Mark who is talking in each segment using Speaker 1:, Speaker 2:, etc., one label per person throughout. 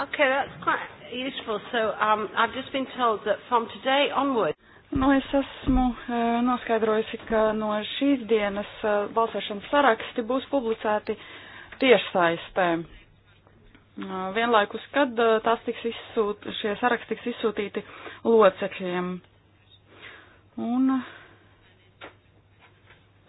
Speaker 1: Okay, that's quite useful. So um, I've just been told that from today onwards.
Speaker 2: Nu, es esmu e, noskaidrojusi, ka no šīs dienas e, balsošanas saraksti būs publicēti tiešsaistē. E, vienlaikus, kad tās tiks izsūt, šie saraksti tiks izsūtīti locekļiem. Un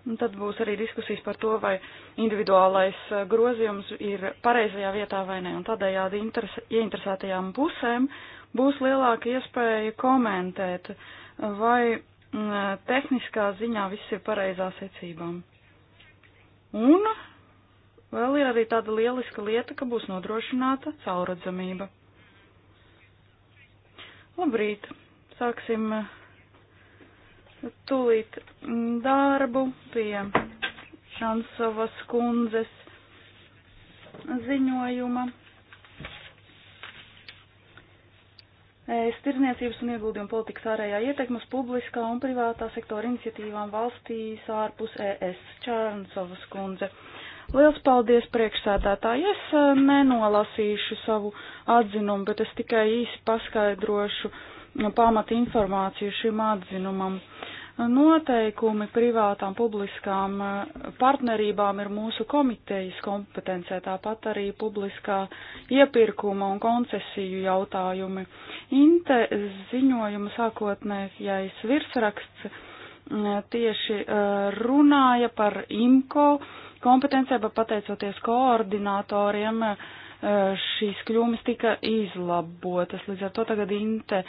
Speaker 2: Un tad būs arī diskusijas par to, vai individuālais eh, grozījums ir pareizajā vietā vai nē. Un tādējādi interes, ieinteresētajām pusēm būs lielāka iespēja komentēt, vai m, mm, tehniskā ziņā viss ir pareizā secībām. Un vēl ir arī tāda lieliska lieta, ka būs nodrošināta cauradzamība. Labrīt! Sāksim eh, tūlīt darbu pie Šansovas kundzes ziņojuma. Stirniecības un ieguldījumu politikas ārējā ietekmas publiskā un privātā sektora iniciatīvām valstīs ārpus ES Čārnsovas kundze. Liels paldies priekšsēdētāji. Es e, nenolasīšu savu atzinumu, bet es tikai īsi paskaidrošu nu, pamata informāciju šim atzinumam. Uh, Noteikumi privātām publiskām eh, partnerībām ir mūsu komitejas kompetencē, tāpat arī publiskā iepirkuma un koncesiju jautājumi. Inte ziņojuma sākotnējais virsraksts eh, tieši eh, runāja par IMCO kompetencē, bet pateicoties koordinatoriem šīs kļūmes tika izlabotas. Līdz ar to tagad INTE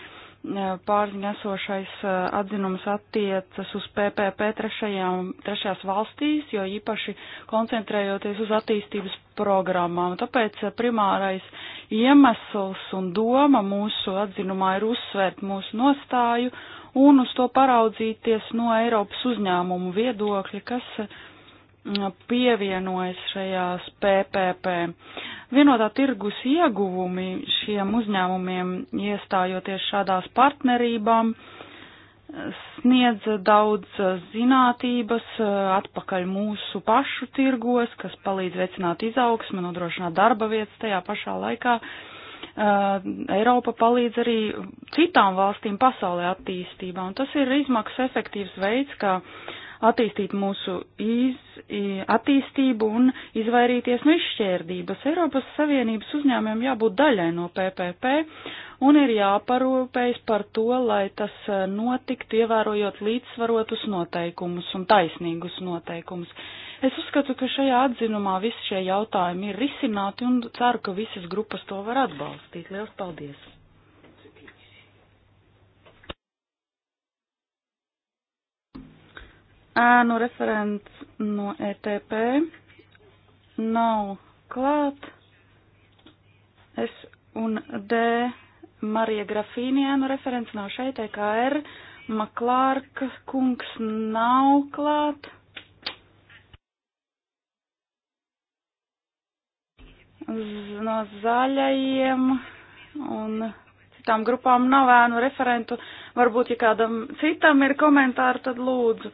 Speaker 2: pārziņa esošais atzinums attiecas uz PPP trešajām, trešajās valstīs, jo īpaši koncentrējoties uz attīstības programmām. Tāpēc primārais iemesls un doma mūsu atzinumā ir uzsvērt mūsu nostāju un uz to paraudzīties no Eiropas uzņēmumu viedokļa, kas pievienojas šajās PPP. Vienotā tirgus ieguvumi šiem uzņēmumiem, iestājoties šādās partnerībām, sniedz daudz zinātības atpakaļ mūsu pašu tirgos, kas palīdz veicināt izaugsmu, nodrošināt darba vietas tajā pašā laikā. Eiropa palīdz arī citām valstīm pasaulē attīstībā, un tas ir izmaksas efektīvs veids, kā uh, attīstīt mūsu iz, attīstību un izvairīties no izšķērdības. Eiropas Savienības uzņēmumiem jābūt daļai no PPP un ir jāparūpējas par to, lai tas e, notiktu ievērojot līdzsvarotus noteikumus un taisnīgus noteikumus. Es uzskatu, ka šajā atzinumā visi šie jautājumi ir risināti un ceru, ka visas grupas to var atbalstīt. Lielas paldies! ēnu referents no ETP nav klāt. S un D Marija Grafīni ēnu referents nav šeit, EKR Maklārka kungs nav klāt. Z no zaļajiem un citām grupām nav ēnu referentu. Varbūt, ja kādam citam ir komentāri, tad lūdzu.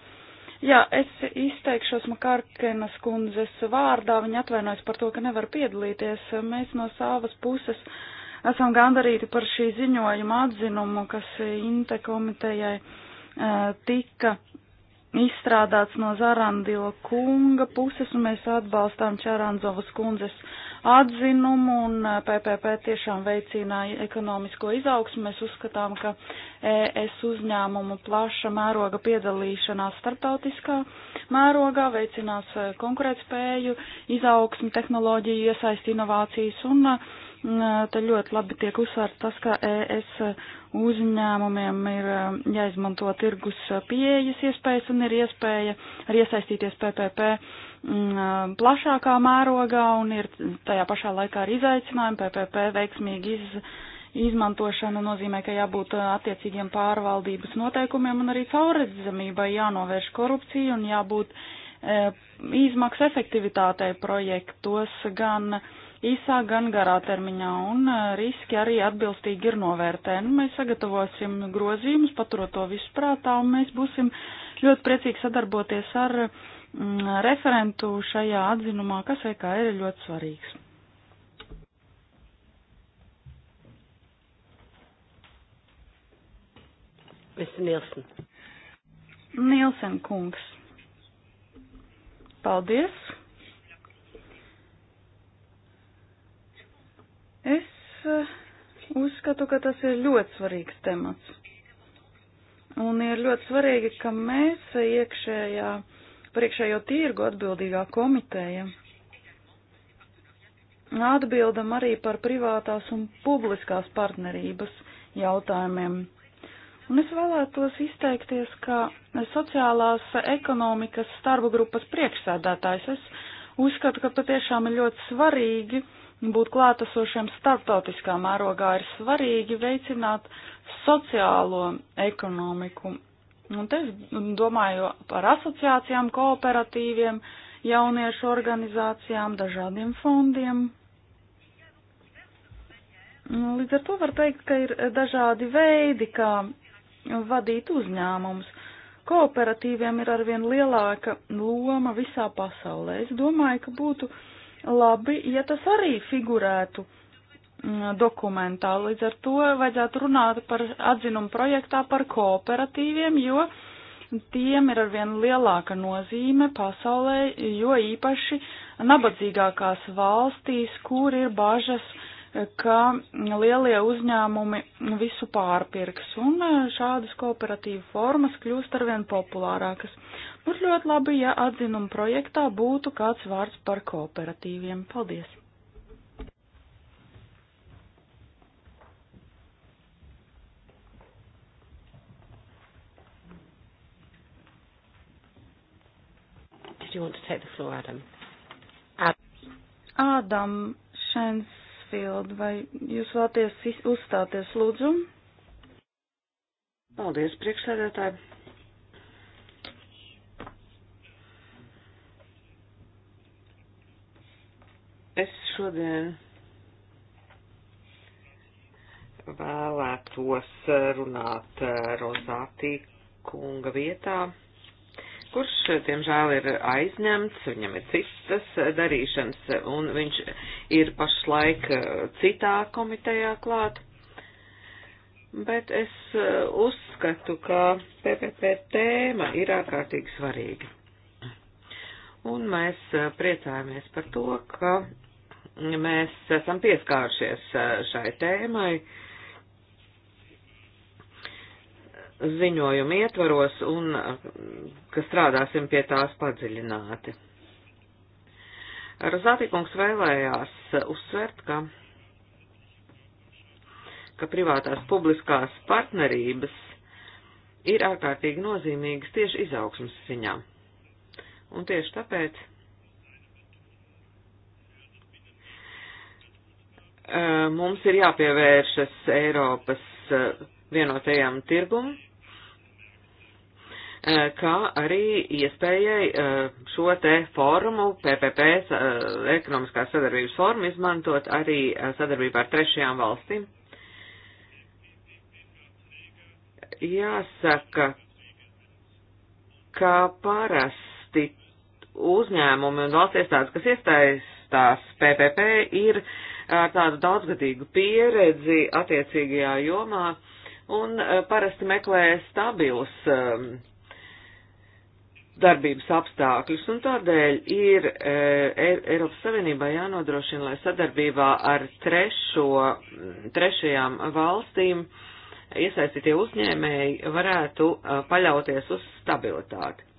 Speaker 2: Jā, es izteikšos Makārkenas kundzes vārdā. Viņa atvainojas par to, ka nevar piedalīties. Mēs no savas puses esam gandarīti par šī ziņojuma atzinumu, kas Inte komitejai eh, tika izstrādāts no Zarandila kunga puses, un mēs atbalstām Čaranzovas kundzes atzinumu un PPP tiešām veicināja ekonomisko izaugsmu. Mēs uzskatām, ka ES uzņēmumu plaša mēroga piedalīšanās starptautiskā mērogā veicinās konkurētspēju, izaugsmu, tehnoloģiju, iesaist inovācijas un te ļoti labi tiek uzsvērts tas, ka ES uzņēmumiem ir jāizmanto tirgus pieejas iespējas un ir iespēja arī iesaistīties PPP Mm, plašākā mērogā un ir tajā pašā laikā arī izaicinājumi. PPP veiksmīgi iz, izmantošana nozīmē, ka jābūt attiecīgiem pārvaldības noteikumiem un arī caurredzamībai jānovērš korupciju un jābūt e, izmaksu efektivitātei projektos gan īsā, gan garā termiņā un riski arī atbilstīgi ir novērtē. Nu, mēs sagatavosim grozījumus, paturot to visu prātā un mēs būsim ļoti priecīgi sadarboties ar uh, referentu šajā atzinumā, kas EKR ir ļoti svarīgs. Mr. Nielsen. Nielsen kungs. Paldies. Es uh, uzskatu, ka tas ir ļoti svarīgs temats. Un ir ļoti svarīgi, ka mēs iekšējā par iekšējo tirgu atbildīgā komiteja. Atbildam arī par privātās un publiskās partnerības jautājumiem. Un es vēlētos izteikties, ka sociālās ekonomikas starbu grupas priekšsēdētājs es uzskatu, ka patiešām ir ļoti svarīgi būt klātesošiem starptautiskā mērogā, ir svarīgi veicināt sociālo ekonomiku Un te domāju par asociācijām, kooperatīviem, jauniešu organizācijām, dažādiem fondiem. Līdz ar to var teikt, ka ir dažādi veidi, kā vadīt uzņēmumus. Kooperatīviem ir arvien lielāka loma visā pasaulē. Es domāju, ka būtu labi, ja tas arī figurētu uh, Mm, dokumentā. Līdz ar to vajadzētu runāt par atzinumu projektā par kooperatīviem, jo tiem ir arvien lielāka nozīme pasaulē, jo īpaši nabadzīgākās valstīs, kur ir bažas, ka lielie uzņēmumi visu pārpirks, un e, šādas kooperatīvu formas kļūst arvien populārākas. Būtu ļoti labi, ja atzinuma projektā būtu kāds vārds par kooperatīviem. Paldies!
Speaker 1: you want to take the floor, Adam?
Speaker 3: Adam,
Speaker 2: Adam Shensfield, vai jūs vēlaties uzstāties, lūdzu? Paldies, priekšsēdētāji.
Speaker 3: Es šodien vēlētos runāt eh, Rozātī kunga vietā kurš, diemžēl, ir aizņemts, viņam ir citas darīšanas, un viņš ir pašlaik eh, citā komitejā klāt. Bet es eh, uzskatu, ka PPP tēma ir ārkārtīgi svarīga. Un mēs eh, priecājamies par to, ka mēs esam pieskāršies šai tēmai ziņojuma ietvaros un ka strādāsim pie tās padziļināti. Rozātīkungs vēlējās uzsvert, ka, ka privātās publiskās partnerības ir ārkārtīgi nozīmīgas tieši izaugsmas ziņā. Un tieši tāpēc eh, mums ir jāpievēršas Eiropas eh, vienotajam tirgumam Eh, kā arī iespējai eh, šo te formu, PPP, eh, ekonomiskās sadarbības formu, izmantot arī sadarbībā ar trešajām valstīm. Jāsaka, ka parasti uzņēmumi un valsts iestādes, kas iesaistās PPP, ir ar tādu daudzgadīgu pieredzi attiecīgajā jomā un parasti meklē stabilus darbības apstākļus, un tādēļ ir e, e Eiropas Savienībā jānodrošina, lai sadarbībā ar trešo, trešajām valstīm iesaistītie uzņēmēji varētu e, paļauties uz stabilitāti.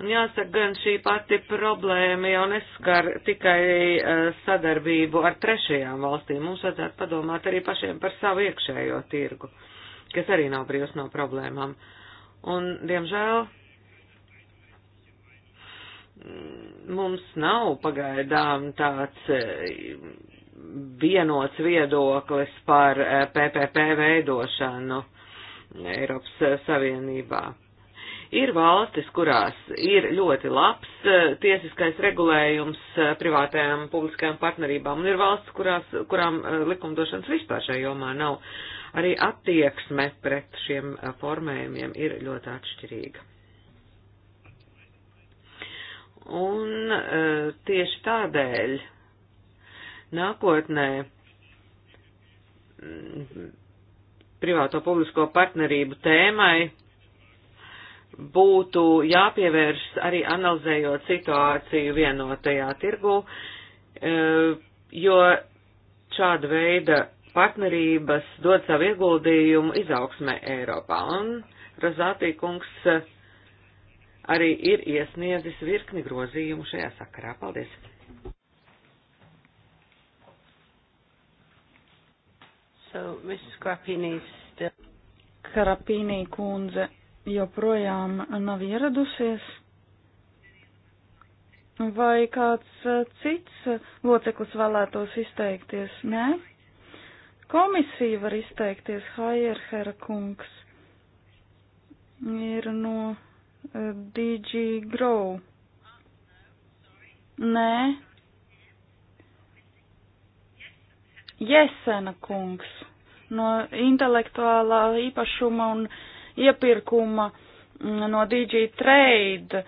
Speaker 3: Un jāsaka, gan šī pati problēma jau neskar tikai uh, sadarbību ar trešajām valstīm. Mums vajadzētu padomāt arī pašiem par savu iekšējo tirgu. Uh, kas arī nav brīvs no problēmām. Un, diemžēl, mums nav pagaidām tāds eh, vienots viedoklis par PPP eh, veidošanu Eiropas eh, Savienībā. Ir valstis, kurās ir ļoti labs tiesiskais regulējums privātajām publiskajām partnerībām, un ir valstis, kurās, kurām likumdošanas vispār šajā jomā nav arī attieksme pret šiem formējumiem ir ļoti atšķirīga. Un tieši tādēļ nākotnē privāto publisko partnerību tēmai būtu jāpievērš arī analizējot situāciju vienotajā tirgu, jo šāda veida partnerības dod savu ieguldījumu izaugsmē Eiropā. Un Razātī kungs eh, arī ir iesniedzis virkni grozījumu šajā sakarā. Paldies! So, still...
Speaker 2: Karapīnī kundze joprojām nav ieradusies. Vai kāds eh, cits loceklis vēlētos izteikties? Nē? Komisija var izteikties, Haierhera kungs ir no uh, eh, DG Grow. Nē. Jesena kungs no intelektuālā īpašuma un iepirkuma mm, no DG Trade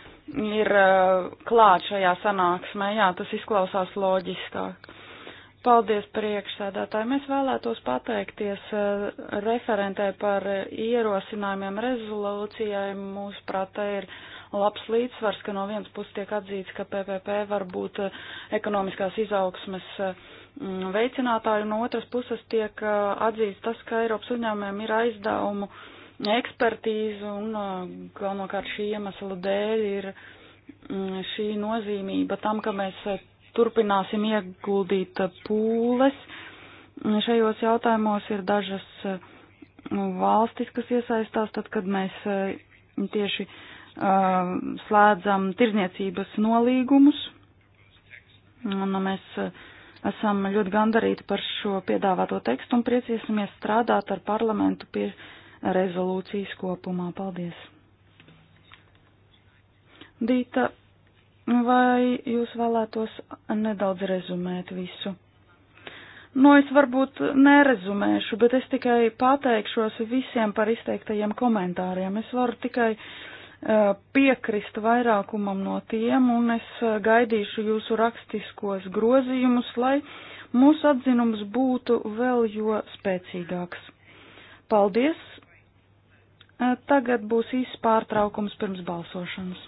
Speaker 2: ir uh, klāt šajā sanāksmē. Jā, tas izklausās loģiskāk. Paldies priekšsēdētāji. Mēs vēlētos pateikties eh, referentē par eh, ierosinājumiem rezolūcijai. Mūsu prātā ir labs līdzsvars, ka no vienas puses tiek atzīts, ka PPP var būt eh, ekonomiskās izaugsmes mm, veicinātāju, no otras puses tiek atzīts tas, ka Eiropas uzņēmumiem ir aizdevumu ekspertīze un galvenokārt šī iemesla dēļ ir mm, šī nozīmība tam, ka mēs turpināsim ieguldīt pūles. Šajos jautājumos ir dažas valstis, kas iesaistās, tad, kad mēs e, tieši uh, slēdzam tirzniecības nolīgumus. Un mēs e, esam ļoti gandarīti par šo piedāvāto tekstu un priecīsimies strādāt ar parlamentu pie rezolūcijas kopumā. Paldies! Dīta Vai jūs vēlētos nedaudz rezumēt visu? Nu, es varbūt nerezumēšu, bet es tikai pateikšos visiem par izteiktajiem komentāriem. Es varu tikai uh, piekrist vairākumam no tiem, un es gaidīšu jūsu rakstiskos grozījumus, lai mūsu atzinums būtu vēl jo spēcīgāks. Paldies! Tagad būs īsts pārtraukums pirms balsošanas.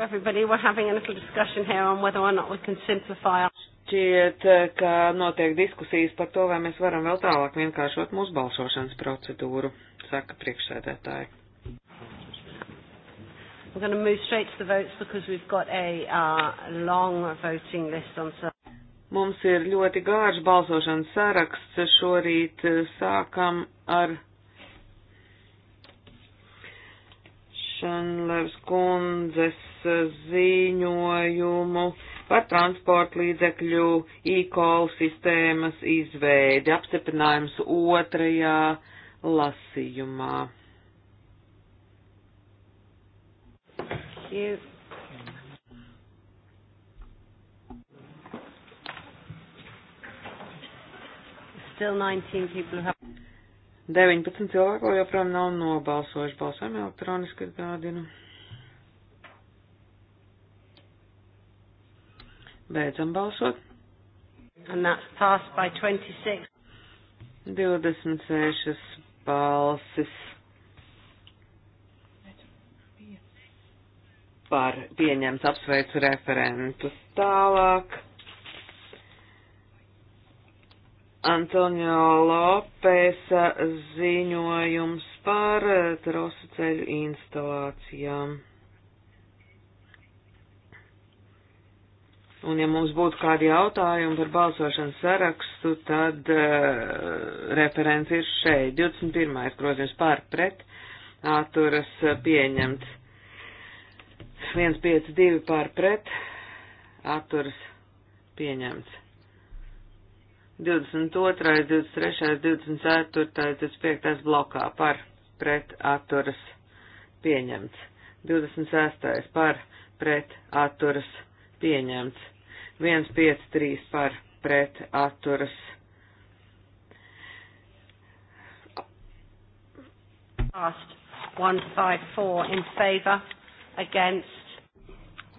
Speaker 1: Everybody, we're having a little discussion here on whether or not
Speaker 3: we can simplify our šķiet, eh, ka notiek diskusijas par to, vai mēs varam vēl tālāk vienkāršot mūsu balsošanas procedūru, saka priekšsēdētāji.
Speaker 1: We're going to move straight to the votes because we've got a uh, long
Speaker 3: voting list on Mums ir ļoti gārš balsošanas saraksts. Šorīt eh, sākam ar Šanlevs kundzes ziņojumu par transporta līdzekļu e-call sistēmas izveidi, apstiprinājums otrajā lasījumā. Yes.
Speaker 1: Still 19 people have
Speaker 3: 19 cilvēku joprojām nav nobalsojuši. Balsojam elektroniski atgādinu. Beidzam balsot.
Speaker 1: And that's passed by 26.
Speaker 3: 26 balsis par pieņemts apsveicu referentus. Tālāk. Antonio Lopesa ziņojums par trosu ceļu instalācijām. Un ja mums būtu kādi jautājumi par balsošanas sarakstu, tad uh, referents ir šeit. 21. grozījums pār eh, pret atturas pieņemts. 152 pār pret atturas pieņemts. 22., 23., 24., 25. blokā par pret atturas pieņemts. 26. par pret atturas pieņemts. 153 par pret atturas. Asked 154
Speaker 1: in favor against.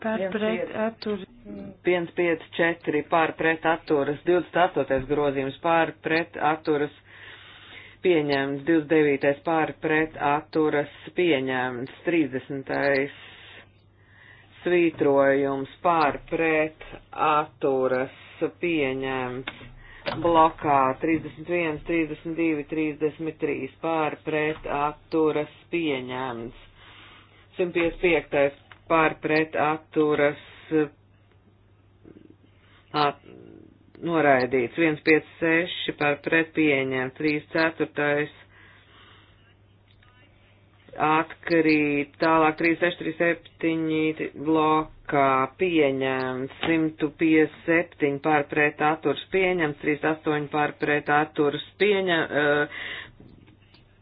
Speaker 3: Par pret atturas. 154 par pret atturas, 28. grozījums par pret atturas pieņemts, 29. par pret atturas pieņemts, 30 svītrojums pār pret atturas pieņemts blokā 31, 32, 33 pār pret atturas pieņemts. 155 pār pret atturas at, noraidīts. 156 pār pret pieņemts. 3 ceturtais atkarīt. Tālāk 3637 blokā pieņemts, 157 pārpret atturs pieņemts, 38 pārpret atturs pieņemts, uh,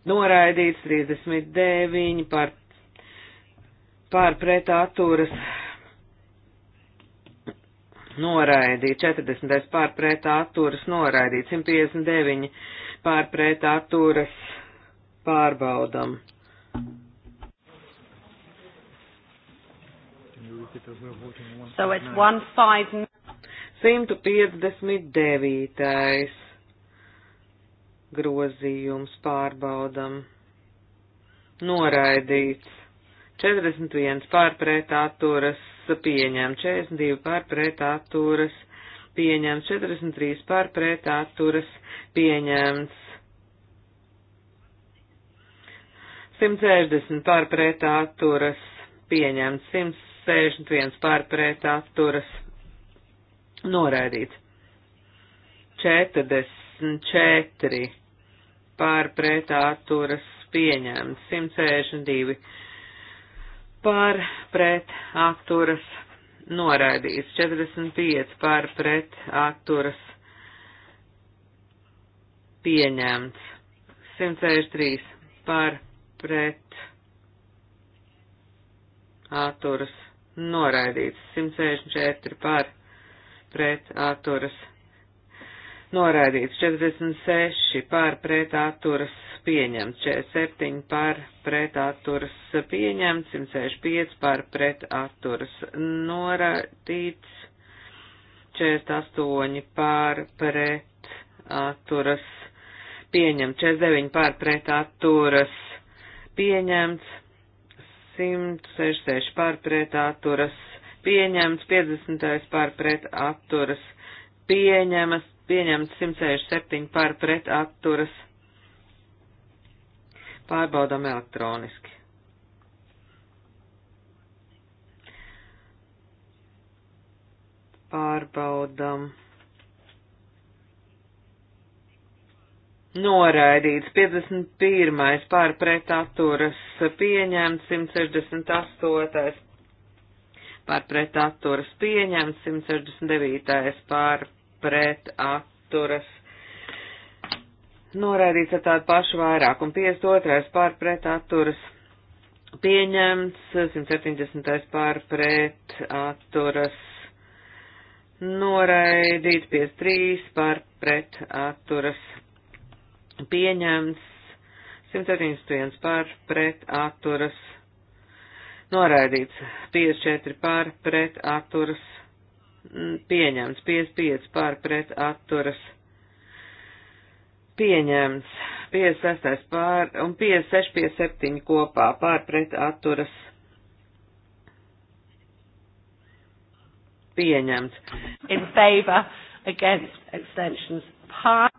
Speaker 3: noraidīts, 39 pār, pārpret atturas noraidīts, 40 pārpret atturas noraidīts, 159 pārpret atturas pārbaudam. So it's 159. grozījums pārbaudam. Noraidīts. 41 pārpret atturas pieņem, 42 pārpret atturas pieņem, 43 pārpret atturas pieņemts. 160 pār pret atturas pieņemts, 161 pār pret atturas noraidīts, 44 pār pret atturas pieņemts, 162 pār pret atturas noraidīts, 45 pār pret atturas pieņemts, 163 pār pret āturas noraidīts, 164 par pret āturas noraidīts, 46 par pret āturas pieņemts, 47 par pret āturas pieņemts, 165 par pret āturas noraidīts, 48 par pret atturas pieņem, 49 pār pret atturas pieņemts 166 pārpret atturas, pieņemts 50 pārpret atturas, pieņemas, pieņemts 167 pārpret atturas. Pārbaudām elektroniski. Pārbaudām. noraidīts, 51. pār pret atturas pieņemts, 168. pār pret atturas pieņemts, 169. pār pret atturas noraidīts ar tādu pašu vairākumu, 52. pār pret atturas pieņemts, 170. pār pret atturas noraidīts, 53. pār pret atturas pieņemts 171 pār pret atturas noraidīts, 54 pār mm, pret atturas pieņemts, 55 pār pret atturas pieņemts, 56 pār un 56, 57 kopā pār pret atturas pieņemts. In favor against abstentions. Par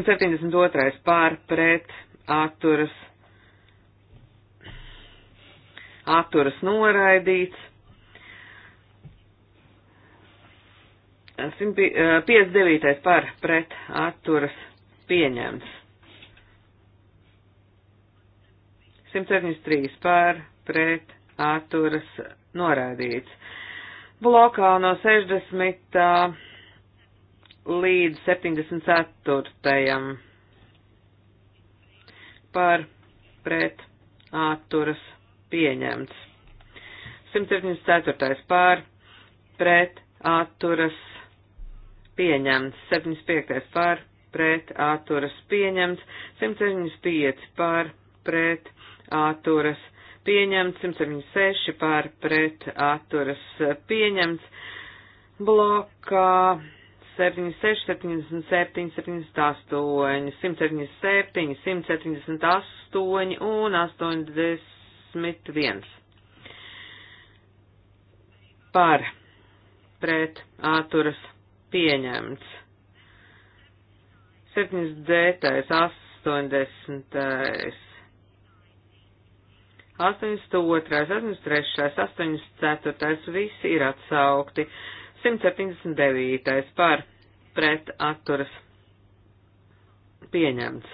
Speaker 3: 172. pār pret atturas, atturas noraidīts. 159. Eh, par pret atturas pieņemts. 173 par pret atturas norādīts. Blokā no 60 līdz 74. par pret atturas pieņemts. 174. par pret atturas pieņemts. 75. par pret atturas pieņemts. 175. par pret atturas pieņemts. 176. par pret atturas pieņemts. Blokā 76, 77, 78, 177, 178 un 81. Par pret āturas pieņemts. 79, 80, 82, 83, 84, visi ir atsaukti. 179. par pret atturas pieņemts.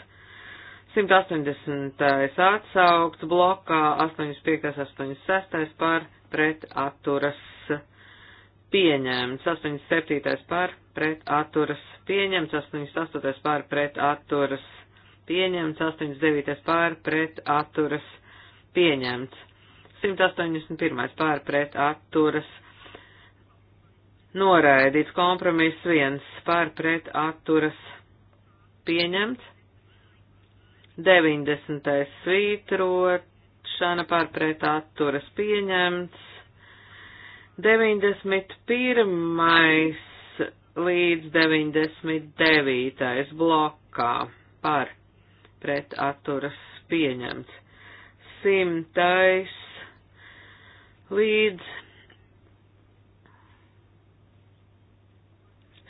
Speaker 3: 180. atsaukts blokā 85. 86. par pret atturas pieņemts, 87. par pret atturas pieņemts, 88. par pret atturas pieņemts, 89. par pret atturas pieņemts, 181. par pret atturas pieņemts noraidīts kompromiss viens par pret atturas pieņemts, 90. svītrošana par pret atturas pieņemts, 91. līdz 99. blokā par pret atturas pieņemts, 100. līdz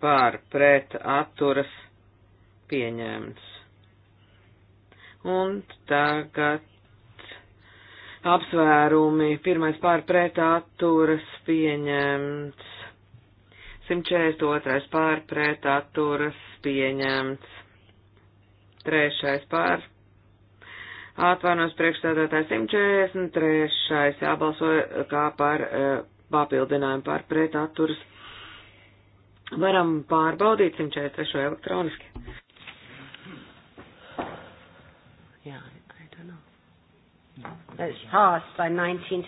Speaker 3: pār pret atturas pieņemts. Un tagad apsvērumi. Pirmais pār pret atturas pieņemts. 142. pār pret atturas pieņemts. Trešais pār. Atvainos priekšstādātājs 143. jābalso kā par uh, papildinājumu pār pret atturas pieņemts Varam pārbaudīt 143 elektroniski. Jā, I don't
Speaker 1: know. That's passed by 19.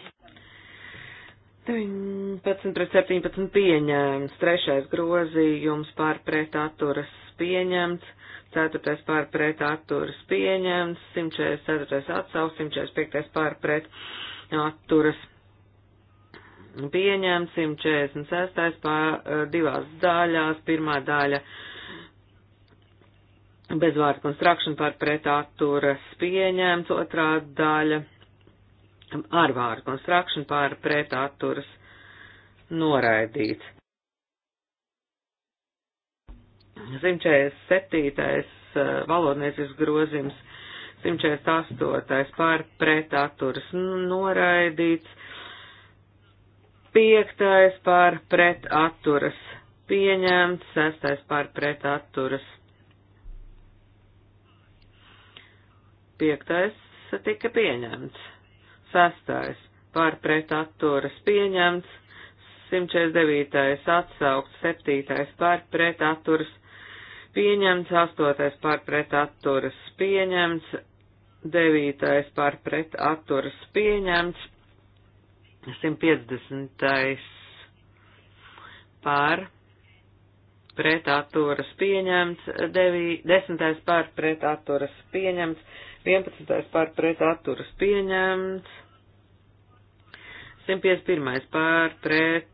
Speaker 3: 19 pret 17 pieņēmts, trešais grozījums pār pret atturas pieņemts, ceturtais pār pret atturas pieņemts, 144 atsaus, 145 pār pret atturas pieņemts Pieņem 146. pār eh, divās daļās, pirmā daļa bezvārdu construction par pretatturas pieņemts, otrā daļa ar vārdu construction par pretatturas noraidīts. 147. Eh, valodniecisks grozījums, 148. par pretatturas noraidīts, piektais par pret atturas pieņemts, sestais par pret atturas. Piektais tika pieņemts, sestais par pret atturas pieņemts, 149. atsaukts, 7. par pret atturas pieņemts, 8. par pret atturas pieņemts, 9. par pret atturas pieņemts, 150. pār pret atturas pieņemts, 9, 10. pār pret atturas pieņemts, 11. pār pret atturas pieņemts, 151. pār pret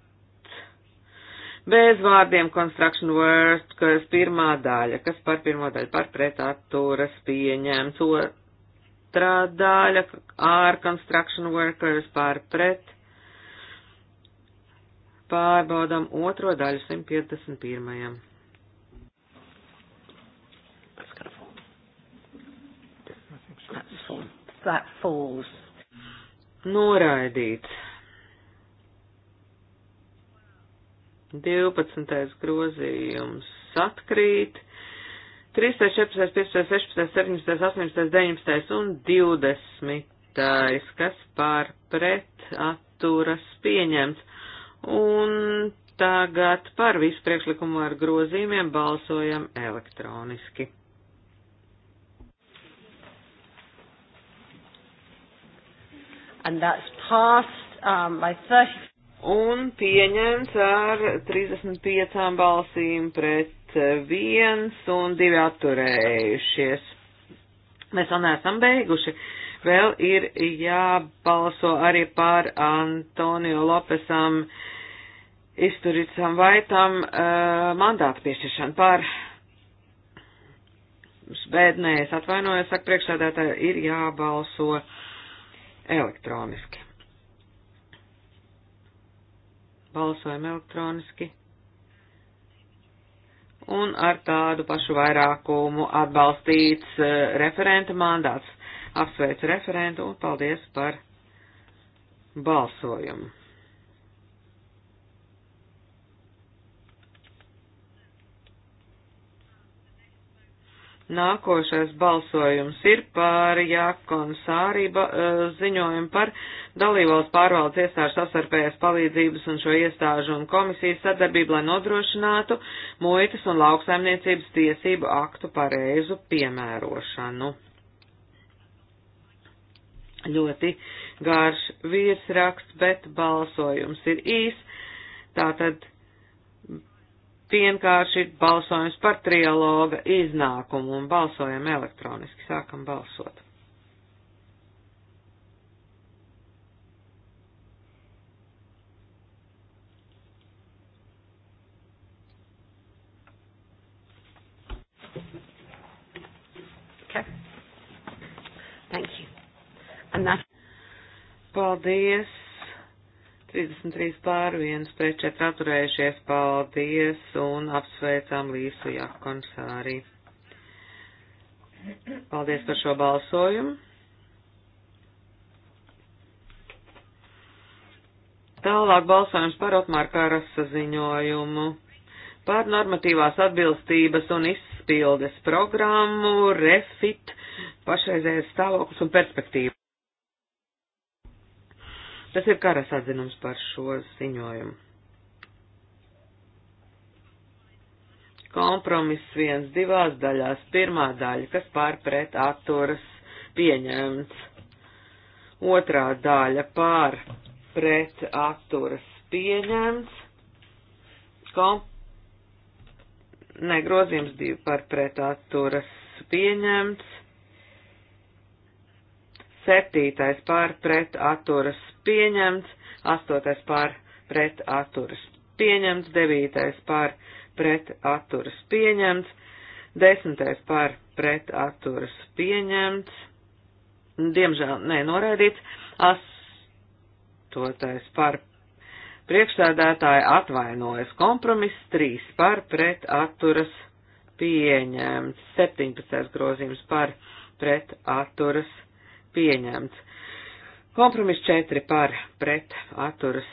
Speaker 3: bez vārdiem construction word, kas pirmā daļa, kas par pirmo daļu par pret atturas pieņemts, otrā daļa ar construction workers par pret Pārbaudām otro daļu 151. That falls. Noraidīts. 12. grozījums atkrīt. 13, 14, 15, 16, 17, 18, 19 un 20. kas pār pret atturas pieņemts. Un tagad par visu priekšlikumu ar grozījumiem balsojam elektroniski. And that's passed um, by 30 un pieņemts ar 35 balsīm pret viens un divi atturējušies. Mēs vēl neesam beiguši. Vēl ir jābalso arī par Antonio Lopesam izturītam vaitam uh, eh, mandātu piešķiršanu par bēdnē, es atvainojos, saka priekšsēdētāji, ir jābalso elektroniski. Balsojam elektroniski. Un ar tādu pašu vairākumu atbalstīts uh, referenta mandāts. Apsveicu referentu un paldies par balsojumu. Nākošais balsojums ir par Jākons Sārība eh, ziņojumu par dalībvalsts pārvaldes iestāžu sasarpējas palīdzības un šo iestāžu un komisijas sadarbību, lai nodrošinātu muitas un lauksaimniecības tiesību aktu pareizu piemērošanu. Ļoti garš viesraksts, bet balsojums ir īs. Tātad vienkārši balsojums par trialoga iznākumu un balsojam elektroniski, sākam balsot. Okay. Thank you. And that... Paldies. 33 pār 1 pret 4 atturējušies. Paldies un apsveicām Līsu Jakonsārī. Paldies par šo balsojumu. Tālāk balsojums par Otmāra Karasa ziņojumu par normatīvās atbilstības un izpildes programmu REFIT pašreizējais stāvoklis un perspektīva. Tas ir karas atzinums par šo ziņojumu. Kompromiss viens divās daļās. Pirmā daļa, kas pārpret atturas pieņemts. Otrā daļa pārpret atturas pieņemts. Kom... Nē, grozījums divi pārpret atturas pieņemts. Septītais pārpret atturas pieņemts, 8. pār pret atturas pieņemts, 9. pār pret atturas pieņemts, 10. pār pret atturas pieņemts, diemžēl, nē, noraidīts, 8. pār priekšsēdētāja atvainojas, kompromiss 3 pār pret atturas pieņemts, 17. grozījums pār pret atturas pieņemts Kompromis 4 par pret atturas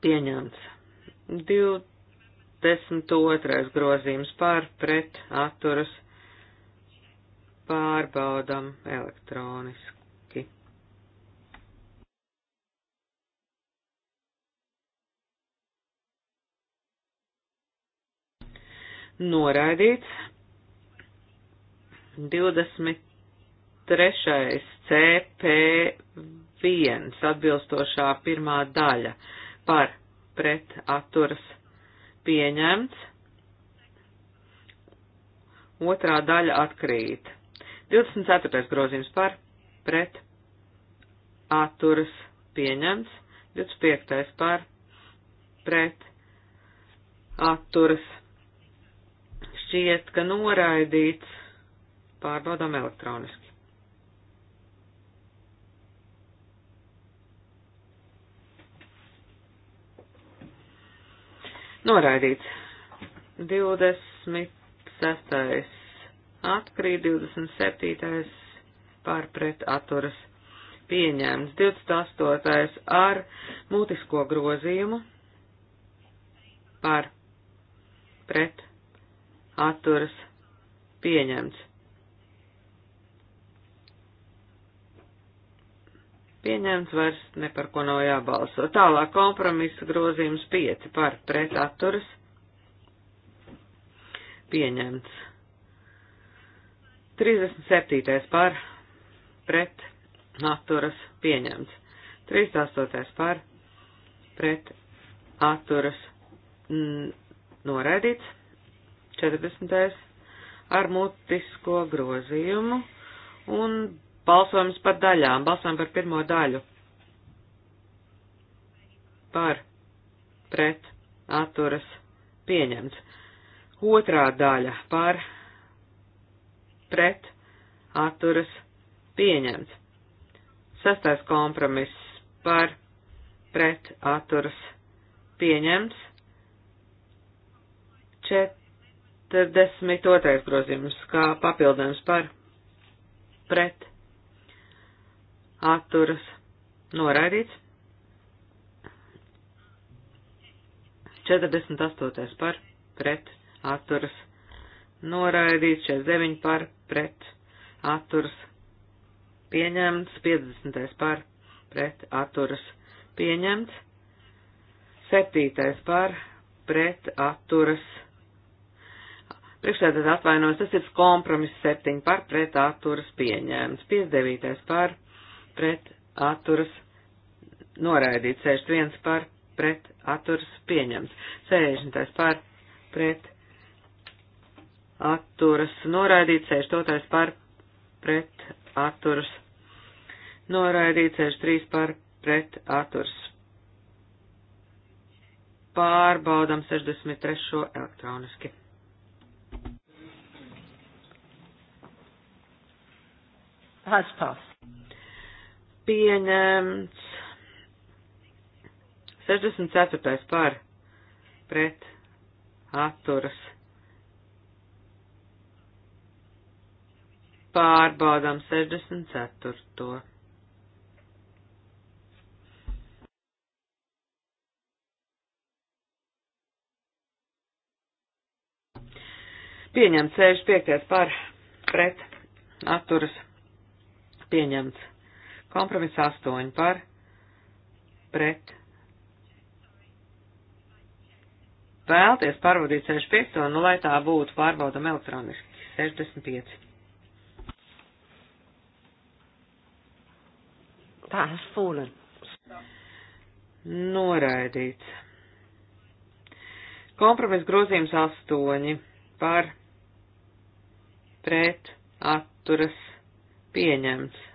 Speaker 3: pieņemts. 22. grozījums par pret atturas pārbaudam elektroniski. Noraidīts 20. Trešais CP1 atbilstošā pirmā daļa par pret atturas pieņemts. Otrā daļa atkrīt. 24. grozījums par pret atturas pieņemts. 25. par pret atturas šķiet, ka noraidīts. Pārbaudām elektroniski. Noraidīts. 26. Atkrīt 27. pārpret atturas. Pieņēmts 28. ar mutisko grozījumu par pret atturas pieņemts. pieņemts, vairs ne par ko nav jābalso. Tālāk kompromisa grozījums 5 par pretaturas pieņemts. 37. par pret atturas pieņemts. 38. par pret atturas noraidīts. 40. ar mutisko grozījumu un Balsojums par daļām. Balsojam par pirmo daļu. Par. Pret. Atturas. Pieņemts. Otrā daļa. Par. Pret. Atturas. Pieņemts. Sestais kompromiss. Par. Pret. Atturas. Pieņemts. 42. grozījums kā papildinājums par pret atturas noraidīts. 48. par pret atturas noraidīts, 49 par pret atturas pieņemts, 50. par pret atturas pieņemts, 7. par pret atturas Priekšsēdētājs atvainojas, tas ir kompromiss 7 par pret atturas pieņēmums, 59 par pret atturas noraidīts, 61 par pret atturas pieņemts, 60 par pret atturas noraidīts, 62 par pret atturas noraidīts, 63 par pret atturas. Pārbaudam 63. elektroniski. Has passed pieņemts 64. par pret atturas. Pārbaudām 64. Pieņemts 65. par pret atturas. Pieņemts Kompromiss 8 par pret. Vēlties pārbaudīt 65, un nu, lai tā būtu, pārbaudam elektroniski 65. Tā ir fūlen. Noraidīts. Kompromiss grozījums 8 par pret atturas pieņemts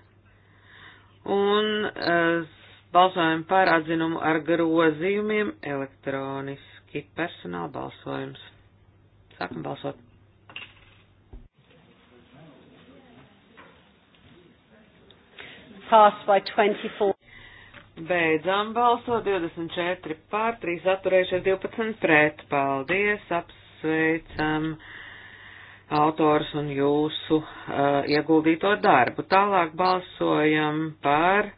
Speaker 3: un uh, balsojam par atzinumu ar grozījumiem elektroniski personāla balsojums. Sākam balsot. Passed by 24. Beidzām balsot 24 pār, 3 atturējušies 12 pret. Paldies, apsveicam. Um, autors un jūsu uh, ieguldīto darbu. Tālāk balsojam par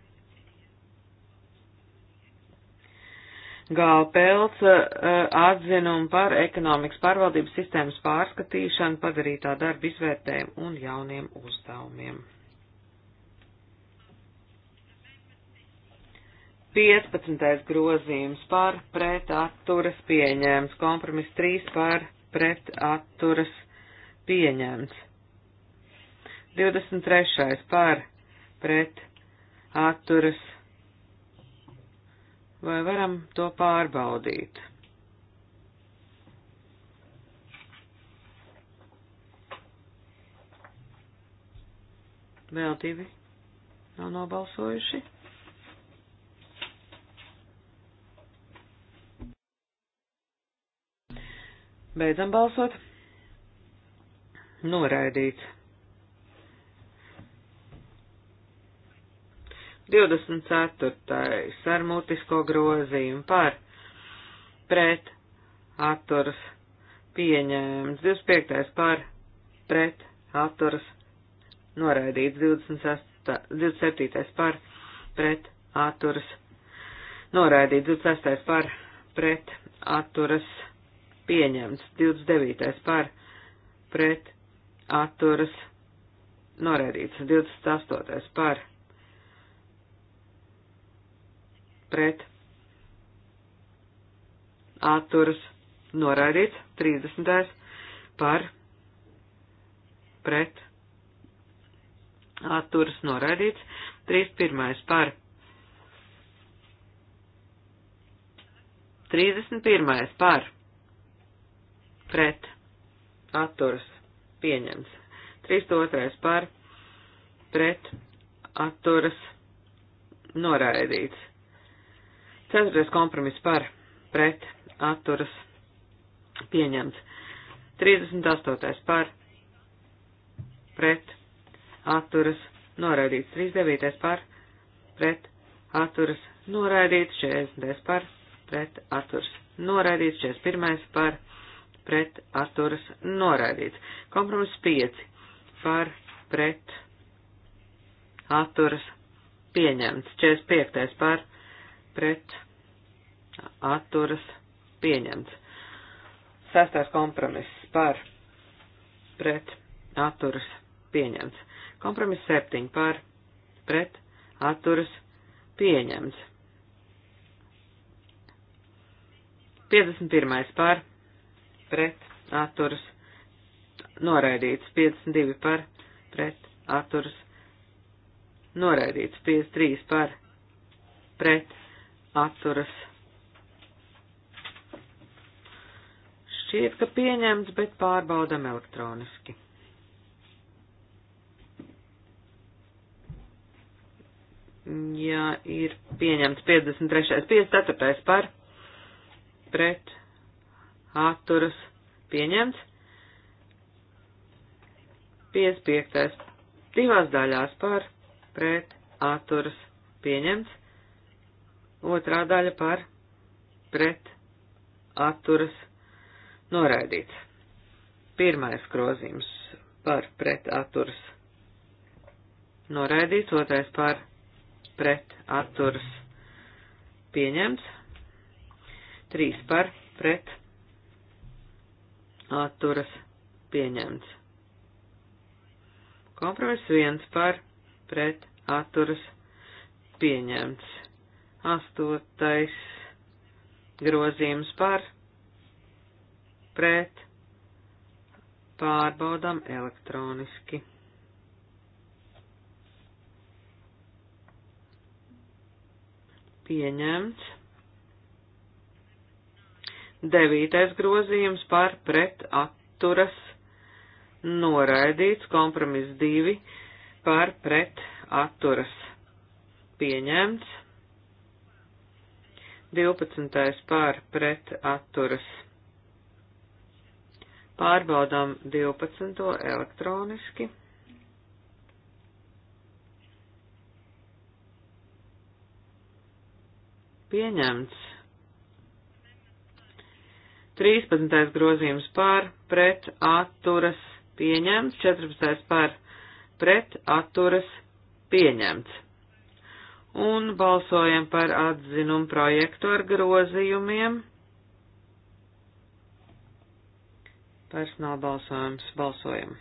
Speaker 3: Gālpēlts uh, eh, atzinumu par ekonomikas pārvaldības sistēmas pārskatīšanu, padarītā darba izvērtējumu un jauniem uzdevumiem. 15. grozījums par pret atturas pieņēmums, kompromiss 3 par pret atturas pieņēmums pieņemts. 23. par pret atturas. Vai varam to pārbaudīt? Vēl divi nav nobalsojuši. Beidzam balsot noraidīts. 24. ar mutisko grozījumu par pret atturas pieņēmums, 25. par pret atturas noraidīts, 26, 27. par pret atturas noraidīts, 26. par pret atturas pieņemts, 29. par pret atturas norēdīts. 28. par pret atturas norēdīts. 30. par pret atturas norēdīts. 31. par 31. par pret atturas pieņemts. 32. par pret atturas noraidīts. 4. kompromiss par pret atturas pieņemts. 38. par pret atturas noraidīts. 39. par pret atturas noraidīts. 40. par pret atturas noraidīts. 41. par pret pret atturas noraidīts. Kompromiss 5 par pret atturas pieņemts. 45. par pret atturas pieņemts. Sestais kompromiss par pret atturas pieņemts. Kompromiss 7 par pret atturas pieņemts. 51. par pret pret atturas noraidīts, 52 par pret atturas noraidīts, 53 par pret atturas. Šķiet, ka pieņemts, bet pārbaudam elektroniski. ja ir pieņemts 53. 54. par pret atturas pieņemts. 55. divās daļās par pret atturas pieņemts. Otrā daļa par pret atturas noraidīts. Pirmais grozījums par pret atturas noraidīts, otrais par pret atturas pieņemts, trīs par pret atturas pieņemts. Kompromiss viens par pret atturas pieņemts. Astotais grozījums par pret pārbaudam elektroniski. Pieņemts. Devītais grozījums par pret atturas noraidīts, kompromiss divi par pret atturas pieņemts, 12. par pret atturas pārbaudām 12. elektroniski. Pieņemts. 13. grozījums par pret atturas pieņemts, 14. par pret atturas pieņemts. Un balsojam par atzinumu projektu ar grozījumiem. Personāla balsojums balsojam.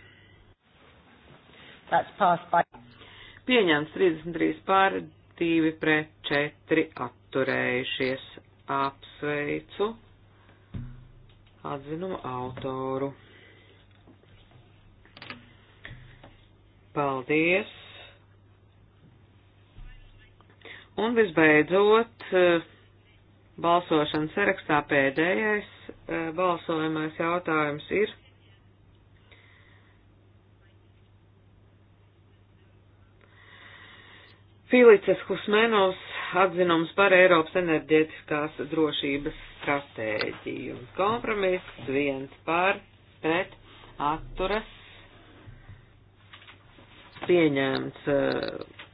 Speaker 3: By... Pieņemts 33 pār, 2 pret 4 atturējušies. Apsveicu atzinuma autoru. Paldies! Un visbeidzot, eh, balsošanas sarakstā pēdējais eh, balsojamais jautājums ir. Filices Husmenovs atzinums par Eiropas enerģētiskās drošības stratēģiju. Kompromiss viens par pret atturas pieņemts. Eh,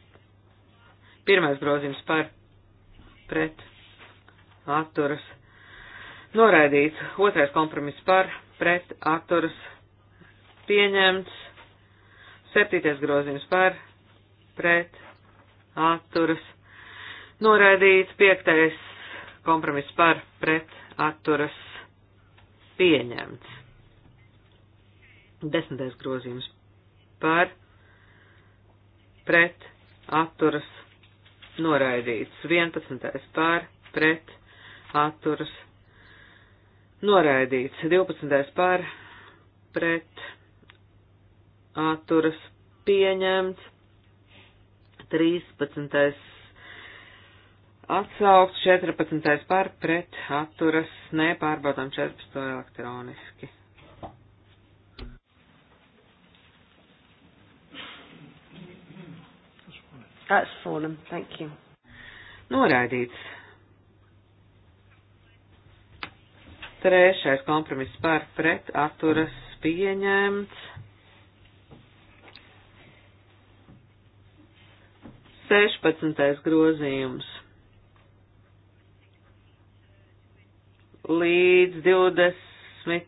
Speaker 3: pirmais grozījums par pret atturas noraidīts. Otrais kompromiss par pret atturas pieņemts. Septītais grozījums par pret atturas noraidīts. Piektais kompromiss par pret atturas pieņemts. Desmitais grozījums par pret atturas noraidīts. Vienpadsmitais par pret atturas noraidīts. Divpadsmitais par pret atturas pieņemts. Trīspadsmitais Atsaukt 14. par pret atturas, nepārbaudām 14. elektroniski. That's fallen, thank you. Noraidīts. Trešais kompromiss par pret atturas pieņemts. 16. grozījums līdz 23.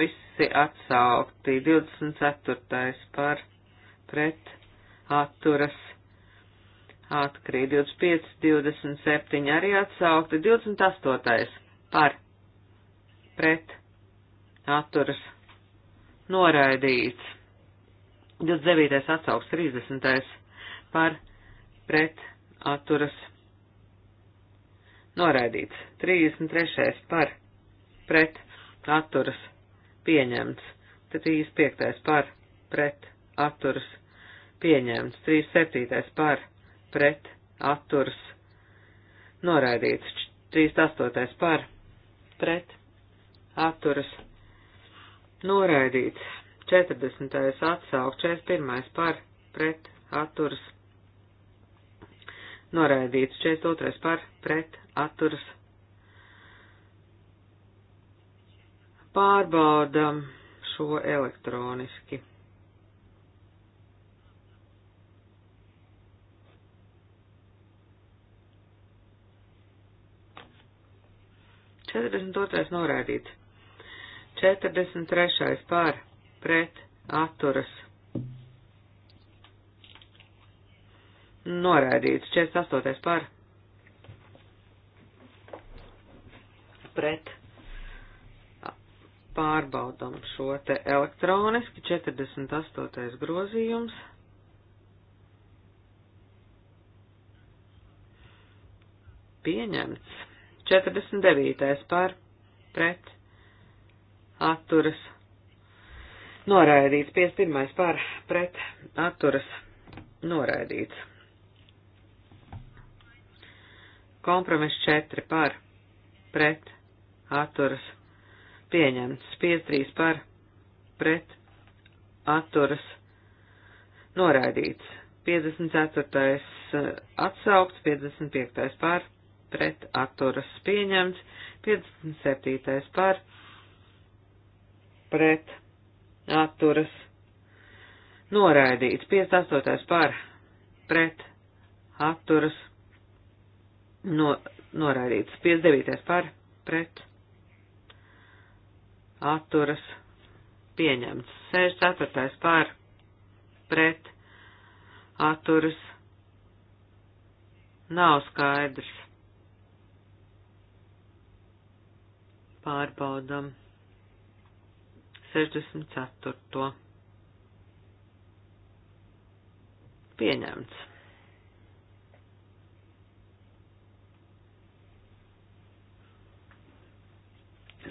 Speaker 3: visi atsaukti, 24. par pret atturas atkrīt, 25, 27 arī atsaukti, 28. par pret atturas noraidīts, 29. atsauks 30. par pret atturas noraidīts noraidīts. 33. par, pret, atturas, pieņemts. 35. par, pret, atturas, pieņemts. 37. par, pret, atturas, noraidīts. 38. par, pret, atturas, noraidīts. 40. atsaukt, 41. par, pret, atturas, noraidīts 42 par pret atturas. Pārbaudam šo elektroniski. Četrdesmit otrais noraidīts. Četrdesmit trešais par pret atturas Noraidīts 48. par. Pret. Pārbaudam šo te elektroniski 48. grozījums. Pieņemts. 49. par. Pret. Atturas. Noraidīts 51. par. Pret. Atturas. Noraidīts. Kompromiss 4 par, pret, atturas, pieņemts. 5-3 par, pret, atturas, noraidīts. 54. Eh, atsaukts, 55. par, pret, atturas, pieņemts. 57. par, pret, atturas, noraidīts. 58. par, pret, atturas, no, noraidīts. 59. par pret atturas pieņemts. 64. par pret atturas nav skaidrs. Pārbaudam 64. pieņemts.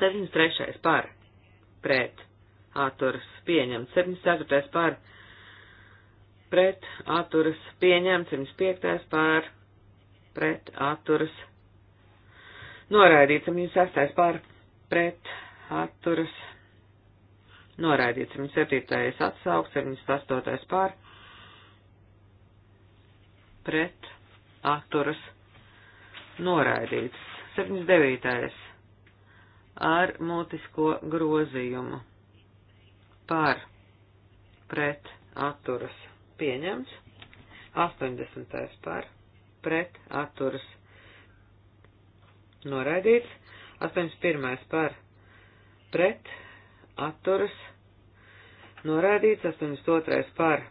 Speaker 3: 73. par pret atturas pieņemts, 74. par pret atturas pieņemts, 75. par pret atturas noraidīts, 76. par pret atturas noraidīts, 77. atsauks, 78. par pret atturas noraidīts, 79 ar mutisko grozījumu par pret atturas pieņemts, 80. par pret atturas noraidīts, 81. par pret atturas noraidīts, 82. par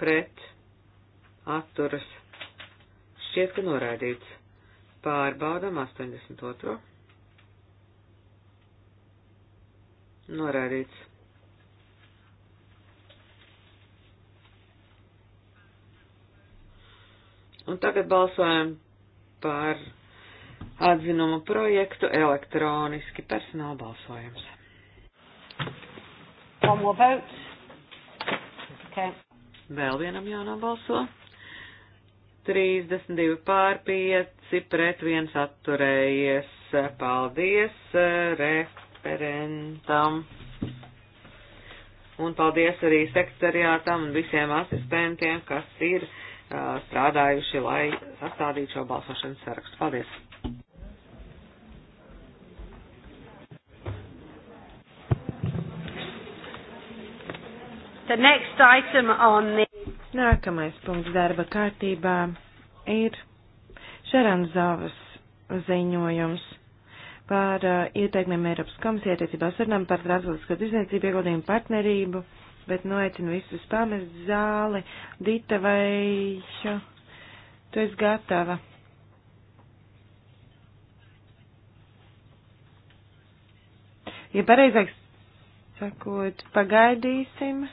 Speaker 3: pret atturas šķiet, ka noraidīts. Pārbaudam 82. Norādīts. Un tagad balsojam par atzinumu projektu elektroniski personāla balsojums. One more vote. Okay. Vēl vienam jānobalso. balso. 32 pār 5 pret 1 atturējies. Paldies eh, referentam. Un paldies arī sekretariātam un visiem asistentiem, kas ir uh, strādājuši, lai sastādītu šo balsošanas sarakstu. Paldies!
Speaker 4: The next item on the Nākamais punkts darba kārtībā ir Šaranzovas ziņojums par uh, ieteikumiem Eiropas komisijai attiecībā sarunām par transatlantisko tirsniecību ieguldījumu partnerību, bet noecinu visus pamest zāli. Dita vai šo? Tu esi gatava. Ja pareizāk sakot, pagaidīsim.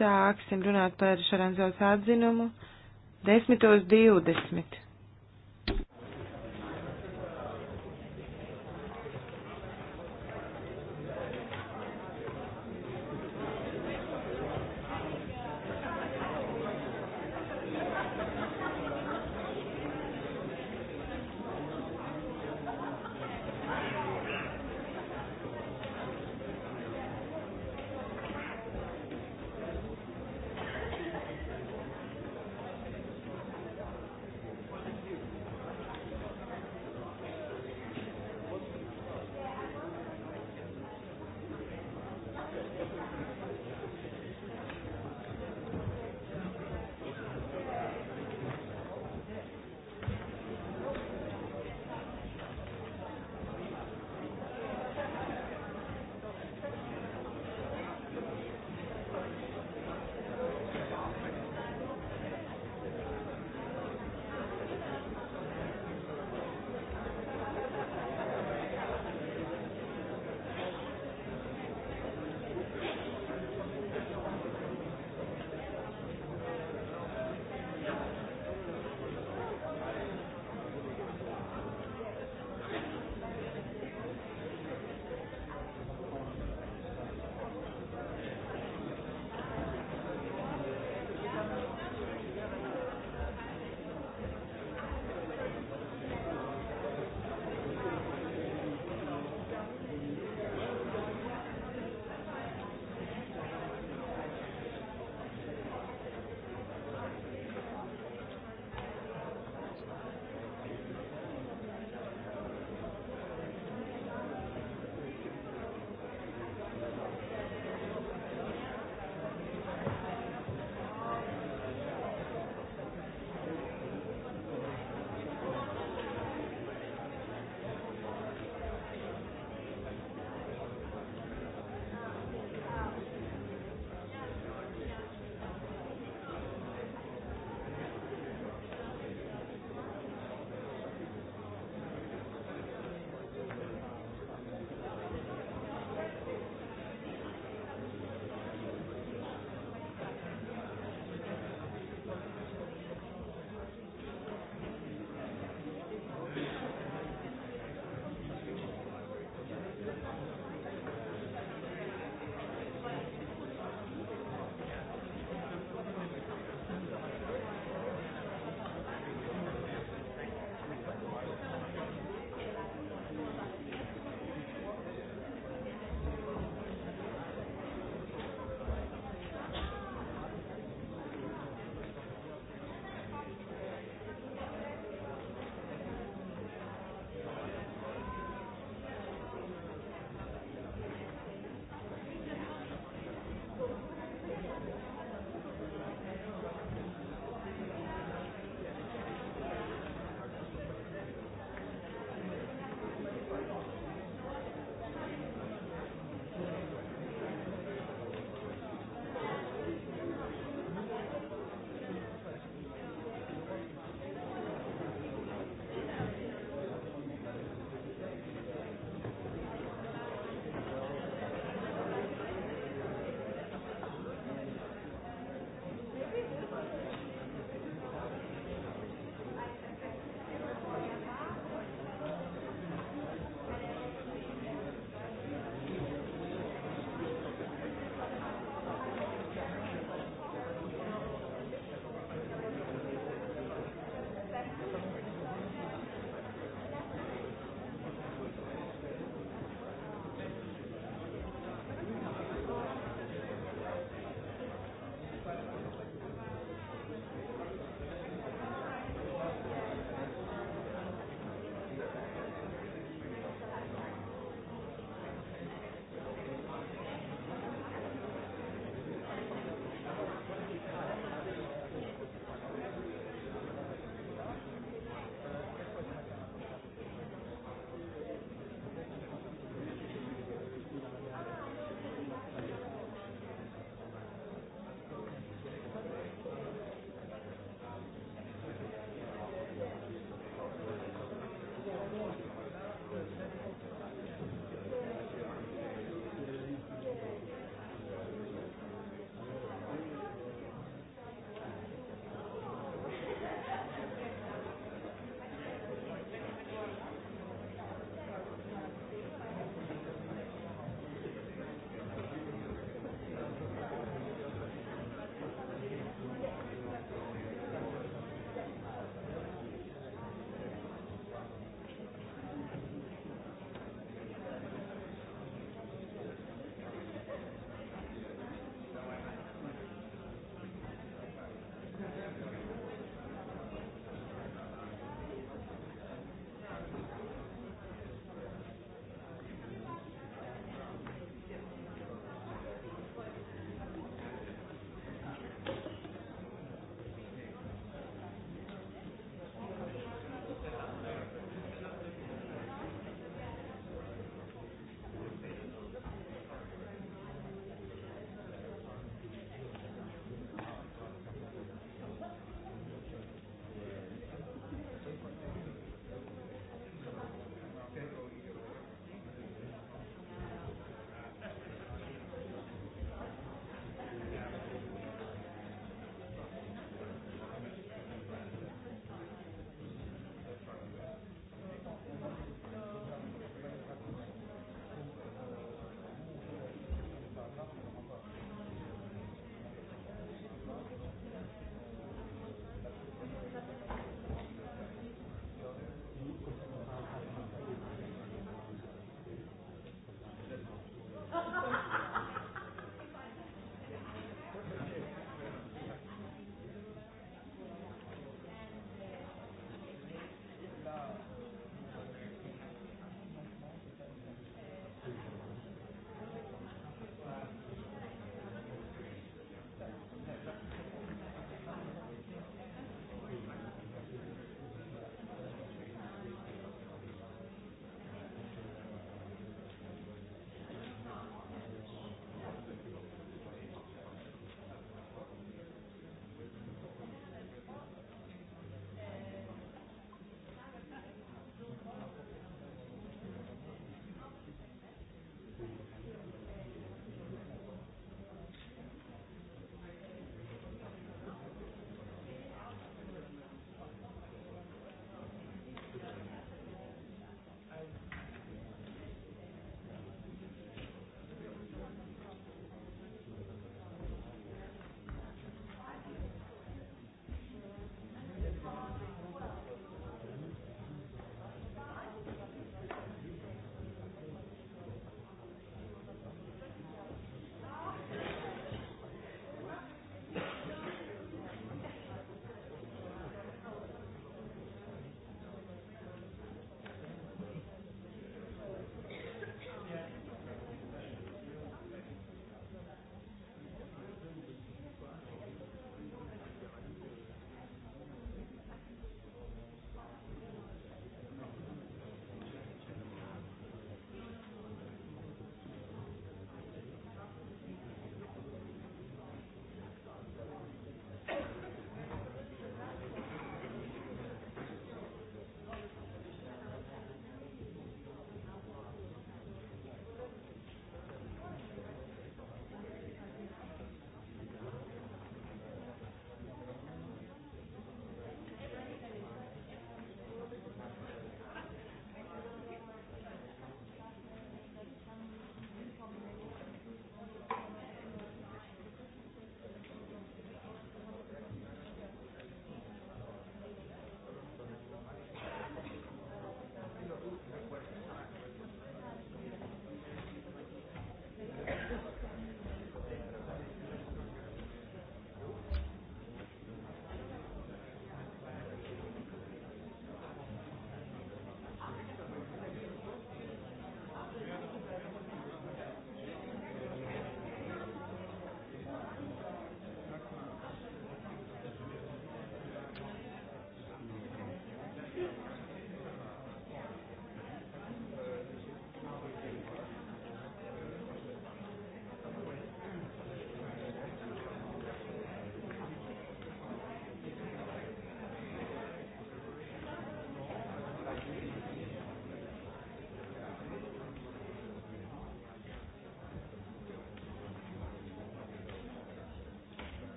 Speaker 4: Sāksim runāt par Šaranzovas atzinumu 10.20.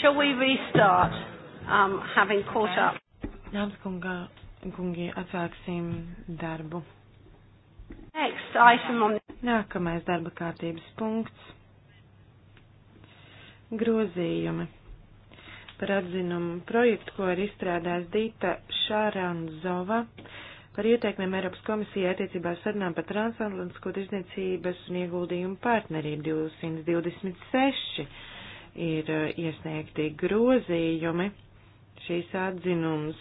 Speaker 1: Shall we restart um, having caught up? Dāmas kunga,
Speaker 4: kungi, atsāksim darbu.
Speaker 1: Next item on
Speaker 4: Nākamais darba kārtības punkts. Grozījumi par atzinumu projektu, ko ir izstrādājis Dīta Šāranzova par ieteikumiem Eiropas komisijai attiecībā sarunām par transatlantisko tirzniecības un ieguldījumu partnerību 226 ir eh, iesniegti grozījumi šīs atzinums,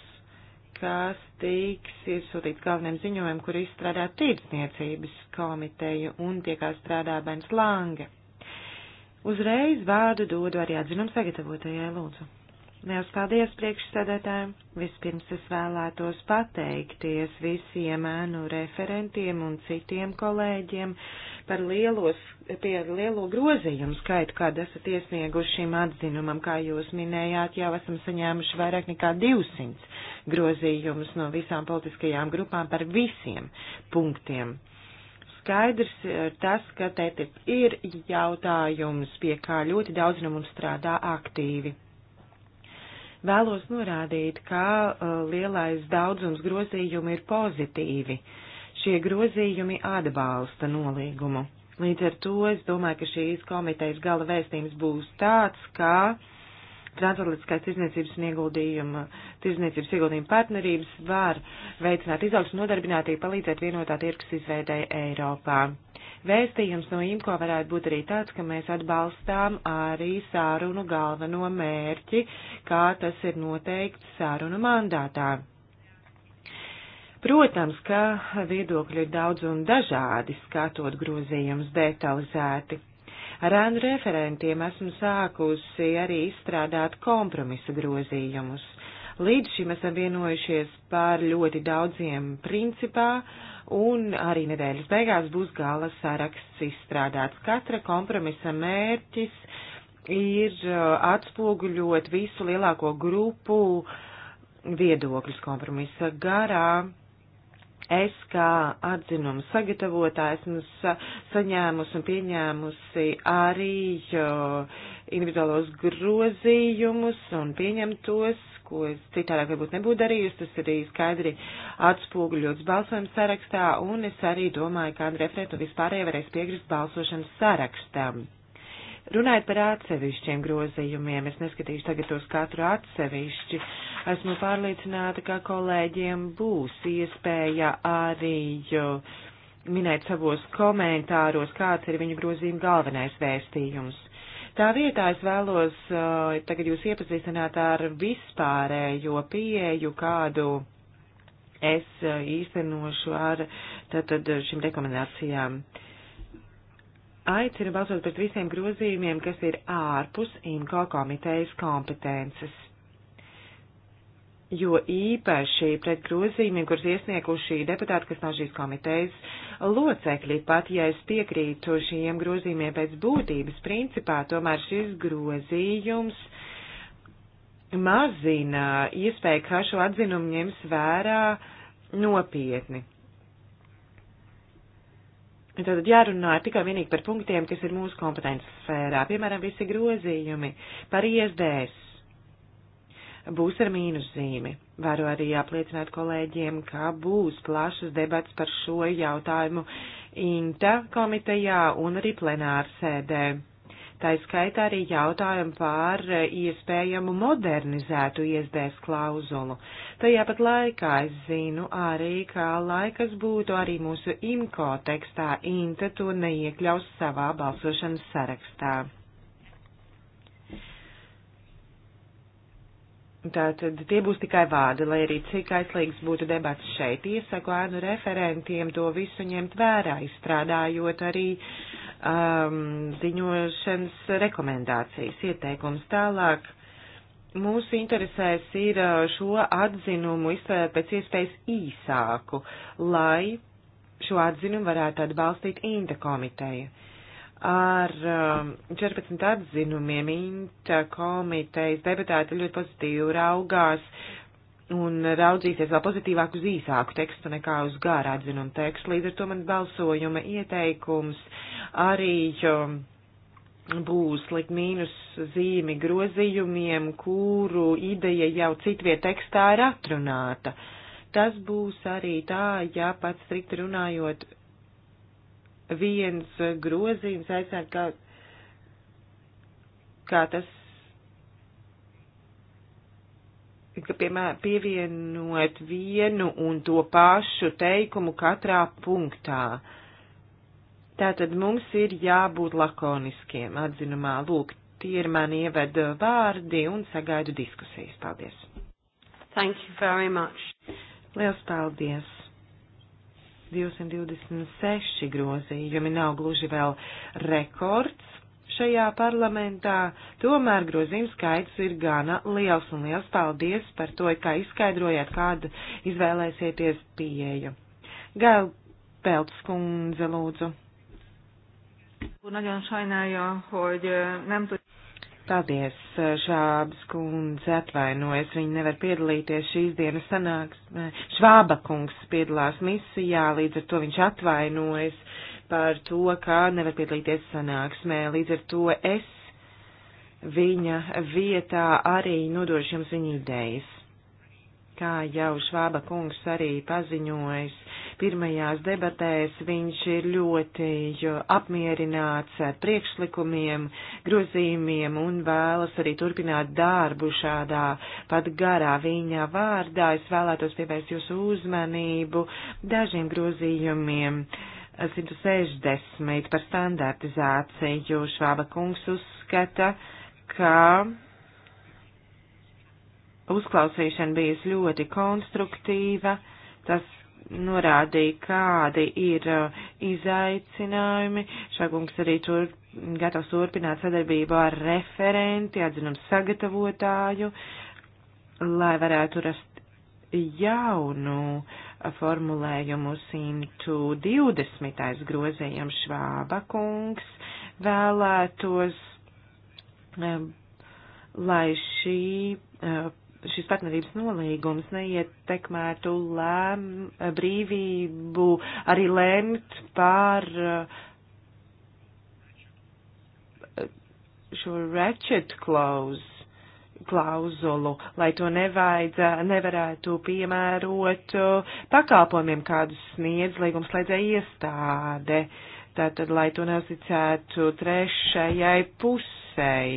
Speaker 4: kas tiks iesūtīts galveniem ziņojumiem, kur izstrādā tirdzniecības komiteju un pie kā strādā Bens Lange. Uzreiz vārdu dodu arī atzinums sagatavotajai lūdzu. Liels paldies priekšsēdētājiem! Vispirms es vēlētos pateikties visiem ēnu referentiem un citiem kolēģiem, uh, par, lielos, pie lielo grozījumu skaitu, kādu esat iesnieguši šīm atzinumam. Kā jūs minējāt, jau esam saņēmuši vairāk nekā 200 grozījumus no visām politiskajām grupām par visiem punktiem. Skaidrs ir tas, ka te ir jautājums, pie kā ļoti daudz no mums strādā aktīvi vēlos norādīt, ka uh, lielais daudzums grozījumu ir pozitīvi. Šie grozījumi atbalsta nolīgumu. Līdz ar to es domāju, ka šīs komitejas gala vēstījums būs tāds, ka transatlantiskās tirzniecības un ieguldījuma, tirzniecības ieguldījuma partnerības var veicināt izaugsmu nodarbinātību, palīdzēt vienotā tirkus izveidai Eiropā. Vēstījums no IMCO varētu būt arī tāds, ka mēs atbalstām arī sārunu galveno mērķi, kā tas ir noteikts sārunu mandātā. Protams, ka viedokļi ir daudz un dažādi, skatot grozījumus detalizēti. Ar ēnu referentiem esmu sākusi arī izstrādāt kompromisa grozījumus. Līdz šim esam vienojušies par ļoti daudziem principā, un arī nedēļas beigās būs gala saraksts izstrādāts. Katra kompromisa mērķis ir uh, atspoguļot visu lielāko grupu viedokļus kompromisa garā Es kā atzinuma sagatavotāja esmu saņēmusi un pieņēmusi arī individuālos grozījumus un pieņemtos, ko es citādāk varbūt nebūtu darījusi. Tas arī skaidri atspūgļots balsojuma sarakstā un es arī domāju, ka Andrē Fretu vispārējie varēs piegrist balsošanas sarakstam. Runājot par atsevišķiem grozījumiem, es neskatīšu tagad tos katru atsevišķi. Uh, Esmu pārliecināta, ka kolēģiem būs iespēja arī minēt savos komentāros, kāds ir viņu grozījuma galvenais vēstījums. Tā vietā es vēlos uh, tagad jūs iepazīstināt ar vispārējo pieeju, kādu es uh, īstenošu ar tātad šim rekomendācijām. Aicinu balsot pret visiem grozījumiem, kas ir ārpus IMCO komitejas kompetences jo īpaši pret grozījumiem, kurus iesnieguši deputāti, kas nav šīs komitejas locekļi, pat ja es piekrītu šiem grozījumiem pēc būtības principā, tomēr šis grozījums mazina iespēju, ka šo atzinumu ņems vērā nopietni. Tātad jārunā tikai vienīgi par punktiem, kas ir mūsu kompetences sfērā, piemēram, visi grozījumi par ISDS būs ar mīnuszīmi. Varu arī apliecināt kolēģiem, ka būs plašas debats par šo jautājumu INTA komitejā un arī plenārsēdē. Tā skaitā arī jautājumu par iespējamu modernizētu iesdēs klauzulu. Tajā pat laikā es zinu arī, kā laikas būtu arī mūsu IMCO tekstā, INTA to neiekļaus savā balsošanas sarakstā. Tātad tie būs tikai vārdi, lai arī cik aizlīgs būtu debats šeit. Iesaku ēnu referentiem to visu ņemt vērā, izstrādājot arī um, ziņošanas rekomendācijas, ieteikums tālāk. Mūsu interesēs ir uh, šo atzinumu izstrādāt pēc iespējas īsāku, lai šo atzinumu varētu atbalstīt Inta komiteja. Uh, ar 14 um, atzinumiem. Inta komitejas debatāti ļoti pozitīvi raugās un raudzīsies vēl pozitīvāk uz īsāku tekstu nekā uz gārā atzinumu tekstu. Līdz ar to man balsojuma ieteikums arī um, būs likt mīnus zīmi grozījumiem, kuru ideja jau citviet tekstā ir atrunāta. Tas būs arī tā, ja pats strikt runājot viens grozījums aizsāk, kā, kā tas, ka piemēram pievienot vienu un to pašu teikumu katrā punktā. Tātad mums ir jābūt lakoniskiem atzinumā. Lūk, tie ir mani ievada vārdi un sagaidu diskusijas. Paldies!
Speaker 1: Thank you very much.
Speaker 4: Liels paldies! 226 grozījumi nav gluži vēl rekords šajā parlamentā, tomēr grozījums skaits ir gana liels, un liels paldies par to, kā izskaidrojāt, kādu izvēlēsieties pieeju. Gail Pelts kundze, lūdzu.
Speaker 2: Nagyon sajnálja, hogy eh, nem tud...
Speaker 4: Paldies, Šābas kundze atvainojas, viņa nevar piedalīties šīs dienas sanāks. Švāba kungs piedalās misijā, līdz ar to viņš atvainojas par to, kā nevar piedalīties sanāksmē. Līdz ar to es viņa vietā arī nodošu jums viņa idejas kā jau Švāba kungs arī paziņojis pirmajās debatēs, viņš ir ļoti apmierināts ar priekšlikumiem, grozījumiem un vēlas arī turpināt darbu šādā pat garā viņa vārdā. Es vēlētos pievērst jūsu uzmanību dažiem grozījumiem. 160 par standartizāciju Švāba kungs uzskata, ka uzklausīšana bijusi ļoti konstruktīva. Tas norādīja, kādi ir uh, izaicinājumi. Šakungs arī tur gatavs turpināt sadarbību ar referenti, atzinums sagatavotāju, lai varētu rast jaunu formulējumu 120. grozējam Švāba kungs vēlētos, um, lai šī uh, šis partnerības nolīgums neietekmētu lēm, brīvību arī lēmt par eh, šo ratchet klauz, klauzulu, lai to nevaidzā, nevarētu piemērot eh, pakalpojumiem, kādus sniedz līgumslēdzē iestāde. Tātad, lai to neuzticētu trešajai pusēji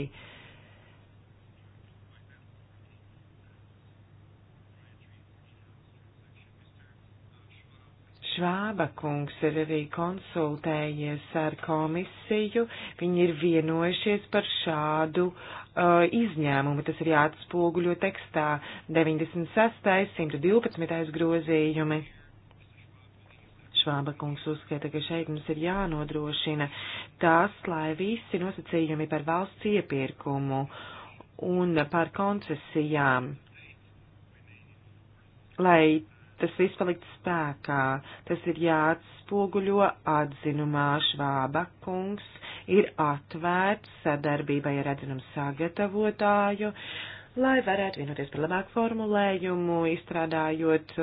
Speaker 4: Švāba kungs ir arī konsultējies ar komisiju. Viņi ir vienojušies par šādu uh, izņēmumu. Tas ir jāatspoguļo tekstā 96. 112. grozījumi. Švāba kungs uzskata, ka šeit mums ir jānodrošina tas, lai visi nosacījumi par valsts iepirkumu un par koncesijām, lai tas viss palikt spēkā. Tas ir jāatspoguļo atzinumā Švāba kungs, ir atvērts sadarbībai ar atzinumu sagatavotāju, lai varētu vienoties par labāku formulējumu, izstrādājot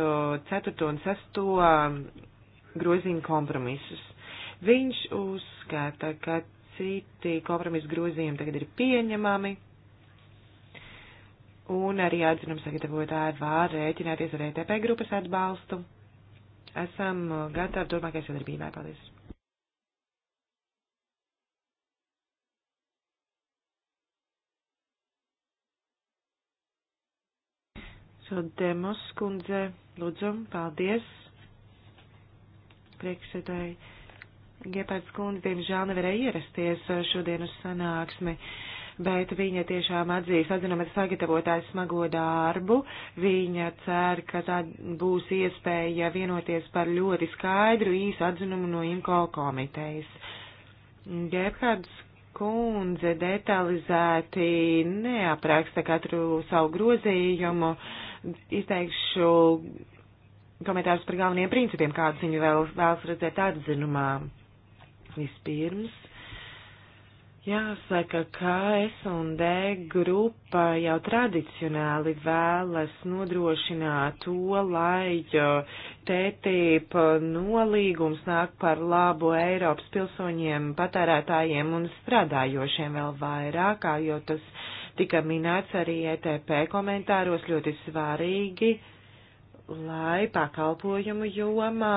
Speaker 4: 4. un 6. Um, grozījumu kompromisus. Viņš uzskata, ka citi kompromisu grozījumi tagad ir pieņemami, un arī atzinums sagatavotāji var rēķināties ar ETP grupas atbalstu. Esam gatavi turpmākajai sadarbībai. Paldies! Demos kundze, lūdzu, paldies. Priekšsēdēji Gepārds kundze, diemžēl nevarēja ierasties šodien uz sanāksmi. Uh, bet viņa tiešām atzīst atzinumet sagatavotāju smago darbu. Viņa cer, ka tā būs iespēja vienoties par ļoti skaidru īsu atzinumu no IMCO komitejas. Gebhards kundze detalizēti neapraksta katru savu grozījumu. Izteikšu komentārus par galveniem principiem, kādus viņi vēl, vēlas redzēt atzinumā. Vispirms Jāsaka, ka S&D grupa jau tradicionāli vēlas nodrošināt to, lai TTIP nolīgums nāk par labu Eiropas pilsoņiem, patērētājiem un strādājošiem vēl vairāk, jo tas tika minēts arī ETP komentāros ļoti svarīgi, lai pakalpojumu jomā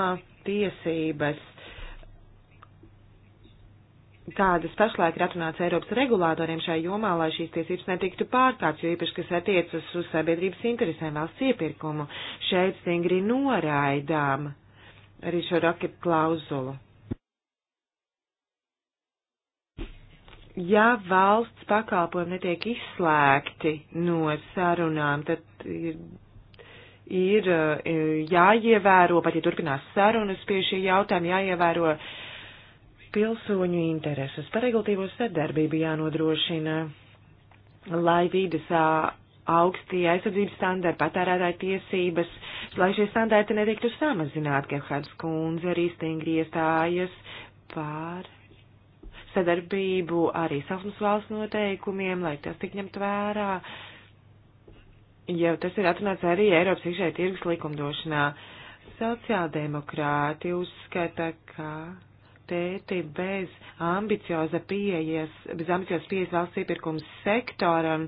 Speaker 4: tiesības kādas pašlaik ir atrunāts Eiropas regulātoriem šai jomā, lai šīs tiesības netiktu pārkāpts, jo īpaši, kas attiecas uz sabiedrības interesēm valsts iepirkumu, šeit stingri noraidām arī šo raketu klauzulu. Ja valsts pakalpojumi netiek izslēgti no sarunām, tad ir ir eh, jāievēro, pat ja turpinās sarunas pie šī jautājuma, jāievēro pilsoņu intereses. Par regulatīvo sadarbību jānodrošina, lai vides augstie aizsardzības standarti, patērētāju tiesības, lai šie standarti netiktu samazināti, ka kāds kundze arī stingri iestājas pār sadarbību arī savas valsts noteikumiem, lai tas tik ņemt vērā. Jau tas ir atrunāts arī Eiropas iekšē tirgus likumdošanā. Sociāldemokrāti uzskata, ka tēti bez ambicioza pieejas, bez ambiciozas pieejas valsts iepirkums sektoram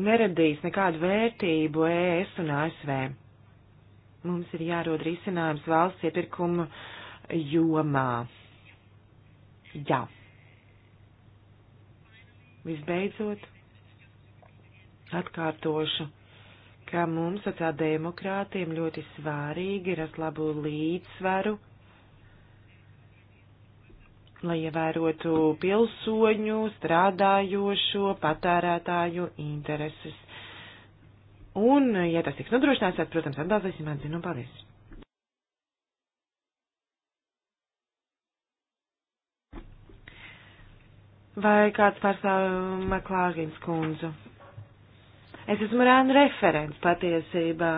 Speaker 4: neradīs nekādu vērtību ES un ASV. Mums ir jārod risinājums valsts iepirkuma jomā. Jā. Visbeidzot, atkārtošu ka mums sociāldemokrātiem ļoti svārīgi ir rast labu līdzsvaru lai ievērotu pilsoņu, strādājošo, patērētāju intereses. Un, ja tas tiks nodrošināts, tad, protams, atbalstīsim atzinu. Paldies! Vai kāds pārstāv Maklārgins kundzu? Es esmu Rēna referents patiesībā.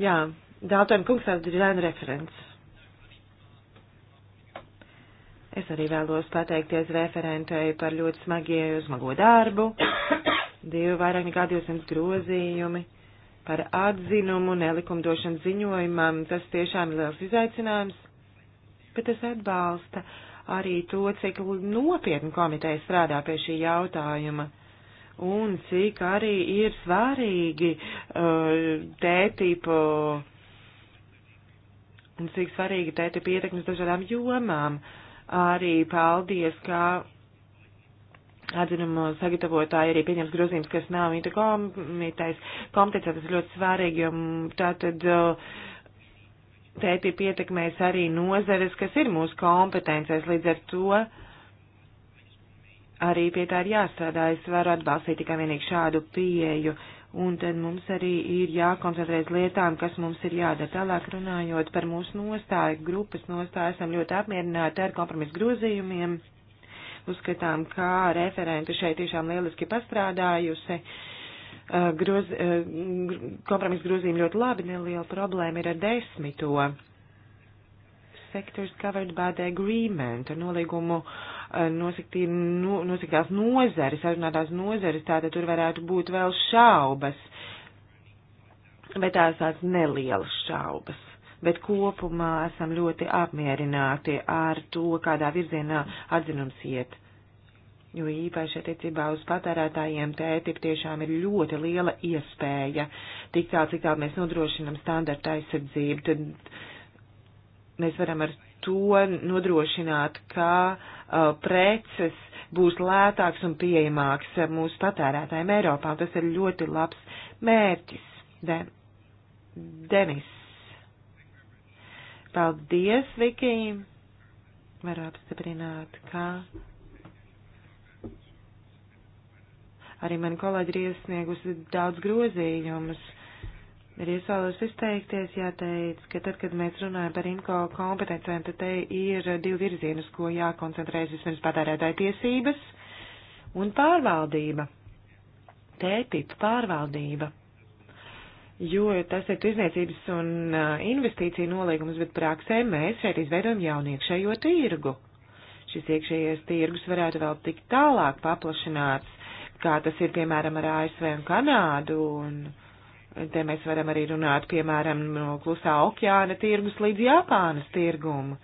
Speaker 4: Jā, Dāltēm kungs ir dizaina referents. Es arī vēlos pateikties referentei par ļoti smagiem uzmago darbu, divi vairāk nekā 200 grozījumi par atzinumu nelikumdošanu ziņojumam. Tas tiešām ir liels izaicinājums, bet es atbalsta arī to, cik nopietni komiteja strādā pie šī jautājuma un cik arī ir svarīgi uh, tētību uh, un cik svarīgi tētību ietekmes dažādām jomām. Arī paldies, ka atzinumu sagatavotāji arī pieņems grozījums, kas nav interkomitais kompetencija, tas ir ļoti svarīgi, jo tātad uh, tētību ietekmēs arī nozares, kas ir mūsu kompetencijas, līdz ar to. Uh, arī pie tā ir jāstrādā. Es varu atbalstīt tikai vienīgi šādu pieeju. Un tad mums arī ir jākoncentrēs lietām, kas mums ir jādara. Tālāk runājot par mūsu nostāju, grupas nostāju, esam ļoti apmierināti ar kompromisu grozījumiem. Uzskatām, kā referenti šeit tiešām lieliski pastrādājusi. Uh, groz, uh, kompromisu grozījumi ļoti labi, neliela problēma ir ar desmito sectors covered by the agreement, ar nolīgumu uh, Eh, nosakti, no, nu, nosaktās nozeres, sarunātās nozeres, tātad tur varētu būt vēl šaubas, bet tās tāds nelielas šaubas. Bet kopumā esam ļoti apmierināti ar to, kādā virzienā atzinums iet. Jo īpaši attiecībā uz patērētājiem tētip tiešām ir ļoti liela iespēja. Tik tā, cik tā mēs nodrošinam standarta aizsardzību, tad mēs varam ar to nodrošināt, ka uh, preces būs lētāks un pieejamāks uh, mūsu patērētājiem Eiropā. Tas ir ļoti labs mērķis. De, Denis. Paldies, Viki. Varu apstiprināt, ka arī mani kolēģi ir iesniegusi daudz grozījumus ir iesaulēs izteikties, jāteic, ka tad, kad mēs runājam par INCO kompetencēm, tad te ir divi virzienus, ko jākoncentrējas vispirms patērētāja tiesības un pārvaldība. Tētipa pārvaldība. Jo tas ir tirzniecības un investīcija nolīgums, bet praksē mēs šeit izveidojam jauniekšējo tirgu. Šis iekšējais tirgus varētu vēl tik tālāk paplašināts, kā tas ir piemēram ar ASV un Kanādu. Un, uh, Te mēs varam arī runāt, piemēram, no klusā okeāna tirgus līdz Japānas tirgumu.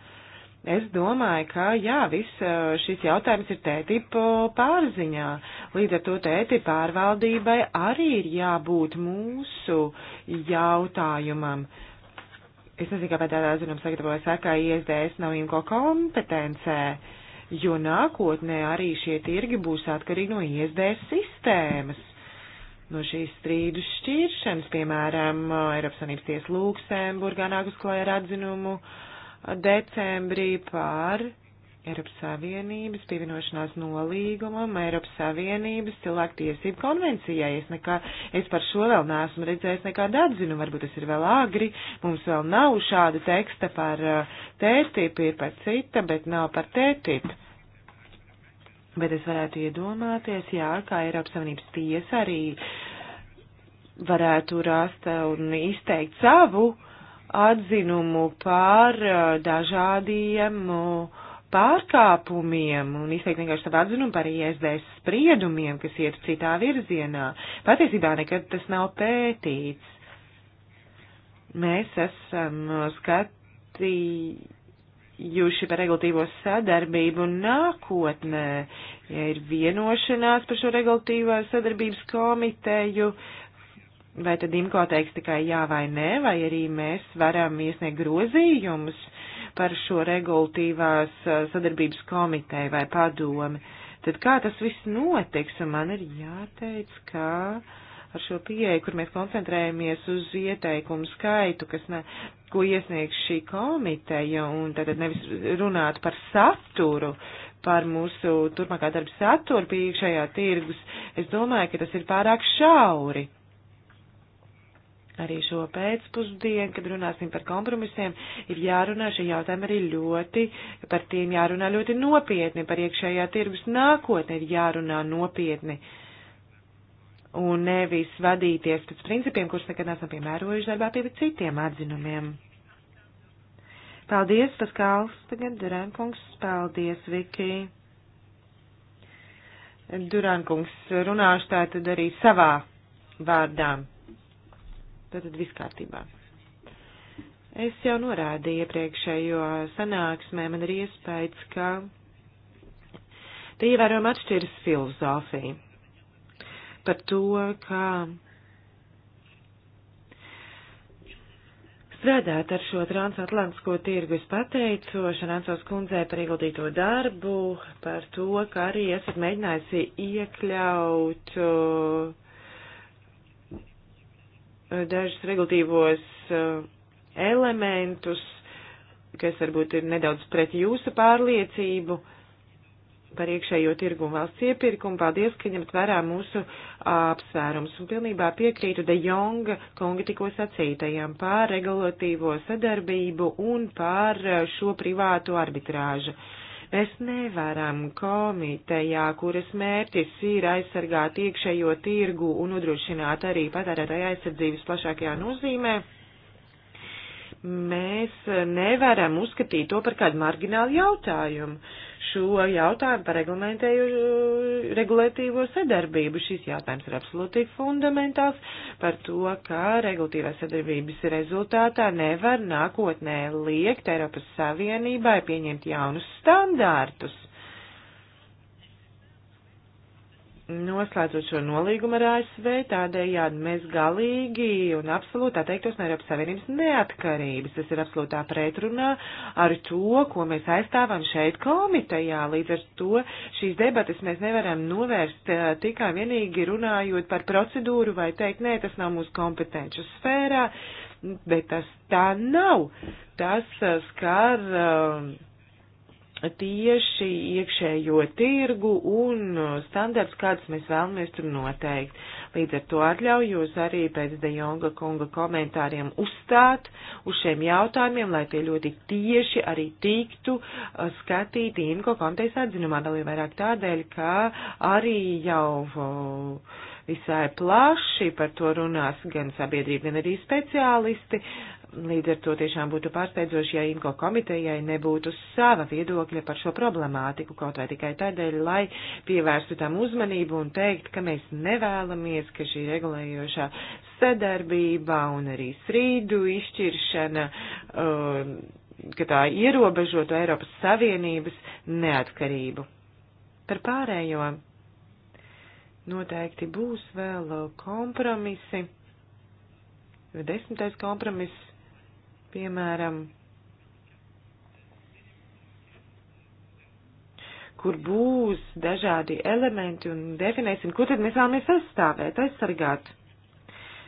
Speaker 4: Es domāju, ka jā, viss šis jautājums ir tētip pārziņā. Līdz ar to tēti pārvaldībai arī ir jābūt mūsu jautājumam. Es nezinu, kāpēc tādā zinām sagatavojas saka, ISDS nav imko kompetencē, jo nākotnē arī šie tirgi būs atkarīgi no ISDS sistēmas no šīs strīdu šķiršanas, piemēram, Eiropas Sanības tiesa Luksemburgā nāk uz klāja ar atzinumu decembrī par Eiropas Savienības pievienošanās nolīgumam, Eiropas Savienības cilvēktiesību konvencijai. Es, nekā, es par šo vēl neesmu redzējis nekādu atzinu, varbūt tas ir vēl agri, mums vēl nav šāda teksta par uh, tētību, ir par cita, bet nav par tētību. Bet es varētu iedomāties, jā, kā Eiropas Savienības tiesa arī varētu rast un izteikt savu atzinumu par dažādiem pārkāpumiem un izteikt vienkārši savu atzinumu par ISDS spriedumiem, kas iet citā virzienā. Patiesībā nekad tas nav pētīts. Mēs esam skatījumi bijuši par regulatīvo sadarbību nākotnē, ja ir vienošanās par šo regulatīvo sadarbības komiteju, vai tad IMCO teiks tikai jā vai nē, vai arī mēs varam iesniegt grozījumus par šo regulatīvās sadarbības komiteju vai padomi. Tad kā tas viss notiks, un man ir jāteic, ka. Kā ar šo pieeju, kur mēs koncentrējamies uz ieteikumu skaitu, kas ne, ko iesniegs šī komiteja, un tad nevis runāt par saturu, par mūsu turpmākā darba saturu pie iekšējā tirgus, es domāju, ka tas ir pārāk šauri. Arī šo pēcpusdienu, kad runāsim par kompromisiem, ir jārunā šie jautājumi arī ļoti, par tiem jārunā ļoti nopietni, par iekšējā tirgus nākotni ir jārunā nopietni. Uh, un nevis vadīties pēc principiem, kurus nekad neesam piemērojuši darbā pie citiem atzinumiem. Paldies, Paskāls, tagad Durankungs, paldies, Viki. Durankungs, runāšu tā tad arī savā vārdā. Tātad viskārtībā. Es jau norādīju iepriekšējo sanāksmē, man ir iespējas, ka te ievērojami atšķiras filozofija par to, kā strādāt ar šo transatlantisko tirgu. Es pateicu Šanancovs kundzei par ieguldīto darbu, par to, ka arī esat mēģinājusi iekļaut uh, dažus regulatīvos uh, elementus, kas varbūt ir nedaudz pret jūsu pārliecību par iekšējo tirgu un valsts iepirkumu. Paldies, ka ņemt vērā mūsu apsvērums. Un pilnībā piekrītu De Jonga kunga tikko sacītajam par regulatīvo sadarbību un par šo privātu arbitrāžu. Mēs nevaram komitejā, kuras mērķis ir aizsargāt iekšējo tirgu un nodrošināt arī patērētāju aizsardzības plašākajā nozīmē, mēs nevaram uzskatīt to par kādu marginālu jautājumu. Uh, šo jautājumu par regulatīvo sadarbību. Šis jautājums ir absolūti fundamentāls par to, ka regulatīvās sadarbības rezultātā nevar nākotnē liekt Eiropas Savienībai pieņemt jaunus standārtus noslēdzot šo nolīgumu ar ASV, tādējādi mēs galīgi un absolūti atteiktos no Eiropas Savienības neatkarības. Tas ir absolūtā pretrunā ar to, ko mēs aizstāvam šeit komitejā. Līdz ar to šīs debatas mēs nevaram novērst eh, tikai vienīgi runājot par procedūru vai teikt, nē, tas nav mūsu kompetenču sfērā, bet tas tā nav. Tas eh, skar. Uh, tieši iekšējo tirgu un standarts, kāds mēs vēlamies tur noteikt. Līdz ar to atļaujos arī pēc De Jonga kunga komentāriem uzstāt uz šiem jautājumiem, lai tie ļoti tieši arī tiktu uh, skatīti Inko komitejas atzinumā, vēl vairāk tādēļ, ka arī jau uh, visai plaši par to runās gan sabiedrība, gan arī speciālisti. Uh, Līdz ar to tiešām būtu pārsteidzoši, ja IMCO komitejai nebūtu sava viedokļa par šo problemātiku, kaut vai tikai tādēļ, lai pievērstu tam uzmanību un teikt, ka mēs nevēlamies, ka šī regulējošā sadarbība un arī strīdu izšķiršana, um, ka tā ierobežotu Eiropas Savienības neatkarību. Par pārējo noteikti būs vēl kompromisi. Desmitais kompromiss piemēram, kur būs dažādi elementi un definēsim, ko tad mēs vēlamies aizstāvēt, aizsargāt.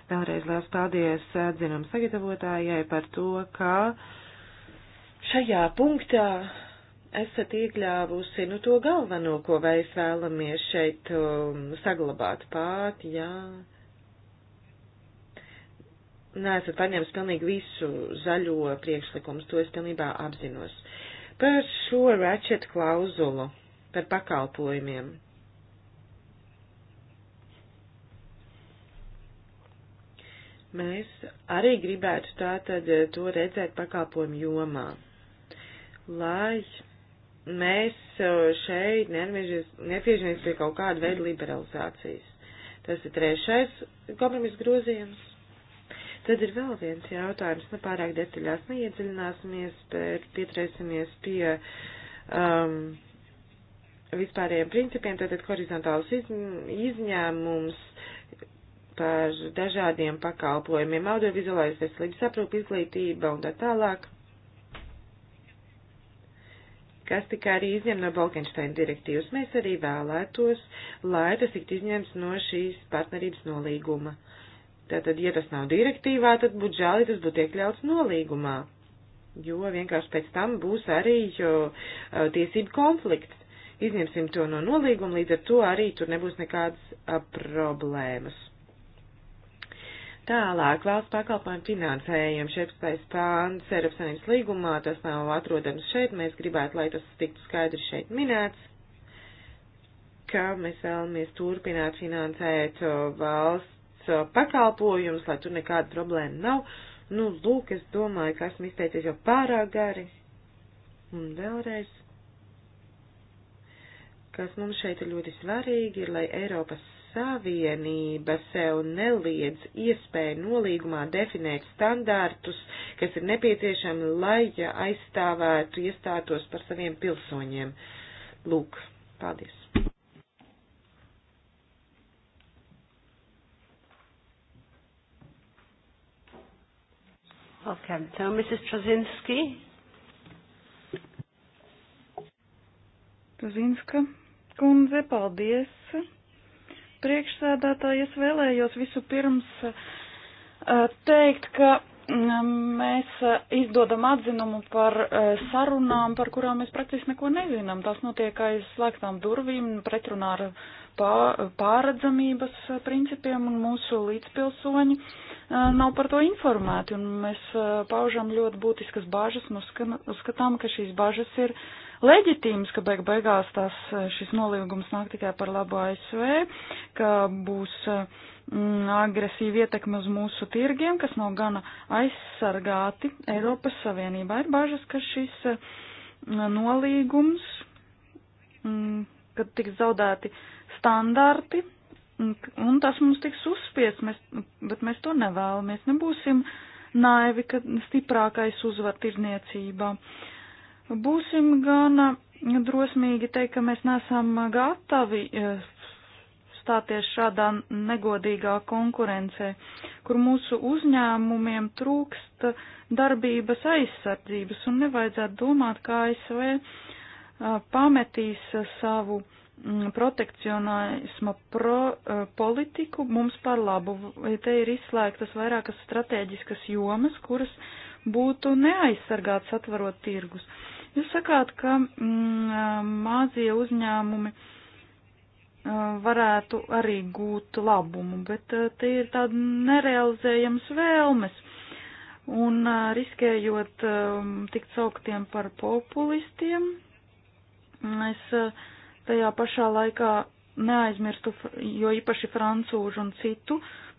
Speaker 4: Vēlreiz liels paldies atzinuma sagatavotājai par to, ka šajā punktā esat iekļāvusi nu, to galveno, ko mēs vēlamies šeit um, saglabāt pāri neesat paņēmis pilnīgi visu zaļo priekšlikumus, to es pilnībā apzinos. Par šo ratchet klauzulu, par pakalpojumiem. Mēs arī gribētu tātad eh, to redzēt pakalpojumu jomā, lai mēs eh, šeit nepiežamies pie kaut kāda veida liberalizācijas. Tas ir trešais kompromis grozījums Tad ir vēl viens jautājums, ne nu, pārāk detaļās neiedziļināsimies, bet pieturēsimies pie um, vispārējiem principiem, tātad horizontāls izņēmums par dažādiem pakalpojumiem, audiovizuālais veselības aprūp, izglītība un tā tālāk, kas tikai arī izņem no Balkensteina direktīvas. Mēs arī vēlētos, lai tas tiktu izņemts no šīs partnerības nolīguma. Uh, Tātad, ja tas nav direktīvā, tad būtu žēl, ja tas būtu iekļauts nolīgumā, jo vienkārši pēc tam būs arī jo, tiesību konflikts. Izņemsim to no nolīguma, līdz ar to arī tur nebūs nekādas problēmas. Tālāk valsts pakalpojumu finansējumu 16. pāns Eiropas Savienības līgumā, tas nav atrodams šeit, mēs gribētu, lai tas tiktu skaidri šeit minēts, ka mēs vēlamies turpināt finansēt valsts Eh, pakalpojumus, lai tur nekāda problēma nav. Nu, lūk, es domāju, ka esmu izteicies jau pārāk gari. Un vēlreiz, kas mums šeit ir ļoti svarīgi, ir, lai Eiropas Savienība sev neliedz iespēju nolīgumā definēt standārtus, kas ir nepieciešami, lai aizstāvētu iestātos par saviem pilsoņiem. Lūk, paldies!
Speaker 1: Okay, so Mrs. Trzynski.
Speaker 2: Trzinska kundze, paldies. Priekšsēdētāji, es vēlējos visu pirms teikt, ka mēs izdodam atzinumu par sarunām, par kurām mēs praktiski neko nezinām. Tās notiek aiz slēgtām durvīm, pretrunā ar pārredzamības principiem, un mūsu līdzpilsoņi nav par to informēti, un mēs paužam ļoti būtiskas bāžas un uzskatām, ka šīs bāžas ir leģitīmas, ka beig beigās tās, šis nolīgums nāk tikai par labu ASV, ka būs mm, agresīva ietekme uz mūsu tirgiem, kas nav gana aizsargāti Eiropas Savienībā. Ir bažas, ka šis mm, nolīgums, mm, kad tiks zaudēti uh, standarti, un tas mums tiks uzspies, mēs, bet mēs to nevēlamies. Nebūsim naivi, ka stiprākais uzvar tirniecībā. Būsim gan drosmīgi teikt, ka mēs nesam gatavi e, stāties šādā negodīgā konkurencē, kur mūsu uzņēmumiem trūkst darbības aizsardzības un nevajadzētu domāt, ka ASV e, pametīs savu uh, Mm, protekcionisma pro, e, politiku mums par labu. Te ir izslēgtas vairākas strateģiskas jomas, kuras būtu neaizsargātas atvarot tirgus. Jūs sakāt, ka mm, e, mazie uzņēmumi e, varētu arī gūt labumu, bet te ir tāda nerealizējams vēlmes. Un riskējot tikt sauktiem par populistiem, es uh, tajā pašā laikā neaizmirstu, jo īpaši francūžu un citu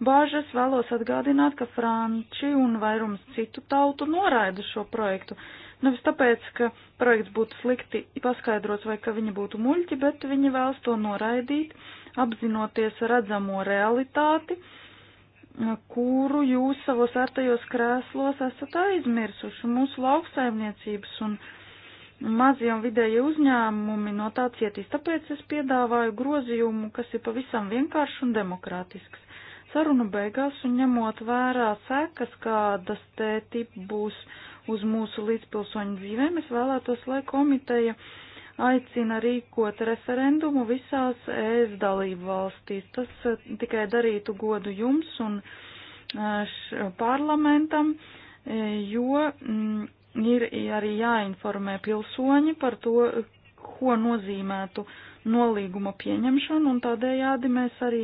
Speaker 2: bāžas vēlos atgādināt, ka franči un vairums citu tautu noraida šo projektu. Nevis tāpēc, ka projekts būtu slikti paskaidrots vai ka viņi būtu muļķi, bet viņi vēlas to noraidīt, apzinoties redzamo realitāti, kuru jūs savos ārtajos krēslos esat aizmirsuši. Mūsu lauksaimniecības un lauksaimniecības mazie un vidēji uzņēmumi no tā cietīs. Tāpēc es piedāvāju grozījumu, kas ir pavisam vienkāršs un demokrātisks. Sarunu beigās un ņemot vērā sekas, kādas tēti būs uz mūsu līdzpilsoņu dzīvēm, es vēlētos, lai komiteja aicina rīkot referendumu visās ES dalību valstīs. Tas eh, tikai darītu godu jums un eh, parlamentam, eh, jo. Mm, ir arī jāinformē pilsoņi par to, ko nozīmētu nolīguma pieņemšana, un tādējādi mēs arī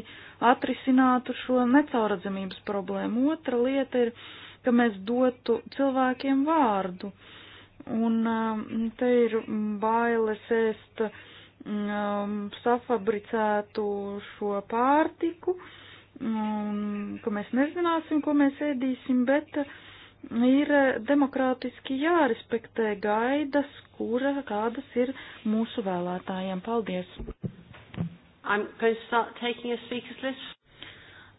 Speaker 2: atrisinātu šo necauradzamības problēmu. Otra lieta ir, ka mēs dotu cilvēkiem vārdu, un um, te ir bailes ēst um, safabricētu šo pārtiku, un ka mēs nezināsim, ko mēs ēdīsim, bet uh, ir eh, demokrātiski jārespektē gaidas, kura, kādas ir mūsu vēlētājiem. Paldies!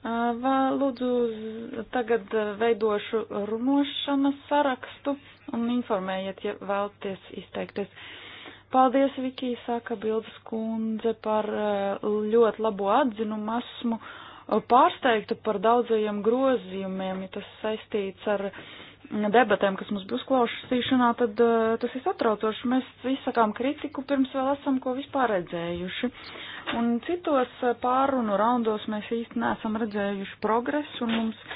Speaker 2: Uh, lūdzu, tagad veidošu runošanas sarakstu un informējiet, ja vēlties izteikties. Paldies, Vikija, saka Bildes kundze, par ļoti labo atzinumu. Esmu pārsteigta par daudzajiem grozījumiem, ja tas saistīts ar debatēm, kas mums būs klausīšanā, tad eh, tas ir satraucoši. Mēs izsakām kritiku pirms vēl esam ko vispār redzējuši. Un citos eh, pārunu raundos mēs īsti neesam redzējuši progresu un mums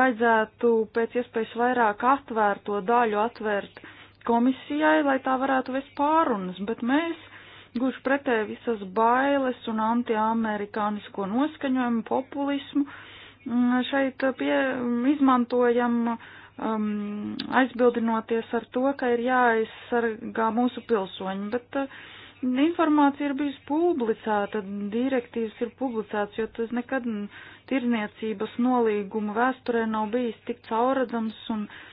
Speaker 2: vajadzētu pēc iespējas vairāk atvērto daļu atvērt komisijai, lai tā varētu vest pārunas, bet mēs Gluži pretēji visas bailes un antiamerikānisko noskaņojumu, populismu mm, šeit uh, pie, mm, izmantojam um, aizbildinoties ar to, ka ir jāaizsargā mūsu pilsoņi, bet uh, informācija ir bijusi publicēta, direktīvas ir publicētas, jo tas nekad tirniecības nolīguma vēsturē nav bijis tik cauradzams un uh,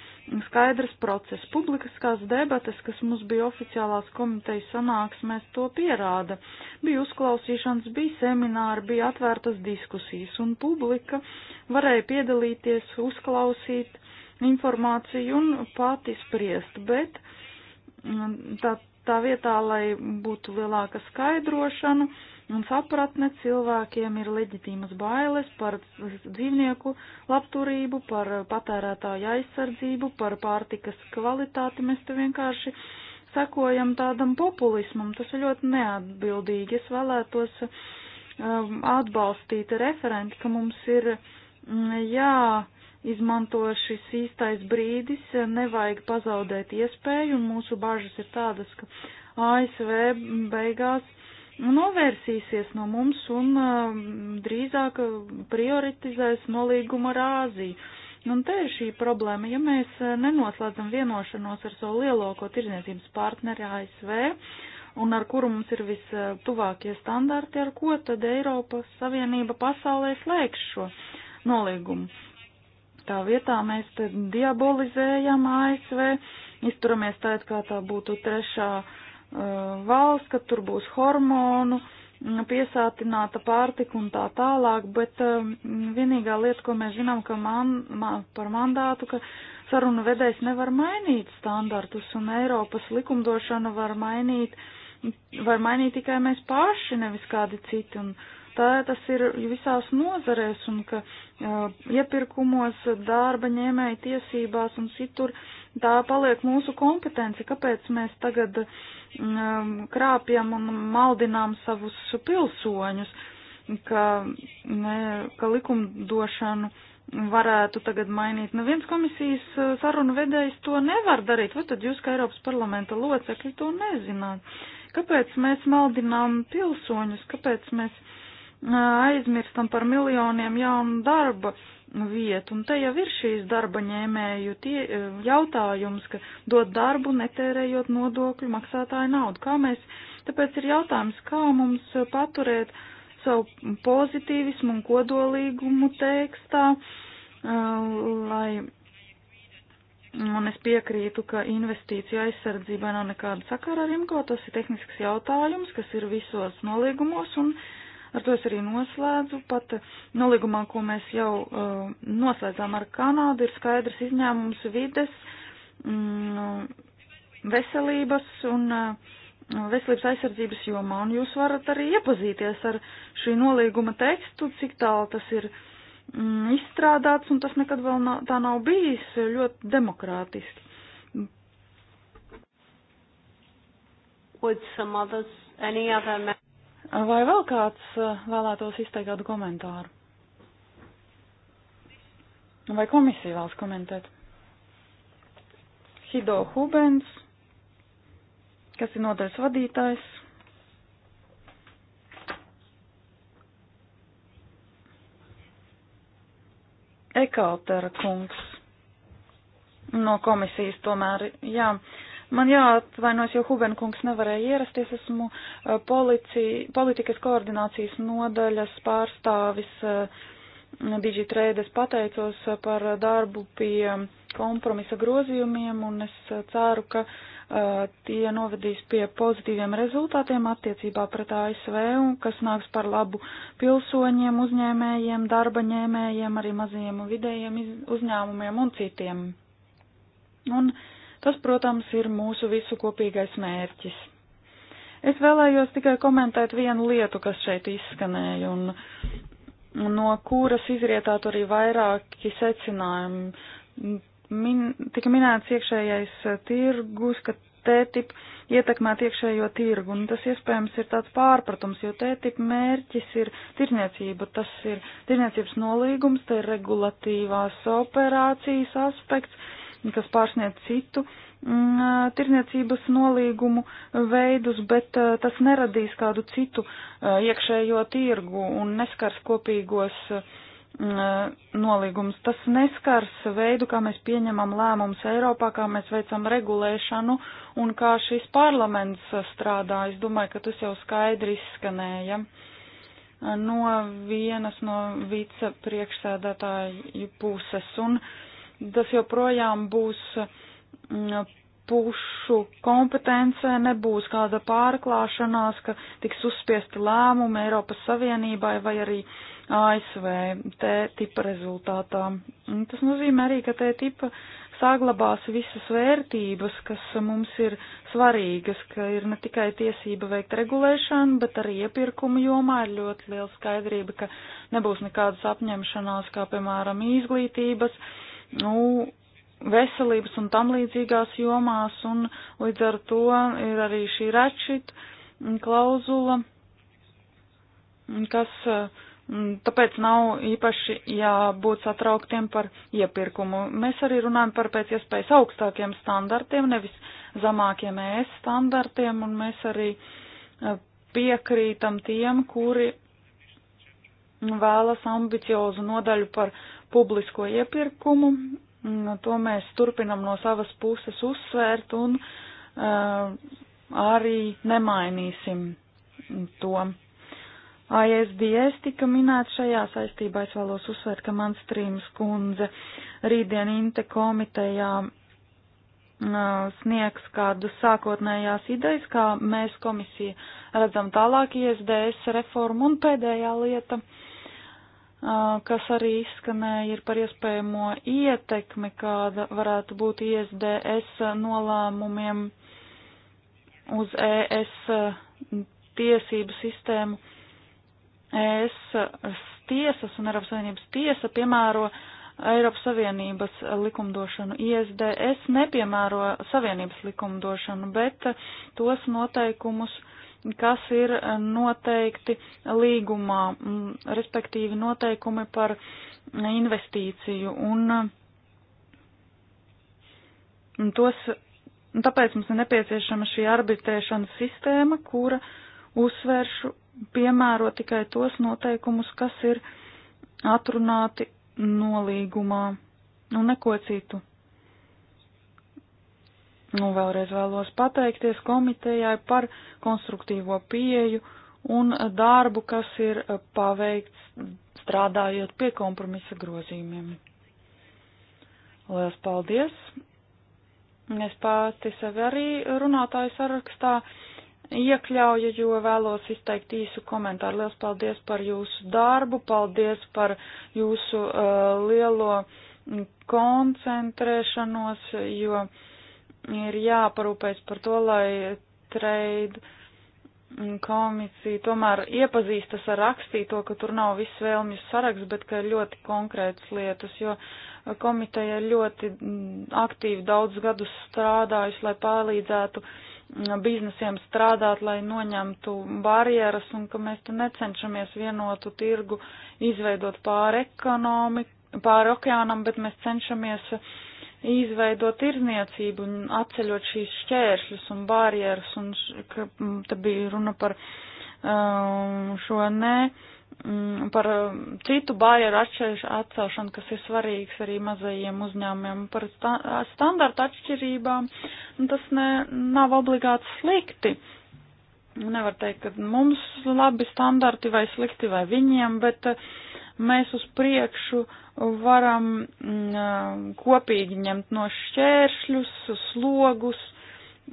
Speaker 2: skaidrs process. Publiskās debates, kas mums bija oficiālās komitejas sanāksmēs, to pierāda. Bija uzklausīšanas, bija semināri, bija atvērtas diskusijas, un publika varēja piedalīties, uzklausīt informāciju un pati spriest, bet mm, tā, tā vietā, lai būtu lielāka skaidrošana, uh, un sapratne cilvēkiem ir leģitīmas bailes par dzīvnieku labturību, par patērētāju aizsardzību, par pārtikas kvalitāti. Mēs te vienkārši sekojam tādam populismam. Tas ir ļoti neatbildīgi. Es vēlētos um, atbalstīt referenti, ka mums ir mm, jā. Izmanto šis īstais brīdis, nevajag pazaudēt iespēju, un mūsu bažas ir tādas, ka ASV beigās novērsīsies no mums un um, drīzāk prioritizēs nolīgumu ar Āziju. Un te ir šī problēma, ja mēs uh, nenoslēdzam vienošanos ar savu lielāko tirzniecības partneri ASV, un ar kuru mums ir vistuvākie uh, standarti, ar ko tad Eiropas Savienība pasaulē slēgs šo nolīgumu. Tā vietā mēs te diabolizējam ASV, izturamies tā, kā tā būtu trešā uh, Uh, valsts, ka tur būs hormonu mm, piesātināta pārtika un tā tālāk, bet um, vienīgā lieta, ko mēs zinām ka man, man, par mandātu, ka sarunu vedējs nevar mainīt standartus un Eiropas likumdošanu var mainīt, var mainīt tikai mēs paši, nevis kādi citi. Un, Tā tas ir visās nozarēs un ka uh, iepirkumos, darba ņēmēja tiesībās un citur uh, tā paliek mūsu kompetence, kāpēc mēs tagad um, krāpjam un maldinām savus pilsoņus, ka, ne, mm, ka likumdošanu varētu tagad mainīt. Neviens komisijas eh, sarunu vedējs to nevar darīt, vai tad jūs, kā Eiropas parlamenta locekļi, to nezināt? Kāpēc mēs maldinām pilsoņus, kāpēc mēs eh, aizmirstam par miljoniem jaunu darba vietu. Un te jau ir šīs darba ņēmēju tie, e, jautājums, ka dot darbu, netērējot nodokļu maksātāju naudu. Kā mēs, tāpēc ir jautājums, kā mums paturēt savu pozitīvismu un kodolīgumu tekstā, e, lai, un es piekrītu, ka investīcija aizsardzībai nav nekāda sakara ar imko, tas ir tehnisks jautājums, kas ir visos nolīgumos un. Uh, Ar to es arī noslēdzu. Pat eh, nolīgumā, ko mēs jau uh, noslēdzām ar Kanādu, ir skaidrs izņēmums vides, mm, nu, veselības un uh, veselības aizsardzības jomā. Un jūs varat arī iepazīties ar šī nolīguma tekstu, cik tālu tas ir mm, izstrādāts, un tas nekad vēl nav, tā nav bijis ļoti demokrātiski.
Speaker 1: Would some others, any other
Speaker 2: Vai vēl kāds eh, vēlētos izteikt kādu komentāru? Vai komisija vēlas komentēt? Hido Hubens, kas ir nodaļas vadītājs. Ekautera kungs no komisijas tomēr, jā. Uh, Man jāatvainos, jo Hugenkungs nevarēja ierasties. Esmu eh, policija, politikas koordinācijas nodaļas pārstāvis eh, Digitrēdes. Pateicos eh, par darbu pie mm, kompromisa grozījumiem un es ceru, ka tie novedīs pie pozitīviem rezultātiem attiecībā pret ASV un kas nāks par labu pilsoņiem, uzņēmējiem, darba ņēmējiem, arī mazajiem un vidējiem uzņēmumiem un citiem. Un uh, Tas, protams, ir mūsu visu kopīgais mērķis. Es vēlējos tikai komentēt vienu lietu, kas šeit izskanēja, un, no kuras izrietātu arī vairāki secinājumi. Min, tika minēts iekšējais tirgus, ka TTIP ietekmēt iekšējo tirgu, un tas iespējams ir tāds pārpratums, jo TTIP mērķis ir tirniecība, tas ir tirniecības nolīgums, te ir regulatīvās operācijas aspekts kas pārsniedz citu mm, tirniecības nolīgumu veidus, bet tas neradīs kādu citu iekšējo tirgu un neskars kopīgos nolīgums. Tas neskars veidu, kā mēs pieņemam lēmumus Eiropā, kā mēs veicam regulēšanu un kā šis parlaments strādā. Es domāju, ka tas jau skaidri izskanēja no vienas no vicepriekšsēdētāju puses. Un uh, tas joprojām būs mm, pušu kompetencē, nebūs kāda pārklāšanās, ka tiks uzspiesti lēmumi Eiropas Savienībai vai arī ASV T tipa rezultātā. Tas nozīmē arī, ka T tipa saglabās visas vērtības, kas mums ir svarīgas, ka ir ne tikai tiesība veikt regulēšanu, bet arī iepirkumu jomā ir ļoti liela skaidrība, ka nebūs nekādas apņemšanās, kā piemēram izglītības nu, veselības un tam līdzīgās jomās, un līdz ar to ir arī šī ratšit klauzula, kas mm, tāpēc nav īpaši jābūt satrauktiem par iepirkumu. Mēs arī runājam par pēc iespējas augstākiem standartiem, nevis zamākiem ES standartiem, un mēs arī e, piekrītam tiem, kuri vēlas ambiciozu nodaļu par publisko iepirkumu. Mm, to mēs turpinam no savas puses uzsvērt un uh, arī nemainīsim to. ASDS tika minēts šajā saistībā. Es vēlos uzsvērt, ka mans trījums kundze rītdien Inte komitejā mm, sniegs kādas sākotnējās idejas, kā mēs komisija redzam tālāk ISDS reformu un pēdējā lieta. Uh, kas arī izskanēja, ir par iespējamo ietekmi, kāda varētu būt ISDS nolēmumiem uz ES tiesību sistēmu. ES tiesas un Eiropas Savienības tiesa piemēro Eiropas Savienības likumdošanu. ISDS nepiemēro Savienības likumdošanu, bet tos noteikumus uh, kas ir eh, noteikti līgumā, mm, respektīvi noteikumi par mm, investīciju un, eh, un tos, un tāpēc mums ir nepieciešama šī arbitrēšanas sistēma, kura uzsvēršu piemēro tikai tos noteikumus, kas ir atrunāti nolīgumā un nu, neko citu. Nu, vēlreiz vēlos pateikties komitejai par konstruktīvo pieeju un darbu, kas ir paveikts strādājot pie kompromisa grozījumiem. Lielas paldies! Es pati sevi arī runātāju sarakstā iekļauju, jo vēlos izteikt īsu komentāru. Lielas paldies par jūsu darbu, paldies par jūsu uh, lielo koncentrēšanos, jo uh, ir jāparūpēs par to, lai trade komisija tomēr iepazīstas ar rakstīto, ka tur nav viss vēlmju saraksts, bet ka ir ļoti konkrētas lietas, jo komiteja ļoti mm, aktīvi daudz gadus strādājusi, lai palīdzētu mm, biznesiem strādāt, lai noņemtu barjeras un ka mēs te necenšamies vienotu tirgu izveidot pāri ekonomiku, pāri okeānam, bet mēs cenšamies uh, izveidot tirzniecību un atceļot šīs šķēršļus un barjeras, un ka, te bija runa par um, šo nē, um, par citu barjeru atcelšanu, kas ir svarīgs arī mazajiem uzņēmumiem, par sta standartu atšķirībām, tas ne, nav obligāti slikti. Nevar teikt, ka mums labi standarti vai slikti vai viņiem, bet uh, mēs uz priekšu varam mm, kopīgi ņemt no šķēršļus, slogus,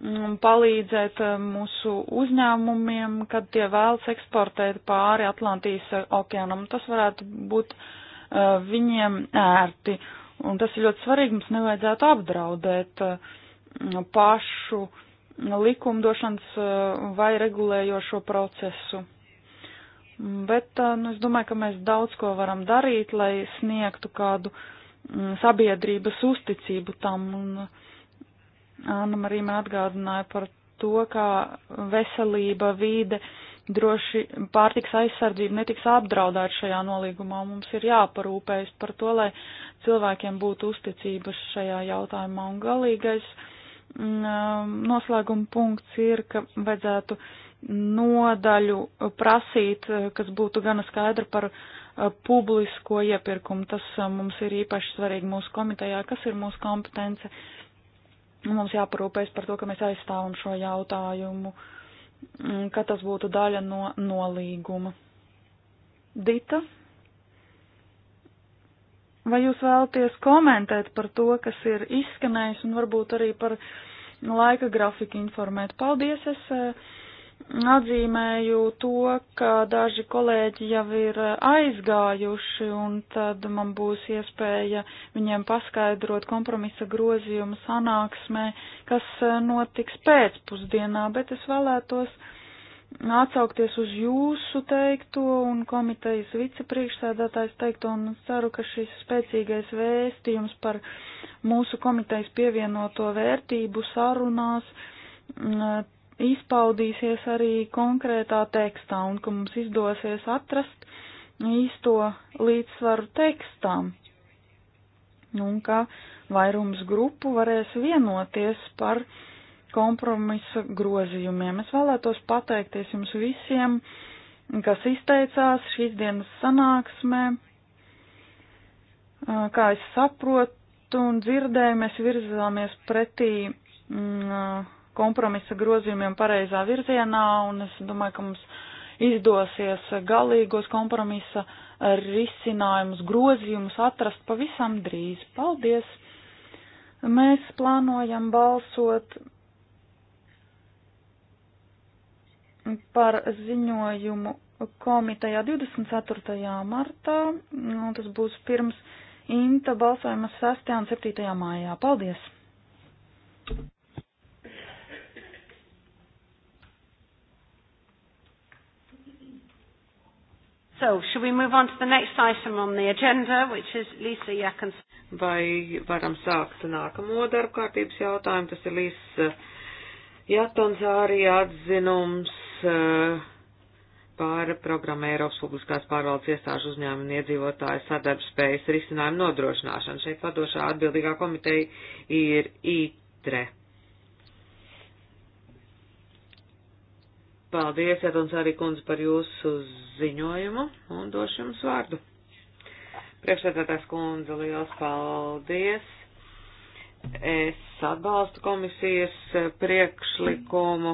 Speaker 2: mm, palīdzēt mūsu uzņēmumiem, kad tie vēlas eksportēt pāri Atlantijas okeanam. Tas varētu būt uh, viņiem ērti. Un tas ir ļoti svarīgi, mums nevajadzētu apdraudēt uh, pašu likumdošanas uh, vai regulējošo procesu. Bet nu, es domāju, ka mēs daudz ko varam darīt, lai sniegtu kādu mm, sabiedrības uzticību tam. Un Anna arī man atgādināja par to, kā veselība, vīde, droši pārtiks aizsardzība netiks apdraudēta šajā nolīgumā. Mums ir jāparūpējas par to, lai cilvēkiem būtu uzticības šajā jautājumā. Un galīgais mm, noslēguma punkts ir, ka vajadzētu nodaļu prasīt, eh, kas būtu gana skaidra par eh, publisko iepirkumu. Tas eh, mums ir īpaši svarīgi mūsu komitejā, kas ir mūsu kompetence. Mums jāparūpēs par to, ka mēs aizstāvam šo jautājumu, mm, ka tas būtu daļa no nolīguma. Dita, vai jūs vēlaties komentēt par to, kas ir izskanējis un varbūt arī par laika grafiku informēt? Paldies, es atzīmēju to, ka daži kolēģi jau ir aizgājuši, un tad man būs iespēja viņiem paskaidrot kompromisa grozījumu sanāksmē, kas notiks pēcpusdienā, bet es vēlētos atsaukties uz jūsu teikto un komitejas vicepriekšsēdētājs teikto, un ceru, ka šis spēcīgais vēstījums par mūsu komitejas pievienoto vērtību sarunās izpaudīsies arī konkrētā tekstā un ka mums izdosies atrast īsto līdzsvaru tekstām un ka vairums grupu varēs vienoties par kompromisa grozījumiem. Es vēlētos pateikties jums visiem, kas izteicās šīs dienas sanāksmē. Kā es saprotu un dzirdēju, mēs virzāmies pretī mm, kompromisa grozījumiem pareizā virzienā, un es domāju, ka mums izdosies galīgos kompromisa risinājumus, grozījumus atrast pavisam drīz. Paldies! Mēs plānojam balsot par ziņojumu komitejā 24. martā, un tas būs pirms Inta balsojuma 6. un 7. mājā. Paldies!
Speaker 1: So, should we move on to the next item on the agenda, which is Lisa Jakons?
Speaker 3: Vai varam sākt nākamo darba kārtības jautājumu? Tas ir Lisa Jakons arī atzinums eh, pār programmu Eiropas publiskās pārvaldes iestāžu uzņēmumu un iedzīvotāju sadarbspējas risinājumu nodrošināšanu. Šeit vadošā atbildīgā komiteja ir ITRE. Paldies, Edons arī kundze, par jūsu ziņojumu un došu jums vārdu. Priekšsēdētājs kundze, liels paldies. Es atbalstu komisijas priekšlikumu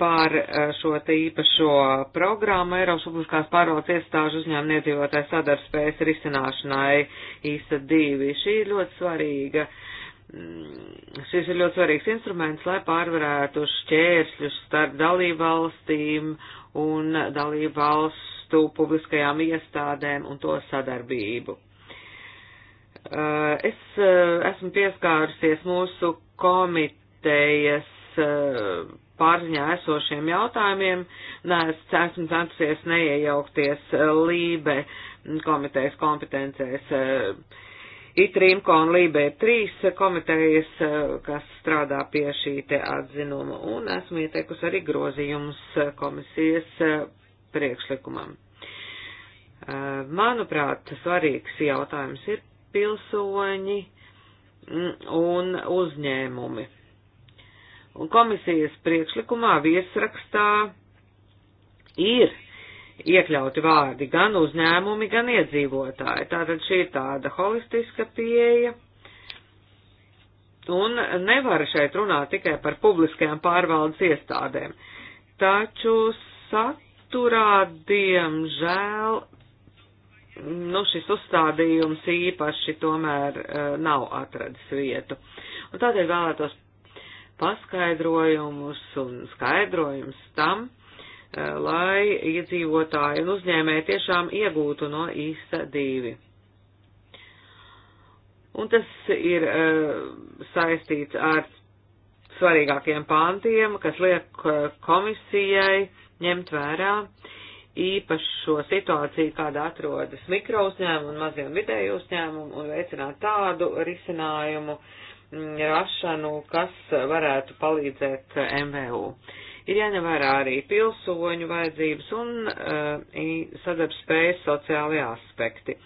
Speaker 3: par eh, šo te īpašo programmu Eiropas publiskās pārvaldes iestāžu uzņēmumu iedzīvotāju sadarbspējas risināšanai īsta divi. Šī ir ļoti svarīga uh, Mm, šis ir ļoti svarīgs instruments, lai pārvarētu šķēršļus starp dalībvalstīm un dalībvalstu publiskajām iestādēm un to sadarbību. Eh, es eh, esmu pieskārusies mūsu komitejas eh, pārziņā esošiem jautājumiem, es esmu centusies neiejaukties lībe komitejas kompetencēs ITRIMKO un LIBE trīs komitejas, eh, kas strādā pie šī te atzinuma, un esmu ieteikusi arī grozījumus eh, komisijas eh, priekšlikumam. Manuprāt, svarīgs jautājums ir pilsoņi mm, un uzņēmumi. Un komisijas priekšlikumā viesrakstā ir iekļauti vārdi gan uzņēmumi, gan iedzīvotāji. Tātad šī ir tāda holistiska pieeja. Un nevar šeit runāt tikai par publiskajām pārvaldes iestādēm. Taču saturā, diemžēl, nu, šis uzstādījums īpaši tomēr e, nav atradis vietu. Un tādēļ vēlētos paskaidrojumus un skaidrojumus tam, Eh, lai iedzīvotāji un uzņēmēji tiešām iegūtu no īsta divi. Un tas ir eh, saistīts ar svarīgākiem pāntiem, kas liek eh, komisijai ņemt vērā īpašo situāciju, kāda atrodas mikro uzņēmumu un maziem vidēju uzņēmumu, un veicināt tādu risinājumu mm, rašanu, kas varētu palīdzēt MVU. Uh, Ir jāņem vērā arī pilsoņu vajadzības un uh, sadarbspējas sociālajie aspekti,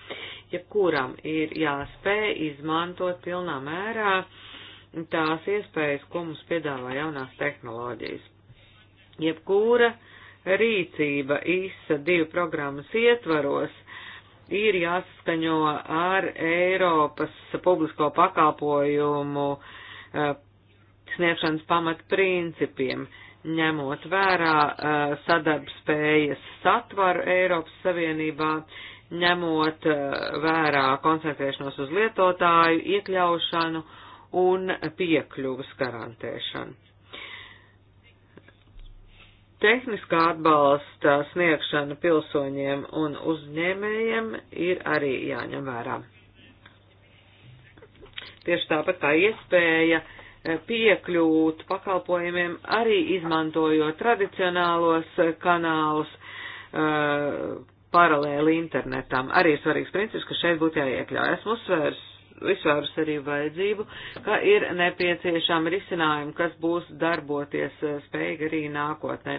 Speaker 3: ja kuram ir jāspēj izmantot pilnā mērā tās iespējas, ko mums piedāvā jaunās tehnoloģijas. Jebkura rīcība ISA divu programmas ietvaros ir jāsaskaņo ar Eiropas publisko pakalpojumu uh, sniegšanas pamatprincipiem. principiem ņemot vērā uh, sadarbspējas satvaru Eiropas Savienībā, ņemot uh, vērā koncentrēšanos uz lietotāju, iekļaušanu un piekļuvas garantēšanu. Tehniskā atbalsta sniegšana pilsoņiem un uzņēmējiem ir arī jāņem vērā. Tieši tāpat kā iespēja uh, piekļūt pakalpojumiem arī izmantojot tradicionālos kanālus uh, paralēli internetam. Arī ir svarīgs princips, ka šeit būtu jāiekļauj. Esmu uzsvērs, uzsvērus arī vajadzību, ka ir nepieciešami risinājumi, kas būs darboties eh, spējīgi arī nākotnē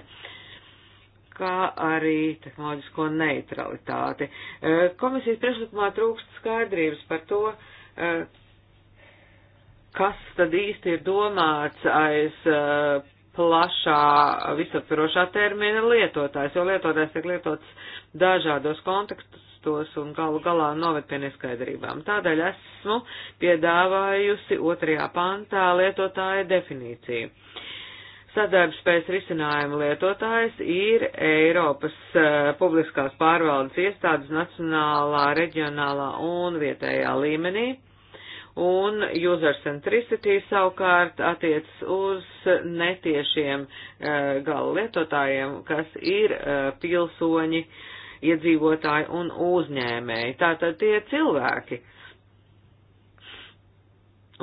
Speaker 3: kā arī tehnoloģisko neutralitāti. Eh, komisijas priekšlikumā trūkst skaidrības par to, uh, kas tad īsti ir domāts aiz uh, plašā visaptvarošā termina lietotājs, jo lietotājs tiek lietots dažādos kontekstos un galu galā noved pie neskaidrībām. Tādēļ esmu piedāvājusi otrajā pantā lietotāja definīciju. Sadarbspējas risinājumu lietotājs ir Eiropas uh, publiskās pārvaldes iestādes nacionālā, reģionālā un vietējā līmenī un user centricity savukārt attiec uz netiešiem uh, eh, galu lietotājiem, kas ir uh, pilsoņi, iedzīvotāji un uzņēmēji. Tātad tie cilvēki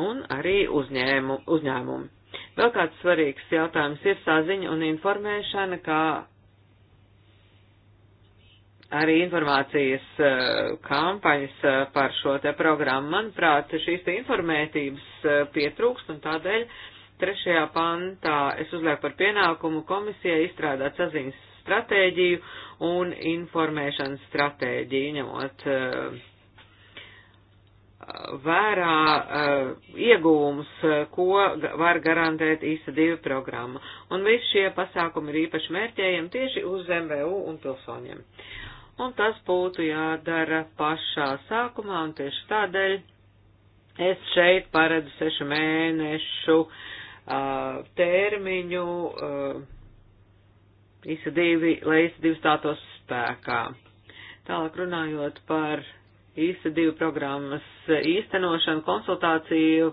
Speaker 3: un arī uzņēmu, uzņēmumi. Vēl kāds svarīgs jautājums ir saziņa un informēšana, kā arī informācijas eh, kampaņas eh, par šo te programmu. Manuprāt, šīs te informētības eh, pietrūkst un tādēļ trešajā pantā es uzlieku par pienākumu komisijai izstrādāt saziņas stratēģiju un informēšanas stratēģiju, ņemot vērā iegūmus, ko var garantēt īsta divi programma. Un visi šie pasākumi ir īpaši mērķējami tieši uz MVU un pilsoņiem un tas būtu jādara pašā sākumā, un tieši tādēļ es šeit paredzu sešu mēnešu uh, termiņu, uh, ISA 2, lai ISA 2 stātos spēkā. Tālāk runājot par ISA 2 programmas īstenošanu, konsultāciju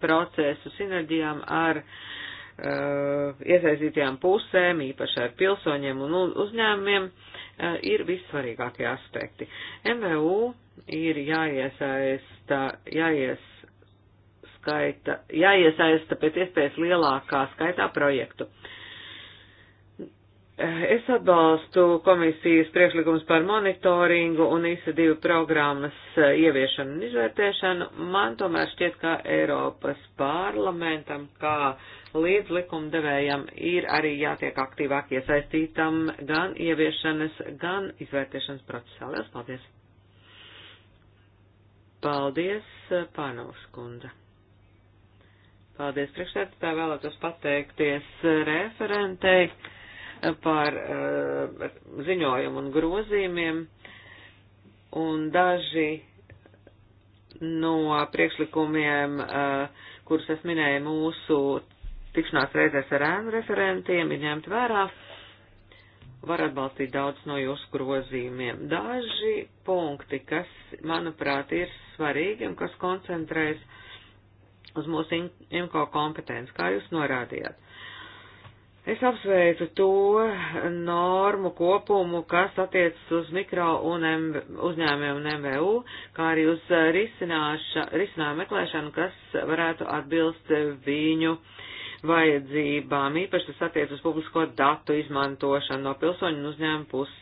Speaker 3: procesu, sinerģijām ar uh, iesaistītajām pusēm, īpaši ar pilsoņiem un uzņēmumiem. Uh, Eh, ir vissvarīgākie aspekti. MVU ir jāiesaista, jāieskaita, jāiesaista pēc iespējas lielākā skaitā projektu. Eh, es atbalstu komisijas priekšlikums par monitoringu un ISA divu programmas eh, ieviešanu un izvērtēšanu. Man tomēr šķiet, ka Eiropas parlamentam, kā Līdz likumdevējam ir arī jātiek aktīvāk iesaistītam gan ieviešanas, gan izvērtēšanas procesā. Lielas paldies! Paldies, Pānovs kundze! Paldies, priekšsēdētāji, vēlētos pateikties referentei par uh, ziņojumu un grozījumiem. Un daži no priekšlikumiem, uh, kurus es minēju mūsu tikšanās reizēs ar ēnu referentiem ir ņemt vērā. Var atbalstīt daudz no jūsu grozījumiem. Daži punkti, kas, manuprāt, ir svarīgi un kas koncentrēs uz mūsu IMCO kompetenci, kā jūs norādījāt. Es apsveicu to normu kopumu, kas attiecas uz mikro un MV, uzņēmiem un MVU, kā arī uz risinājumu meklēšanu, kas varētu atbilst viņu uh, vajadzībām, īpaši tas attiec uz publisko datu izmantošanu no pilsoņu un uzņēmumu puses.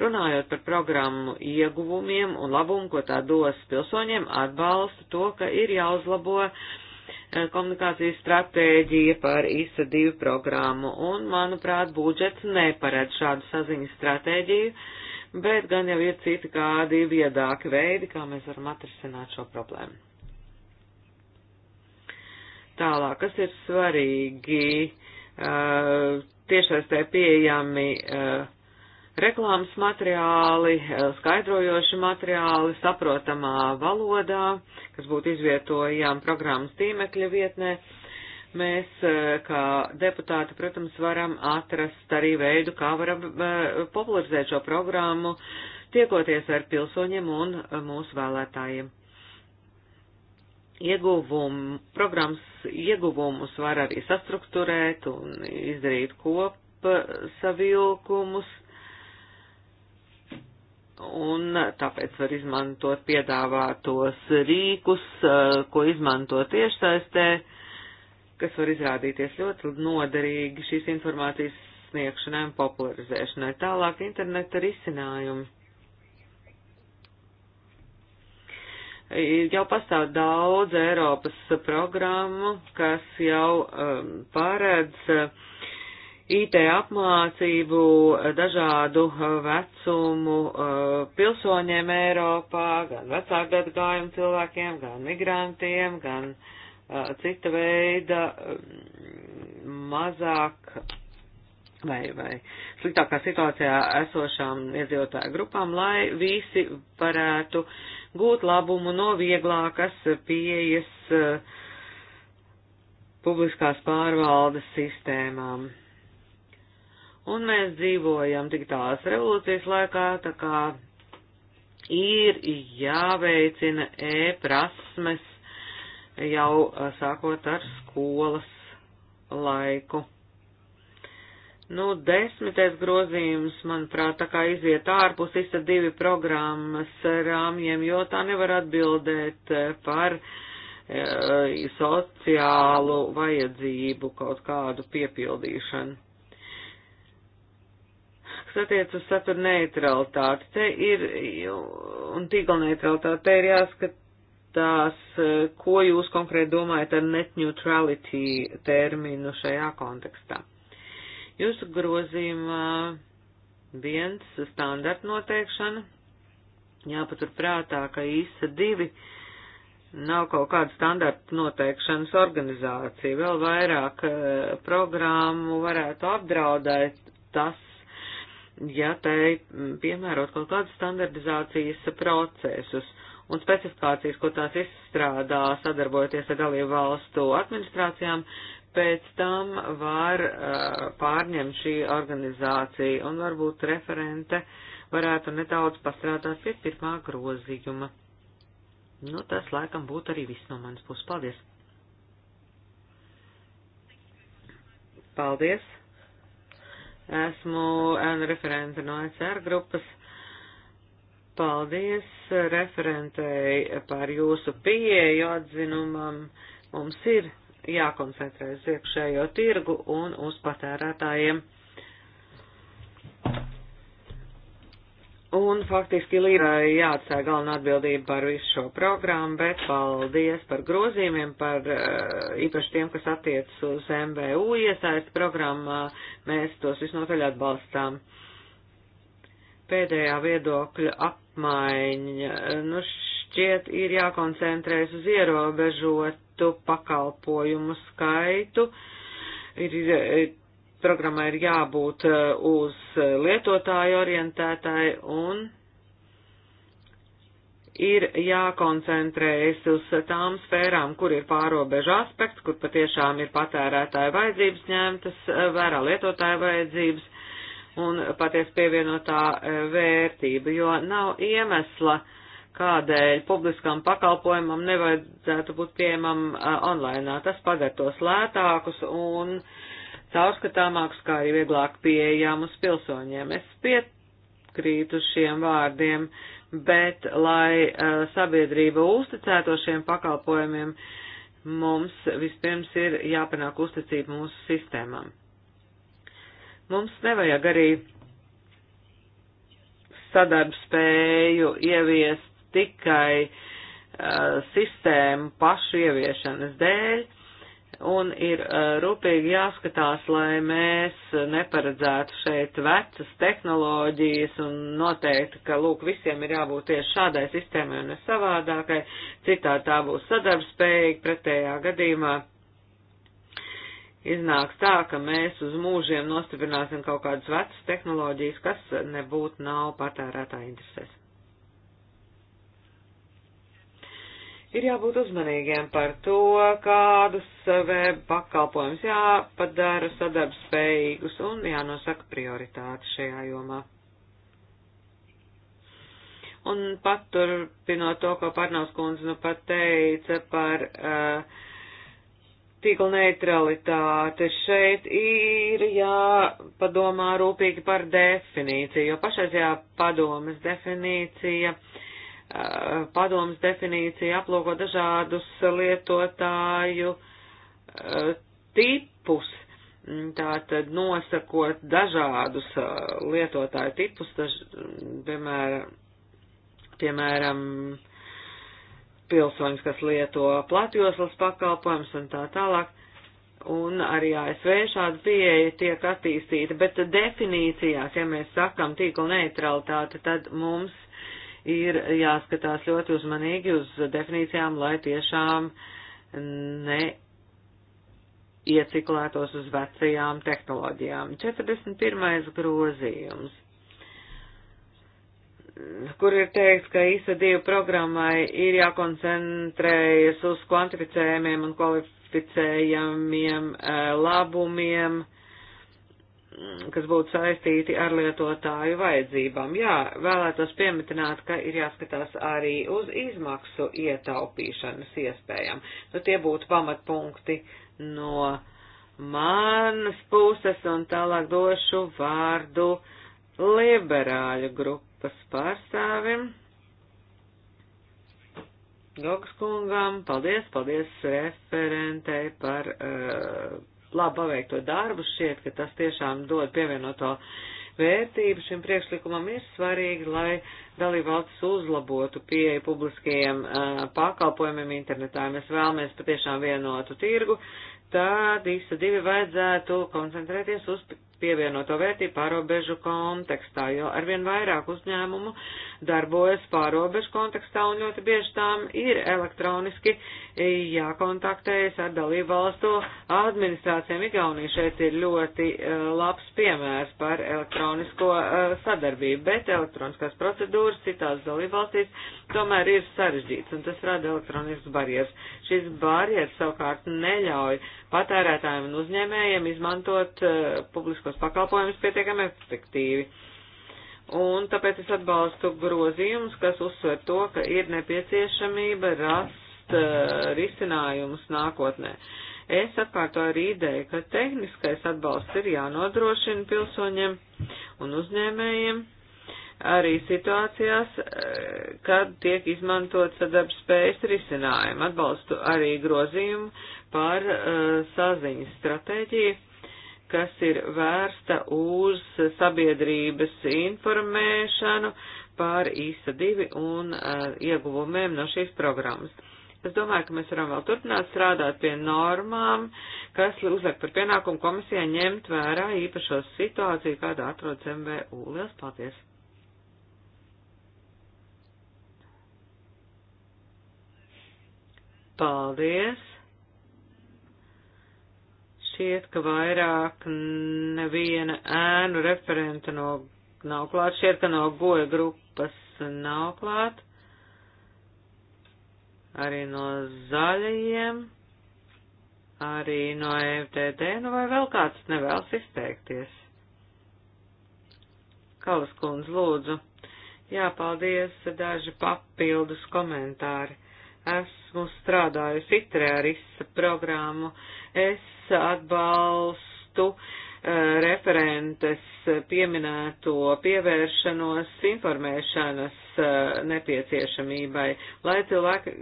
Speaker 3: Runājot par programmu ieguvumiem un labumu, ko tā dos pilsoņiem, atbalstu to, ka ir jāuzlabo eh, komunikācijas stratēģija par ISA 2 programmu, un, manuprāt, budžets neparedz šādu saziņas stratēģiju, bet gan jau ir citi kādi viedāki veidi, kā mēs varam atrisināt šo problēmu. Tālāk, kas ir svarīgi, uh, tiešsaistē pieejami uh, reklāmas materiāli, uh, skaidrojoši materiāli, saprotamā valodā, kas būtu izvietojām programmas tīmekļa vietnē. Mēs, uh, kā deputāti, protams, varam atrast arī veidu, kā varam uh, popularizēt šo programmu, tiekoties ar pilsoņiem un uh, mūsu vēlētājiem ieguvumu, programmas ieguvumus var arī sastruktūrēt un izdarīt kopsavilkumus, un tāpēc var izmantot piedāvātos rīkus, eh, ko izmanto tiešsaistē, kas var izrādīties ļoti noderīgi šīs informācijas sniegšanai un popularizēšanai. Tālāk interneta risinājumi Jau pastāv daudz Eiropas programmu, kas jau um, paredz uh, IT apmācību uh, dažādu uh, vecumu uh, pilsoņiem Eiropā, gan vecāku gadagājumu cilvēkiem, gan migrantiem, gan cita veida um, mazāk vai, vai sliktākā situācijā esošām iedzīvotāju grupām, lai visi varētu uh, gūt labumu no vieglākas pieejas eh, publiskās pārvaldes sistēmām. Un mēs dzīvojam digitālās revolūcijas laikā, tā kā ir jāveicina e-prasmes jau eh, sākot ar skolas laiku. Nu, desmitais grozījums, manuprāt, tā kā iziet ārpus ISA divi programmas rāmjiem, jo tā nevar atbildēt eh, par e, sociālu vajadzību kaut kādu piepildīšanu. Kas attiec uz satura neutralitāti, te ir, un tīkla neutralitāti, te ir jāskatās, eh, ko jūs konkrēti domājat ar net neutrality terminu šajā kontekstā. Jūsu grozījumā viens standarta noteikšana, jāpatur prātā, ka īsa divi nav kaut kāda standarta noteikšanas organizācija, vēl vairāk eh, programmu varētu apdraudēt tas, ja tai mm, piemērot kaut kādus standartizācijas procesus un specifikācijas, ko tās izstrādā sadarbojoties ar dalību valstu administrācijām, pēc tam var uh, pārņemt šī organizācija un varbūt referente varētu nedaudz pastrādāt pie pirmā grozījuma. Nu, tas laikam būtu arī viss no manas puses. Paldies! Paldies! Esmu referente no ECR grupas. Paldies referentei par jūsu pieeju atzinumam. Mums ir jākoncentrēs iekšējo tirgu un uz patērētājiem. Un faktiski Līrai jāatstāja galvenā atbildība par visu šo programmu, bet paldies par grozījumiem, par eh, īpaši tiem, kas attiecas uz MVU iesaistu programmā. Mēs tos visnotaļ atbalstām. Pēdējā viedokļa apmaiņa. Eh, nu, šķiet, ir jākoncentrēs uz ierobežot sniegtu pakalpojumu skaitu. Ir, programmai ir jābūt e, uz lietotāju orientētai un ir jākoncentrējas uz tām sfērām, kur ir pārobežu aspekts, kur patiešām ir patērētāju vajadzības ņemtas e, vērā, lietotāju vajadzības un paties pievienotā e, vērtība, jo nav iemesla uh, kādēļ publiskam pakalpojumam nevajadzētu būt pieejamam online. Tas pagatavos lētākus un caurskatāmākus, kā arī vieglāk pieejamus pilsoņiem. Es piekrītu šiem vārdiem, bet, lai uh, sabiedrība uzticēto šiem pakalpojumiem, mums vispirms ir jāpanāk uzticība mūsu sistēmām. Mums nevajag arī sadarbspēju ieviest tikai uh, sistēmu pašu ieviešanas dēļ, un ir uh, rūpīgi jāskatās, lai mēs neparedzētu šeit vecas tehnoloģijas un noteikti, ka, lūk, visiem ir jābūt tieši šādai sistēmai un ne savādākai, citādi tā būs sadarbspējīga, pretējā gadījumā iznāks tā, ka mēs uz mūžiem nostiprināsim kaut kādas vecas tehnoloģijas, kas nebūtu nav patērētāji interesēs. ir jābūt uzmanīgiem par to, kādus web eh, pakalpojumus jāpadara sadarbspējīgus un jānosaka prioritāti šajā jomā. Un paturpinot to, ko Parnaus kundze nu pat teica par uh, tīkla neutralitāti, šeit ir jāpadomā rūpīgi par definīciju, jo pašreizējā padomas definīcija uh, Eh, padomas definīcija aplūko dažādus lietotāju eh, tipus, tātad nosakot dažādus eh, lietotāju tipus, daž, piemēram, piemēram, pilsoņus, kas lieto platjoslas pakalpojums un tā tālāk. Un arī ASV šāda pieeja tiek attīstīta, bet definīcijās, ja mēs sakam tīkla neutralitāte, tad mums ir jāskatās ļoti uzmanīgi uz definīcijām, lai tiešām ne ieciklētos uz vecajām tehnoloģijām. 41. grozījums, kur ir teikts, ka ISA 2 programmai ir jākoncentrējas uz kvantificējumiem un kvalificējumiem eh, labumiem, Mm, kas būtu saistīti ar lietotāju vajadzībām. Jā, vēlētos pieminēt, ka ir jāskatās arī uz izmaksu ietaupīšanas iespējām. Nu, tie būtu pamatpunkti no manas puses, un tālāk došu vārdu liberāļu grupas pārstāvim. Gogs kungam, paldies, paldies referentei par uh, labi paveikto darbu, šķiet, ka tas tiešām dod pievienoto vērtību šim priekšlikumam ir svarīgi, lai dalībvalsts uzlabotu pieeju publiskajiem uh, pakalpojumiem internetā. Ja mēs vēlamies patiešām vienotu tirgu, tad ISA divi vajadzētu koncentrēties uz pievienoto vērtību pārobežu kontekstā, jo arvien vairāk uzņēmumu darbojas pārobežu kontekstā un ļoti bieži tām ir elektroniski jākontaktējas ar dalību valstu administrācijām. Igaunija šeit ir ļoti eh, labs piemērs par elektronisko eh, sadarbību, bet elektroniskās procedūras citās dalību valstīs tomēr ir sarežģīts un tas rada elektroniskas barjeras. Šis barjeras savukārt neļauj patērētājiem un uzņēmējiem izmantot uh, publiskos pakalpojumus pietiekami efektīvi. Un tāpēc es atbalstu grozījumus, kas uzsver to, ka ir nepieciešamība rast uh, risinājumus nākotnē. Es atkārtoju arī ideju, ka tehniskais atbalsts ir jānodrošina pilsoņiem un uzņēmējiem arī situācijās, eh, kad tiek izmantot sadarbspējas risinājumu. Atbalstu arī grozījumu par eh, saziņas stratēģiju, kas ir vērsta uz sabiedrības informēšanu par īsa divi un eh, ieguvumiem no šīs programmas. Es domāju, ka mēs varam vēl turpināt strādāt pie normām, kas uzliek par pienākumu komisijai ņemt vērā īpašo situāciju, kādā atrodas MVU. Lielas paldies! Paldies! Šķiet, ka vairāk neviena ēnu referenta no nav klāt, šķiet, ka no goja grupas nav klāt, arī no zaļajiem, arī no FTD, nu vai vēl kāds nevēlas izteikties. Kalas kundz, lūdzu. Jā, paldies, daži papildus komentāri esmu strādājusi itrē ar ISA programmu. Es atbalstu uh, referentes pieminēto pievēršanos informēšanas eh, nepieciešamībai, lai cilvēki,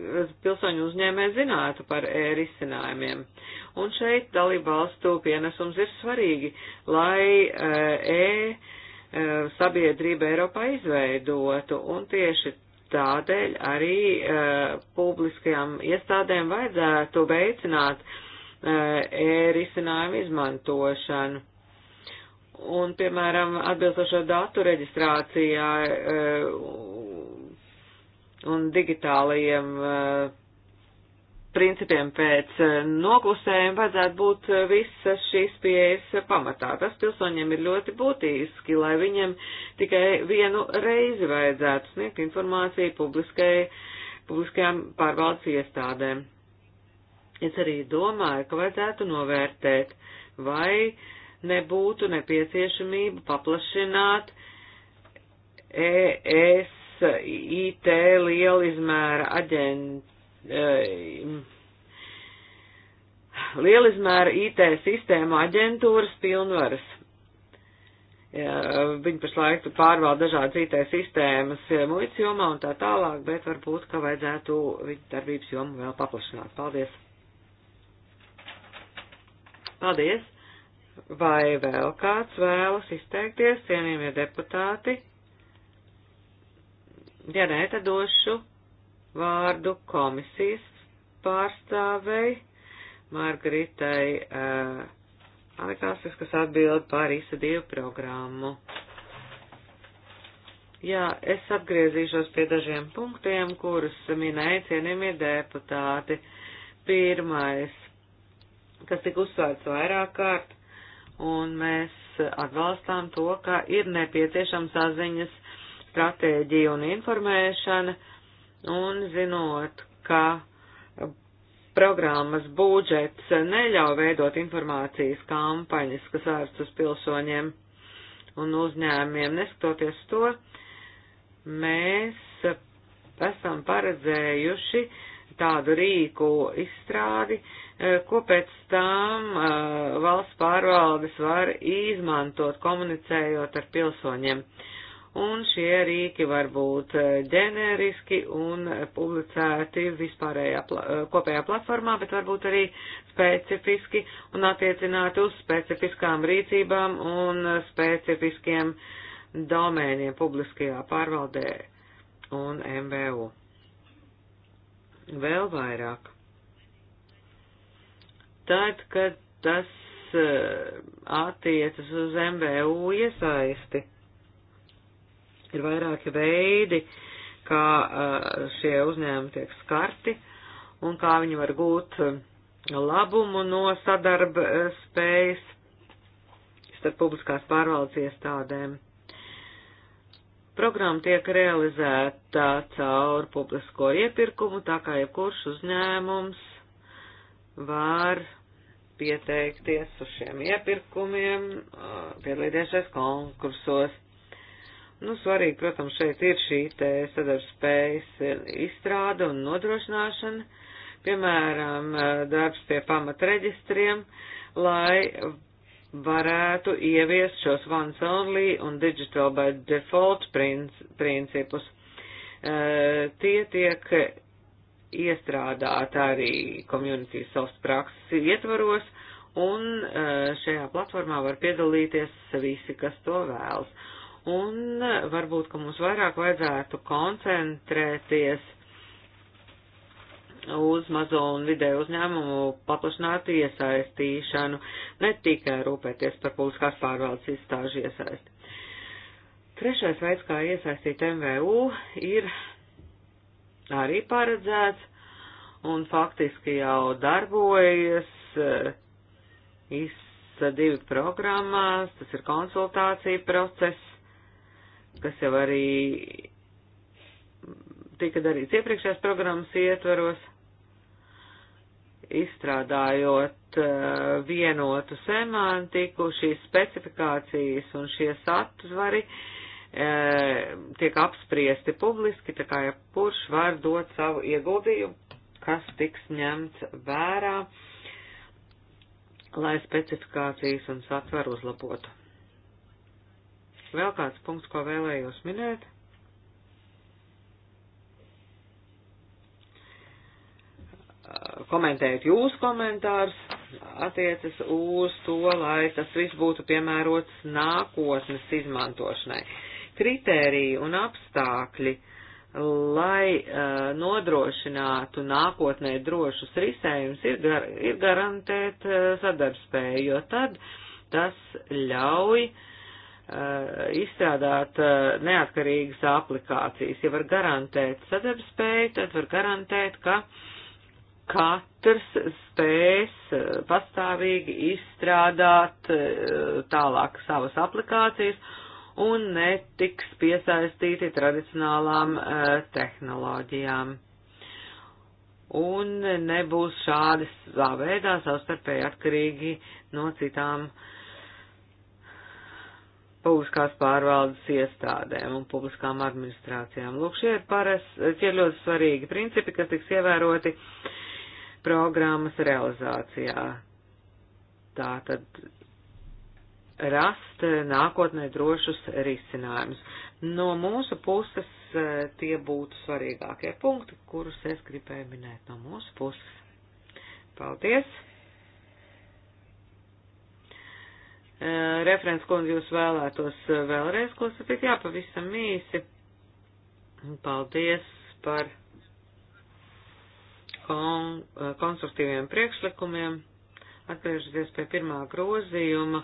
Speaker 3: pilsoņu uzņēmē zinātu par e-risinājumiem. Un šeit dalībvalstu pienesums ir svarīgi, lai eh, e- sabiedrība Eiropā izveidotu, un tieši Tādēļ arī uh, publiskajām iestādēm vajadzētu veicināt uh, e-risinājumu izmantošanu. Un, piemēram, atbilstošo datu reģistrācijā uh, un digitālajiem uh, principiem pēc eh, noklusējuma vajadzētu būt eh, visas šīs pieejas pamatā. Tas pilsoņiem ir ļoti būtiski, lai viņiem tikai vienu reizi vajadzētu sniegt informāciju publiskai, publiskajām pārvaldes iestādēm. Es arī domāju, ka vajadzētu novērtēt, vai nebūtu nepieciešamība paplašināt ES IT lielizmēra aģentu lielizmēra IT sistēma aģentūras pilnvaras. Viņi pašlaik pārvalda dažādas IT sistēmas muitas jomā un tā tālāk, bet varbūt, ka vajadzētu viņu darbības jomu vēl paplašināt. Paldies! Paldies! Vai vēl kāds vēlas izteikties, cienījamie deputāti? Ja nē, tad došu vārdu komisijas pārstāvei Margaritai uh, Alikāsas, kas atbild par ISA 2 programmu. Jā, es atgriezīšos pie dažiem punktiem, kurus minēja cienījumie deputāti. Pirmais, kas tika uzsvērts vairāk kārt, un mēs atbalstām to, ka ir nepieciešama saziņas stratēģija un informēšana, uh, un zinot, ka programmas budžets neļauj veidot informācijas kampaņas, kas vērsts uz pilsoņiem un uzņēmiem, neskatoties to, mēs esam paredzējuši tādu rīku izstrādi, ko pēc tam valsts pārvaldes var izmantot, komunicējot ar pilsoņiem. Uh, un šie rīki var būt eh, ģeneriski un publicēti vispārējā pla eh, kopējā platformā, bet varbūt arī specifiski un attiecināti uz specifiskām rīcībām un eh, specifiskiem domēniem publiskajā pārvaldē un MVU. Vēl vairāk. Tad, kad tas attiecas uz MVU iesaisti Ir vairāki veidi, kā eh, šie uzņēmumi tiek skarti un kā viņi var gūt eh, labumu no sadarba eh, spējas starp publiskās pārvaldes iestādēm. Programma tiek realizēta caur publisko iepirkumu, tā kā jebkurš uzņēmums var pieteikties uz šiem iepirkumiem, piedalīties konkursos. Nu, svarīgi, protams, šeit ir šī te sadarbspējas izstrāde un nodrošināšana, piemēram, darbs pie pamatreģistriem, lai varētu ieviest šos once only un digital by default principus. E, tie tiek iestrādāti arī community soft prakses ietvaros, un e, šajā platformā var piedalīties visi, kas to vēlas un varbūt, ka mums vairāk vajadzētu koncentrēties uz mazo un vidēju uzņēmumu paplašinātu iesaistīšanu, ne tikai rūpēties par publiskās pārvaldes izstāžu iesaisti. Trešais veids, kā iesaistīt MVU, ir arī paredzēts un faktiski jau darbojas eh, ISA divi programmās, tas ir konsultācija process, kas jau arī tika darīts iepriekšējās programmas ietveros, izstrādājot uh, vienotu semantiku, šīs specifikācijas un šie satvari uh, tiek apspriesti publiski, tā kā jebkurš ja var dot savu ieguldījumu, kas tiks ņemts vērā, lai specifikācijas un satvaru uzlabotu. Vēl kāds punkts, ko vēlējos minēt. Komentējot jūsu komentārus, attiecas uz to, lai tas viss būtu piemērots nākotnes izmantošanai. Kritēriji un apstākļi, lai uh, nodrošinātu nākotnē drošus risējumus, ir, gar, ir garantēt uh, sadarbspēju, jo tad tas ļauj uh, Eh, izstrādāt eh, neatkarīgas aplikācijas. Ja var garantēt sadarbspēju, tad var garantēt, ka katrs spēs eh, pastāvīgi izstrādāt tālāk savas aplikācijas un netiks piesaistīti tradicionālām tehnoloģijām. Un nebūs šādi savā veidā savstarpēji atkarīgi no citām uh, publiskās pārvaldes iestādēm un publiskām administrācijām. Lūk, šie ir, paras, šie ir ļoti svarīgi principi, kas tiks ievēroti programmas realizācijā. Tā tad rast nākotnē drošus risinājumus. No mūsu puses e, tie būtu svarīgākie punkti, kurus es gribēju minēt no mūsu puses. Paldies! Referents kundze jūs vēlētos vēlreiz klausīties, jā, pavisam īsi. Paldies par kon konstruktīviem priekšlikumiem. Atgriežoties pie pirmā grozījuma,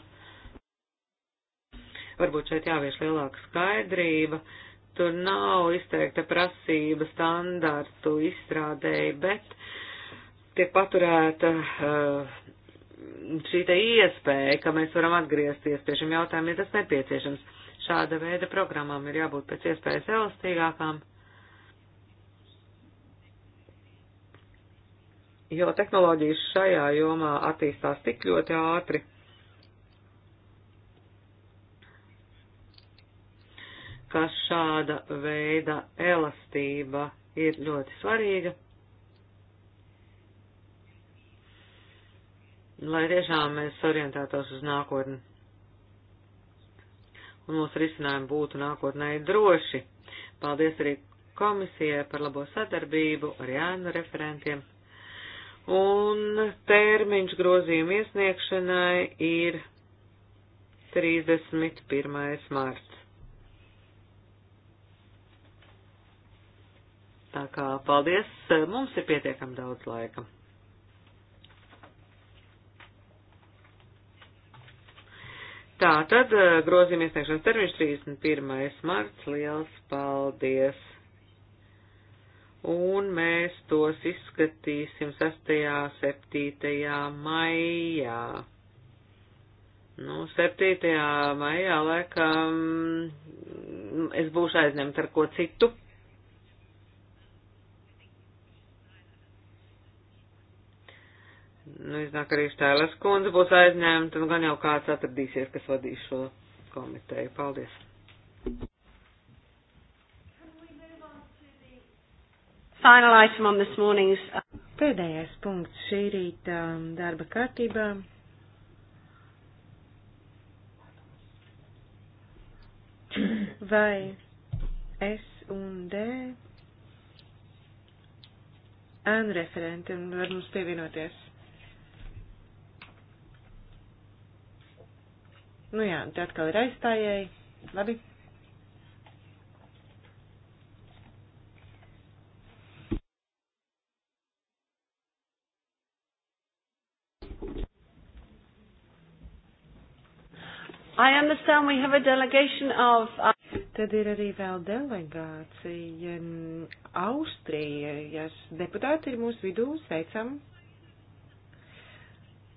Speaker 3: varbūt šeit jāvieš lielāka skaidrība. Tur nav izteikta prasība standartu izstrādēji, bet tiek paturēta uh, šī te iespēja, ka mēs varam atgriezties pie šiem jautājumiem, ja tas nepieciešams. Šāda veida programmām ir jābūt pēc iespējas elastīgākām, jo tehnoloģijas šajā jomā attīstās tik ļoti ātri. ka šāda veida elastība ir ļoti svarīga. lai tiešām mēs orientētos uz nākotni. Un mūsu risinājumi būtu nākotnē droši. Paldies arī komisijai par labo sadarbību, arī ēnu referentiem. Un termiņš grozījuma iesniegšanai ir 31. marts. Tā kā paldies, mums ir pietiekam daudz laika. Tā tad eh, grozījuma iesniegšanas termiņš 31. marts. Liels paldies! Un mēs tos izskatīsim 6. 7. maijā. Nu, 7. maijā laikam es būšu aizņemta ar ko citu. Nu, iznāk arī Štēlers kundze būs aizņēmta, un nu, gan jau kāds atradīsies, kas vadīs šo komiteju. Paldies!
Speaker 1: Final item on this morning's. Uh, Pēdējais punkts šī rīta um, darba kārtībā.
Speaker 4: Vai S un D ēnu referenti un var mums pievienoties? Nu jā, te atkal ir aizstājēji. Labi.
Speaker 1: I understand we have a delegation of. Uh, Tad ir arī vēl delegācija
Speaker 4: mm, Austrijas deputāti ir mūsu vidū, sveicam.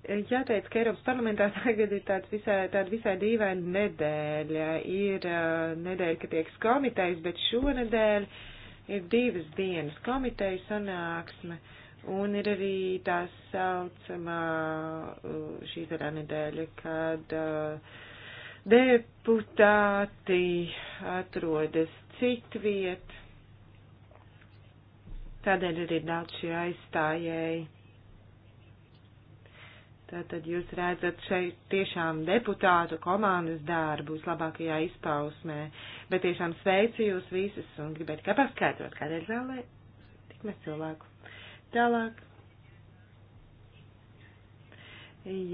Speaker 4: Jāteic, ka Eiropas parlamentā tagad ir tāds visai, tāda visai dīvaina nedēļa. Ir uh, nedēļa, ka tiek komitejas, bet šonedēļ ir divas dienas komiteja sanāksme. Un ir arī tā saucamā uh, šī tādā nedēļa, kad uh, deputāti atrodas citviet. Tādēļ arī ir daudz šie aizstājēji Tātad jūs redzat šeit tiešām deputātu komandas darbu vislabākajā izpausmē, bet tiešām sveicu jūs visus un gribētu kā paskaidrot, kādēļ zālē tik mēs cilvēku. Tālāk.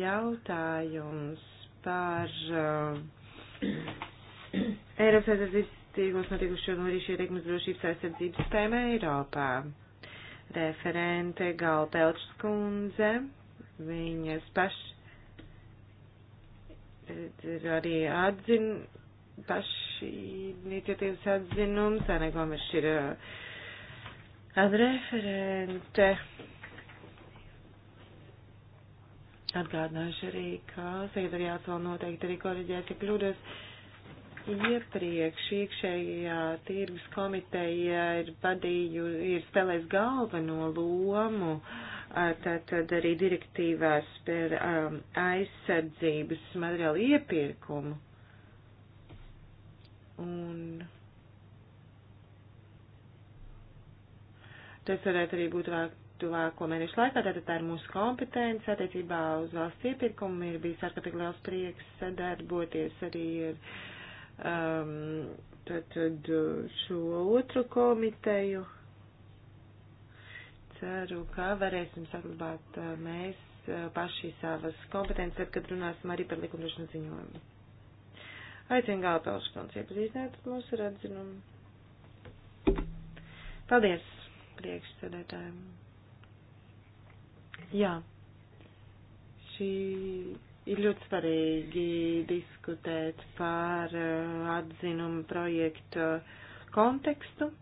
Speaker 4: Jautājums par uh, Eiropas aizsardzības tirgos notikušo un arī šī ietekmes drošības aizsardzības tēma Eiropā. Referente Galpelčs kundze Viņas paši ir arī atzin, paši iniciatīvas atzinums, Anna Gomes ir uh, atreferente. Atgādināšu arī, ka sekretariāts vēl noteikti arī koriģēs, ja kļūdos iepriekš iekšējā tirgus komiteja ir vadīju, ir spēlējis galveno lomu. Uh, tātad arī direktīvās par um, aizsardzības materiālu iepirkumu. Un tas varētu arī būt vēl tuvāko mēnešu laikā, tātad tā ir mūsu kompetence attiecībā uz valsts iepirkumu. Ir bijis ārkārtīgi liels prieks sadarboties arī ar um, tātad šo otru komiteju ceru, ka varēsim saglabāt eh, mēs eh, paši savas kompetences, kad runāsim arī par likumdošanas ziņojumu. Aicinu Gālpēlšu kundzi iepazīstināt mūsu atzinumu. Paldies priekšsēdētājiem. Jā, šī ir ļoti svarīgi diskutēt par eh, atzinumu projektu kontekstu.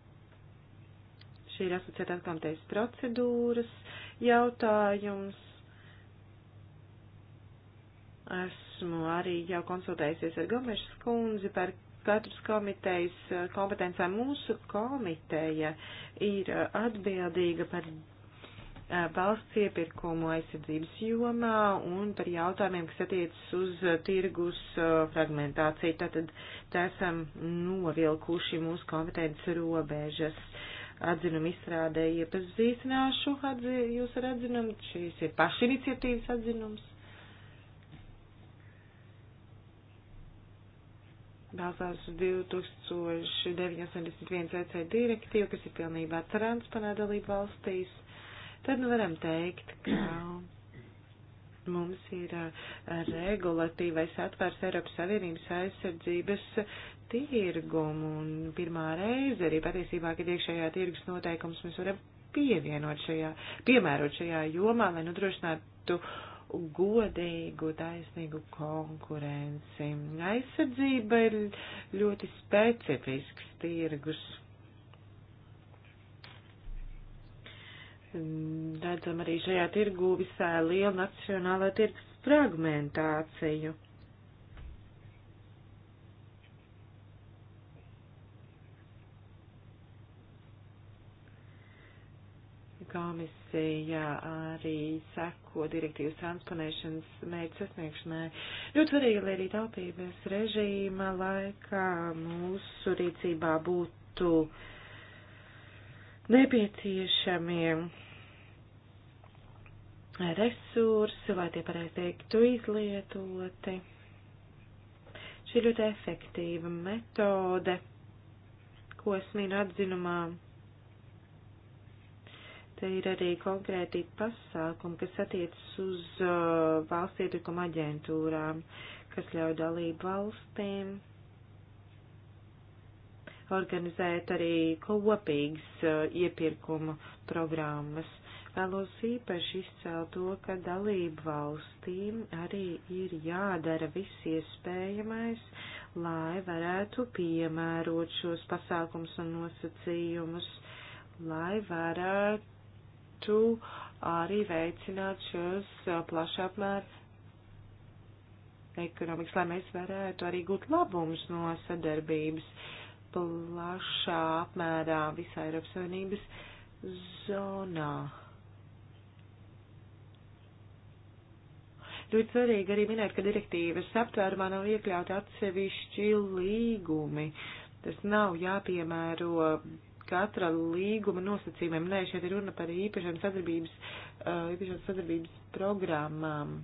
Speaker 4: Šī ir asociētās komitejas procedūras jautājums. Esmu arī jau konsultējusies ar Gomešas kundzi par katras komitejas eh, kompetencēm. Mūsu komiteja ir eh, atbildīga par eh, valsts iepirkumu aizsardzības jomā un par jautājumiem, kas attiecas uz tirgus fragmentāciju. Tātad tā esam novilkuši mūsu kompetences robežas atzinumu izstrādē iepazīstināšu atzi, jūs ar atzinumu. Šīs ir pašiniciatīvas atzinums. Balstās uz 2981 EC direktīvu, kas ir pilnībā transponēta dalību valstīs. Tad nu varam teikt, ka mums ir regulatīvais atvērs Eiropas Savienības aizsardzības tirgumu un pirmā reize arī patiesībā, kad iekšējā tirgus noteikums mēs varam pievienot šajā, piemērot šajā jomā, lai nodrošinātu godīgu, taisnīgu konkurenci. Aizsardzība ir ļoti specifisks tirgus. Redzam arī šajā tirgu visā liela nacionālā tirgus fragmentāciju. Komisija arī seko direktīvas transponēšanas mērķu sasniegšanai. Ļoti svarīgi, lai arī taupības režīma laikā mūsu rīcībā būtu nepieciešamie resursi, vai tie pareizi teiktu izlietoti. Šī ļoti efektīva metode, ko es minu atzinumā Te ir arī konkrēti pasākumi, kas attiecas uz uh, valsts iepirkuma aģentūrām, kas ļauj dalību valstīm organizēt arī kopīgas uh, iepirkuma programmas. Vēlos īpaši izcelt to, ka dalību valstīm arī ir jādara viss iespējamais, lai varētu piemērot šos pasākums un nosacījumus, lai varētu varētu arī veicināt šos plašapmēr ekonomikas, lai mēs varētu arī gūt labumus no sadarbības plašā apmērā visā Eiropas Savienības zonā. Ļoti svarīgi arī minēt, ka direktīvas aptvērumā nav iekļauti atsevišķi līgumi. Tas nav jāpiemēro katra līguma nosacījumiem. Nē, šeit ir runa par īpašām sadarbības, uh, īpašām sadarbības programmām.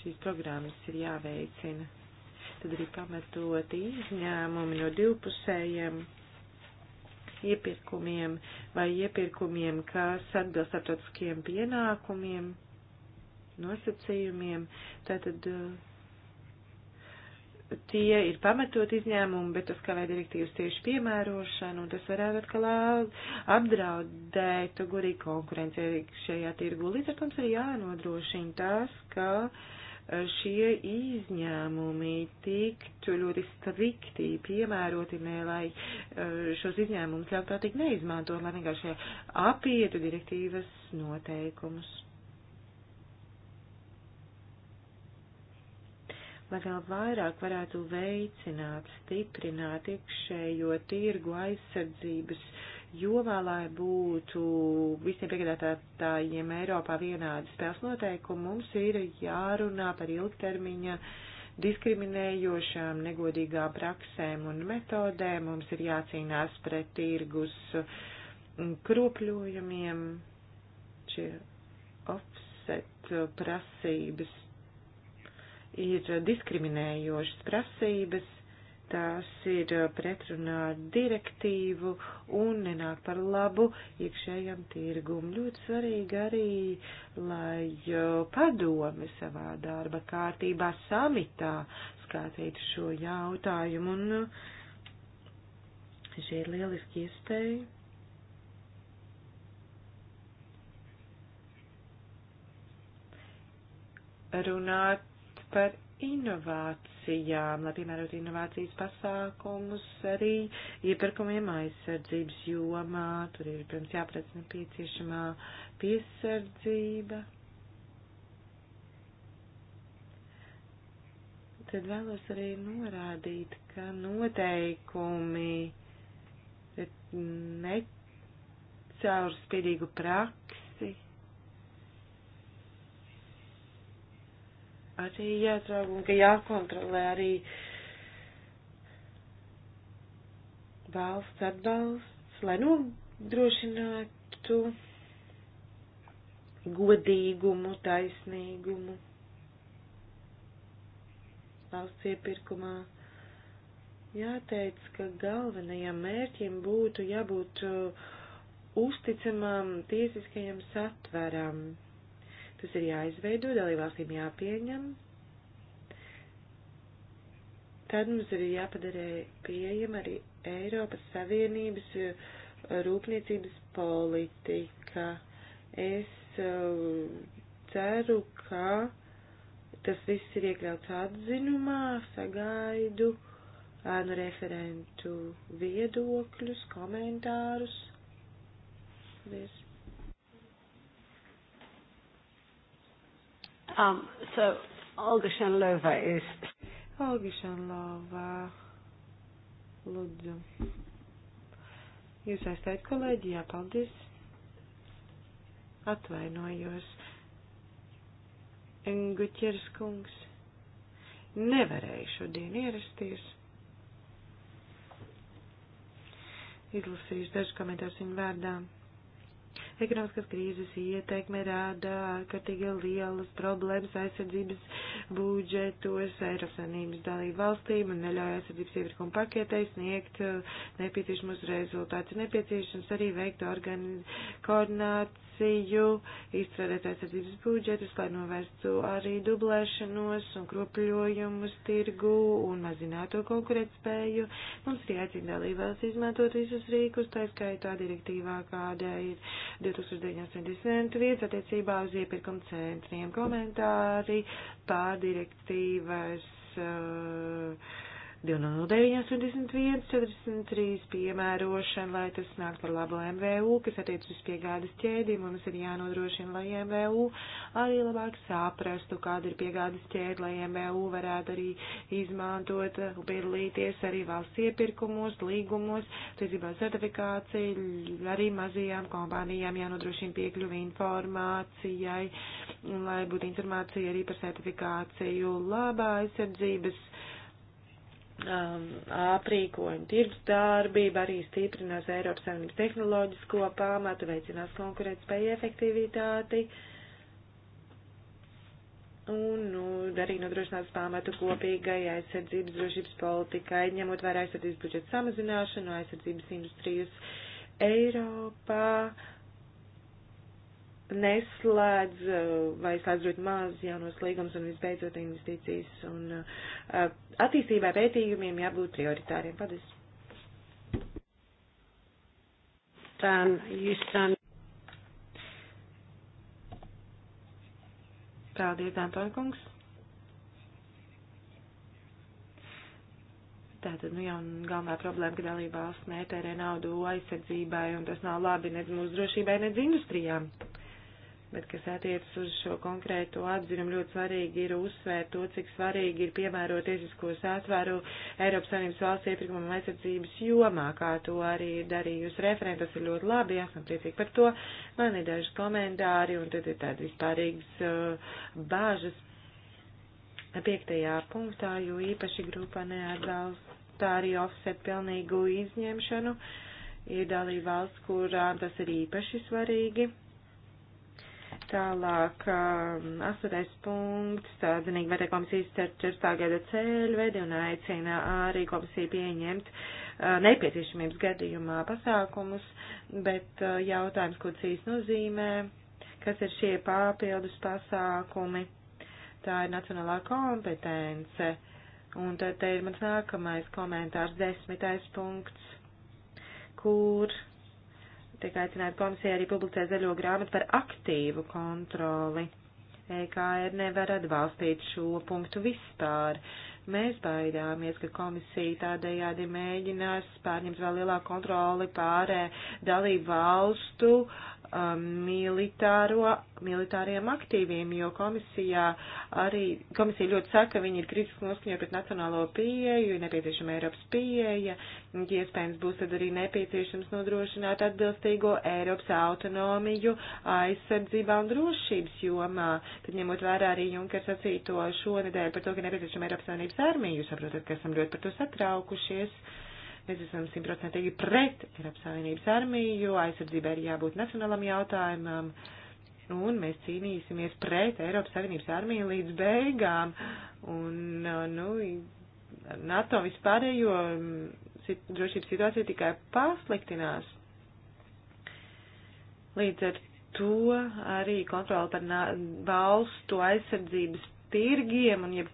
Speaker 4: Šīs programmas ir jāveicina. Tad arī pamatot izņēmumi no divpusējiem iepirkumiem vai iepirkumiem, kas atbilst starptautiskiem pienākumiem, nosacījumiem. Tātad uh, tie ir pamatot izņēmumi, bet uz kavē direktīvas tieši piemērošanu, un tas varētu atkal apdraudēt gurī konkurencei šajā tirgu. Līdz ar to mums ir jānodrošina tas, ka e, šie izņēmumi tiktu ļoti strikti piemēroti, ne lai e, šos izņēmumus ļautā tik neizmantot, lai vienkārši apietu direktīvas noteikumus. lai vēl vairāk varētu veicināt, stiprināt iekšējo tirgu aizsardzības, jo vēlāk būtu visiem piegādātājiem Eiropā vienādi spēles noteikumi, mums ir jārunā par ilgtermiņa diskriminējošām, negodīgām praksēm un metodēm, mums ir jācīnās pret tirgus kropļojumiem, šie offset prasības ir diskriminējošas prasības, tās ir pretrunā ar direktīvu un nenāk par labu iekšējam tirgum. Ļoti svarīgi arī, lai padome savā darba kārtībā samitā skatītu šo jautājumu un uh, šī ir lieliski iespēja. Runāt par inovācijām, lai piemērot inovācijas pasākumus arī iepirkumiem aizsardzības jomā. Tur ir, protams, jāprēc nepieciešamā piesardzība. Tad vēlos arī norādīt, ka noteikumi necaurspīdīgu praksi arī jāatrauga un ka jākontrolē arī valsts atbalsts, lai nodrošinātu godīgumu, taisnīgumu valsts iepirkumā. Jāteic, ka galvenajam mērķim būtu jābūt uh, uzticamam tiesiskajam satveram. Tas ir jāizveido, dalībvalstīm jāpieņem. Tad mums ir jāpadara pieejama arī Eiropas Savienības uh, rūpniecības politika. Es uh, ceru, ka tas viss ir iekļauts atzinumā, sagaidu ēnu referentu viedokļus, komentārus. Paldies!
Speaker 1: Um, so Olga Shanlova is. Olga Shanlova.
Speaker 4: Lūdzu. Jūs aizstājat kolēģi, jā, paldies. Atvainojos. Guķers kungs. Nevarēju šodien ierasties. Izlasījuši dažu komentārus viņu vārdām. Ekonomiskās krīzes ietekme rāda ārkārtīgi lielas problēmas aizsardzības budžetos Eiropas Savienības dalību valstīm un neļauj aizsardzības iepirkuma paketei sniegt uh, nepieciešamos rezultātus. Nepieciešams arī veikt organi koordināciju komisiju, izstrādāt aizsardzības budžetus, lai novērstu arī dublēšanos un kropļojumus tirgu un mazinātu konkurētspēju. Mums ir jāicina dalībās izmantot visus rīkus, tā skaitā direktīvā, kāda ir 2971 attiecībā uz iepirkumu centriem komentāri pār direktīvas. Uh, 20981, 43 piemērošana, lai tas nāk par labu MVU, kas attiecas uz piegādes ķēdi. Mums ir jānodrošina, lai MVU arī labāk saprastu, kāda ir piegādes ķēde, lai MVU varētu arī izmantot un piedalīties arī valsts iepirkumos, līgumos, tiesībā certifikāciju, arī mazajām kompānijām jānodrošina piekļuvi informācijai, lai būtu informācija arī par certifikāciju labā aizsardzības um, aprīkojumu tirgus darbība arī stiprinās Eiropas Savienības tehnoloģisko pamatu, veicinās konkurētspēju efektivitāti un nu, arī nodrošinās pamatu kopīgai aizsardzības drošības politikai, ņemot vērā aizsardzības budžeta samazināšanu, aizsardzības industrijas Eiropā. Uh, neslēdz eh, vai slēdz ļoti maz jaunos līgumus un visbeidzot investīcijas un eh, attīstībai pētījumiem jābūt prioritāriem. Paldies! Dan Justan. Paldies, Antonkungs. Tātad, nu jau galvenā problēma, ka dalībvalsts netērē naudu aizsardzībai, un tas nav labi nedz mūsu drošībai, nedz industrijām. Bet, kas attiecas uz šo konkrēto atzinumu, ļoti svarīgi ir uzsvērt to, cik svarīgi ir piemērot tiesisko sāsvēru Eiropas Savienības valsts iepirkuma un aizsardzības jomā, kā to arī darījusi referenta. Tas ir ļoti labi, esam priecīgi par to. Man ir daži komentāri un tad ir tādi vispārīgas uh, bāžas piektajā punktā, jo īpaši grupa neatbalsta arī offset pilnīgu izņemšanu. Ir dalība valsts, kurām tas ir īpaši svarīgi Tālāk, um, astotais punkts, zinīgi vērtē komisijas 14. gada ceļvedi un aicina arī komisiju pieņemt uh, nepieciešamības gadījumā pasākumus, bet uh, jautājums, ko cīs nozīmē, kas ir šie papildus pasākumi, tā ir nacionālā kompetence. Un tad te ir mans nākamais komentārs, desmitais punkts, kur tiek aicināta komisija arī publicē zaļo grāmatu par aktīvu kontroli. EKR nevar atbalstīt šo punktu vispār. Mēs baidāmies, ka komisija tādējādi mēģinās pārņemt vēl lielāku kontroli pār e, dalību valstu uh, Um, militāro, militāriem aktīviem, jo komisijā arī, komisija ļoti saka, ka viņi ir kritiski noskaņot pret nacionālo pieeju, ir nepieciešama Eiropas pieeja, iespējams būs tad arī nepieciešams nodrošināt atbilstīgo Eiropas autonomiju aizsardzībā un drošības jomā. Tad ņemot vērā arī Junkers sacīto šonedēļ par to, ka nepieciešama Eiropas Savienības armija, jūs saprotat, ka esam ļoti par to satraukušies. Uh, Mēs esam simtprocentīgi pret Eiropas Savienības armiju, jo aizsardzībai ir jābūt nacionālam jautājumam, un mēs cīnīsimies pret Eiropas Savienības armiju līdz beigām, un, nu, NATO vispārējo sit, drošības situācija tikai pasliktinās. Līdz ar to arī kontroli par valstu aizsardzības tirgiem un jeb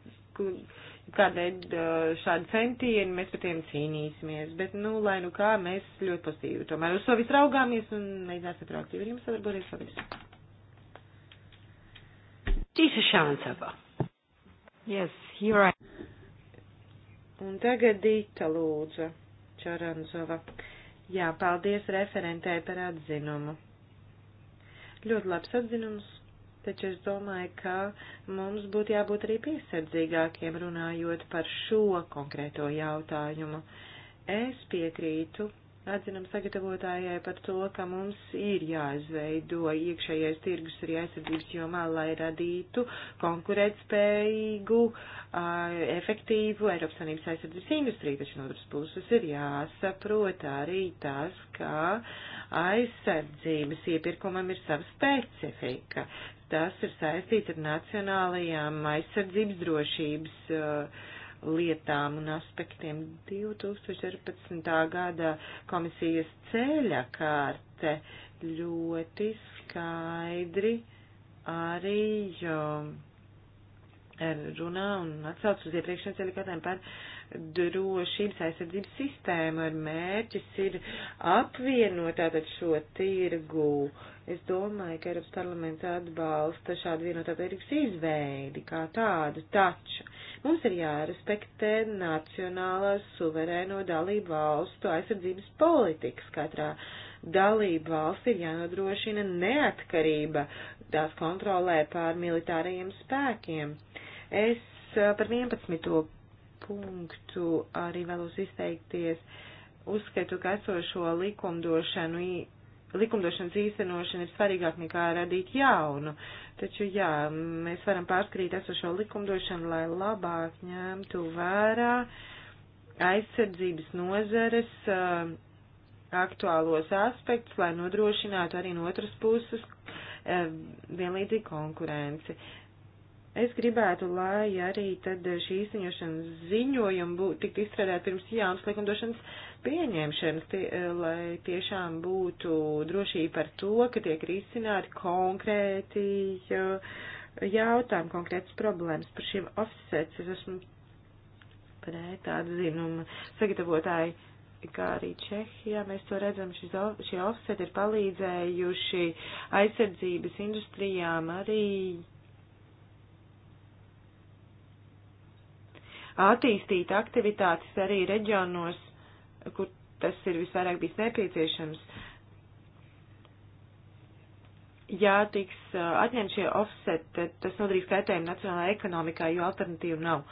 Speaker 4: kādēļ eh, šādi centieni, mēs par tiem cīnīsimies, bet, nu, lai nu kā, mēs ļoti pozitīvi tomēr uz to visu raugāmies un mēģināsim proaktīvi ar jums sadarboties. Paldies!
Speaker 1: Tīsa Šāncava.
Speaker 4: Yes, here I Un tagad Dīta lūdza Čaranzova. Jā, paldies referentē par atzinumu. Ļoti labs atzinums taču es domāju, ka mums būtu jābūt arī piesardzīgākiem runājot par šo konkrēto jautājumu. Es piekrītu atzinam sagatavotājai par to, ka mums ir jāizveido iekšējais tirgus arī aizsardzības jomā, lai radītu konkurētspējīgu, efektīvu Eiropas Savienības aizsardzības industriju, taču no otras puses ir jāsaprot arī tas, ka aizsardzības iepirkumam ir sava specifika tas ir saistīts ar nacionālajām aizsardzības drošības uh, lietām un aspektiem. 2014. gada komisijas ceļa kārte ļoti skaidri arī eh, runā un atsauc uz iepriekšējiem ceļa kārtēm par uh, drošības aizsardzības sistēmu ar mērķis ir apvienot tātad šo tirgu. Es domāju, ka Eiropas parlaments atbalsta šādu vienotā tirgus izveidi kā tādu, taču mums ir jārespektē nacionālās suverēno dalību valstu aizsardzības politikas katrā dalību valsts ir jānodrošina neatkarība tās kontrolē pār militārajiem spēkiem. Es eh, par 11 punktu arī vēlos izteikties. Uzskatu, ka esošo likumdošanu, likumdošanas īstenošana ir svarīgāk nekā radīt jaunu. Taču, jā, mēs varam pārskrīt esošo likumdošanu, lai labāk ņemtu vērā aizsardzības nozares uh, aktuālos aspektus, lai nodrošinātu arī no otras puses vienlīdzīgi konkurenci. Es gribētu, lai arī tad šī izziņošanas ziņojuma būtu tikt izstrādāt pirms jaunas likumdošanas pieņemšanas, tie, eh, lai tiešām būtu drošība par to, ka tiek risināti konkrēti jautājumi, konkrētas problēmas par šiem offsets. Es esmu pret atzinumu sagatavotāju, kā arī Čehijā. Mēs to redzam, šis, šie offseti ir palīdzējuši aizsardzības industrijām arī attīstīt aktivitātes arī reģionos, kur tas ir visvairāk bijis nepieciešams. Ja tiks uh, atņemt šie offset, tas nodarīs kaitējumu nacionālajai ekonomikai, jo alternatīvu nav.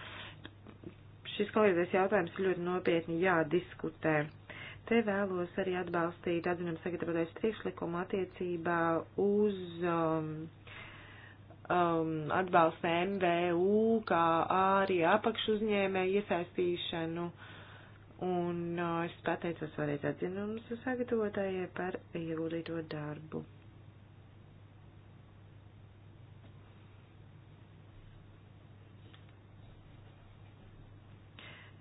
Speaker 4: Šis kolēdzēs jautājums ļoti nopietni jādiskutē. Te vēlos arī atbalstīt atzinuma sagatavotais priekšlikumu attiecībā uz um, um, atbalsta MVU, kā arī apakšuzņēmē iesaistīšanu. Un uh, es pateicos vēlreiz atzinumus sagatavotājai par ieguldīto darbu.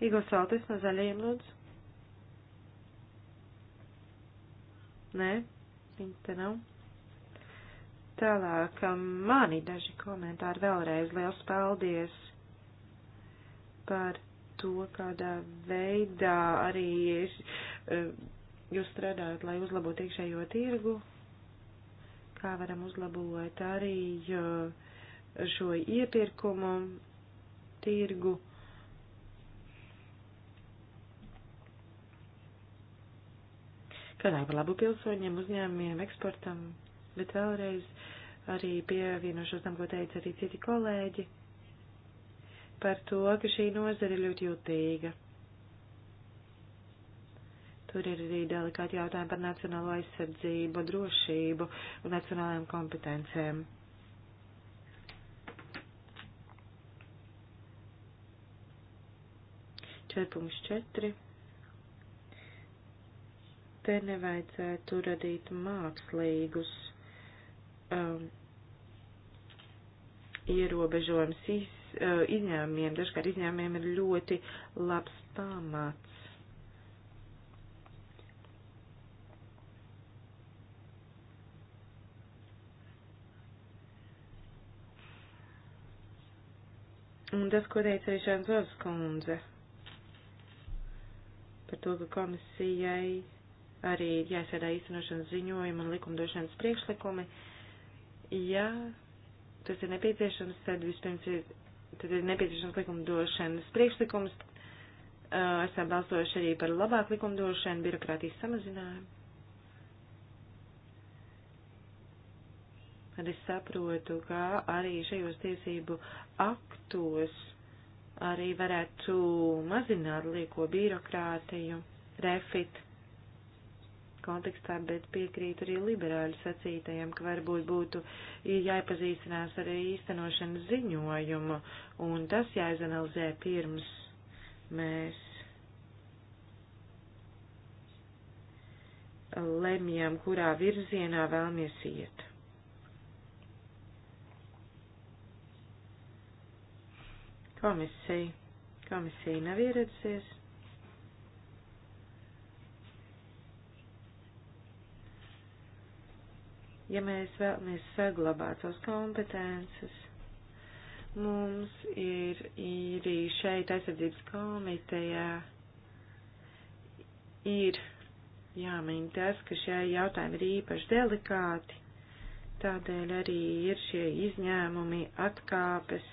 Speaker 4: Igors Valtis no zaļajiem lūdzu. Nē, viņa te nav. Tālāk um, mani daži komentāri vēlreiz liels paldies par to, kādā veidā arī um, jūs strādājat, lai uzlabotu iekšējo tirgu, kā varam uzlabot arī uh, šo iepirkumu tirgu. Kādā par labu pilsoņiem, uzņēmumiem, eksportam, bet vēlreiz uh, arī pievienošos tam, ko teica arī citi kolēģi, par to, ka šī nozara ir ļoti jūtīga. Tur ir arī delikāti jautājumi par nacionālo aizsardzību, drošību un nacionālajām kompetencēm. Četpunkts četri. Te nevajadzētu radīt mākslīgus um, ierobežojums iz, eh, izņēmumiem, dažkārt izņēmumiem ir ļoti labs pamats. Un tas, ko teica arī Šanzovs kundze par to, ka komisijai arī jāsēdā īstenošanas ziņojumi un likumdošanas priekšlikumi, ja tas ir nepieciešams, tad vispirms ir, tad ir nepieciešams likumdošanas priekšlikums. Esam balsojuši arī par labāku likumdošanu, birokrātijas samazinājumu. Tad es saprotu, ka arī šajos tiesību aktos arī varētu mazināt lieko birokrātiju, refit kontekstā, bet piekrītu arī liberāļu sacītajiem, ka varbūt būtu jāiepazīstinās arī īstenošanas ziņojumu, un tas jāizanalizē pirms mēs lemjam, kurā virzienā vēlamies iet. Komisija. Komisija nav ieradusies. ja mēs vēlamies saglabāt savas kompetences, mums ir arī šeit aizsardzības komitejā ir jāmin tas, ka šie jautājumi ir īpaši delikāti, tādēļ arī ir šie izņēmumi, atkāpes,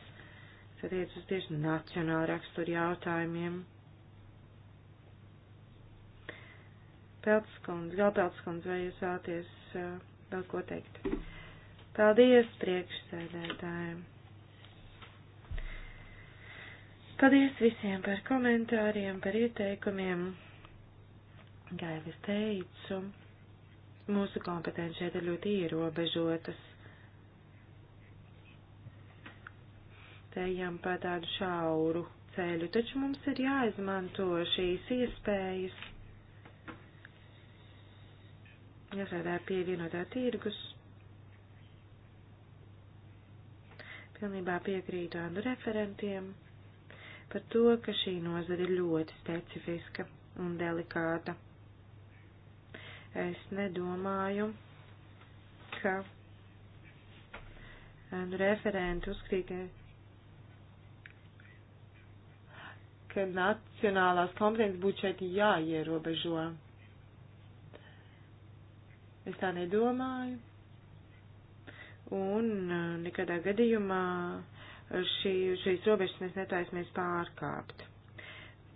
Speaker 4: satiec uz tieši nacionālu raksturu jautājumiem. Peltskundz, Galpeltskundz, vai jūs vēlaties uh, vēl ko teikt. Paldies priekšsēdētājiem. Paldies visiem par komentāriem, par ieteikumiem. Kā jau es teicu, mūsu kompetenci šeit ir ļoti ierobežotas. Tējām pa tādu šauru ceļu, taču mums ir jāizmanto šīs iespējas jāsēdā pie vienotā tirgus. Pilnībā piekrītu Andu referentiem par to, ka šī nozara ir ļoti specifiska un delikāta. Es nedomāju, ka Andu referenti uzskrīta ka nacionālās kompetences būtu šeit jāierobežo. Es tā nedomāju. Un uh, nekādā gadījumā šī, šīs robežas mēs netaismies pārkāpt.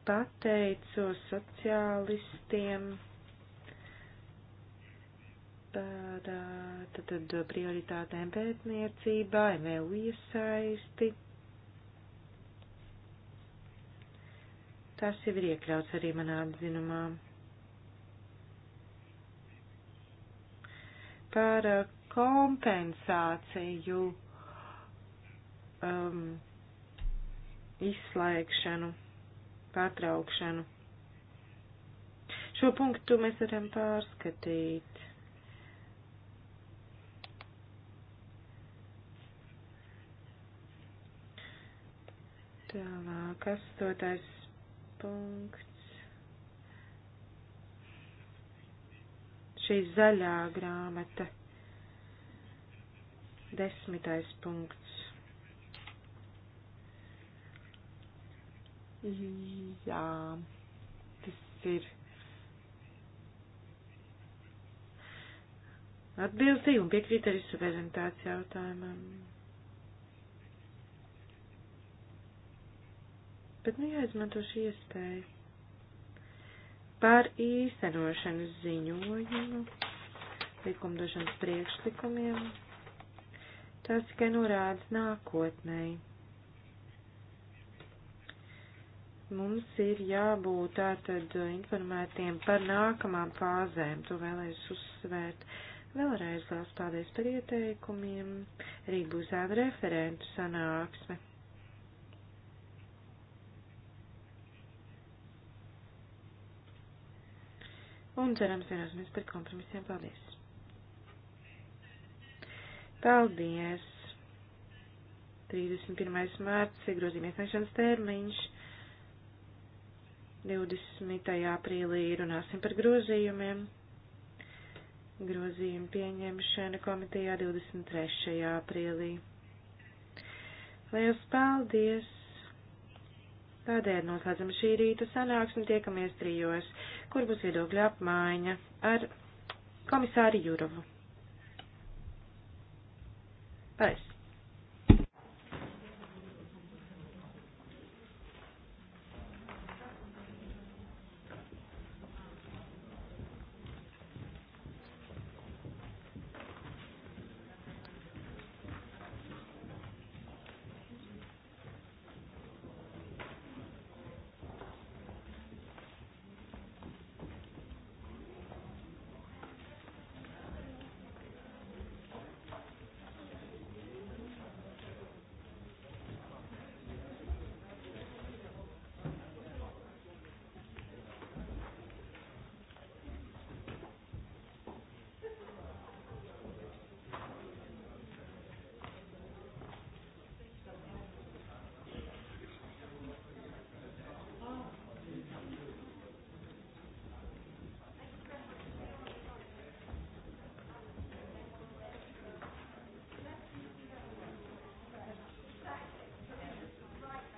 Speaker 4: Pateicu sociālistiem par tad, tad prioritātēm pētniecībā, MVU iesaisti. Tas jau ir iekļauts arī manā apzinumā. par eh, kompensāciju um, izslēgšanu, pārtraukšanu. Šo punktu mēs varam pārskatīt. Tālāk, astotais punkts. šī zaļā grāmata. Desmitais punkts. Jā, tas ir atbilstīgi un piekrīt arī suverenitātes jautājumam. Bet nu jāizmanto šī iespēja par īstenošanas ziņojumu likumdošanas priekšlikumiem. Tas tikai norāda nākotnēji. Mums ir jābūt tātad informētiem par nākamām fāzēm, to vēlēs uzsvērt. Vēlreiz liels paldies par ieteikumiem, arī būs ēna referentu sanāksme. un cerams vienosimies par kompromisiem. Paldies! Paldies! 31. mārts ir grozījuma iesniegšanas termiņš. 20. aprīlī runāsim par grozījumiem. Grozījuma pieņemšana komitejā 23. aprīlī. Liels paldies! Tādēļ noslēdzam šī rīta sanāksmi, tiekamies trijos kur būs viedokļa apmaiņa ar komisāru Jurovu. Pareizi.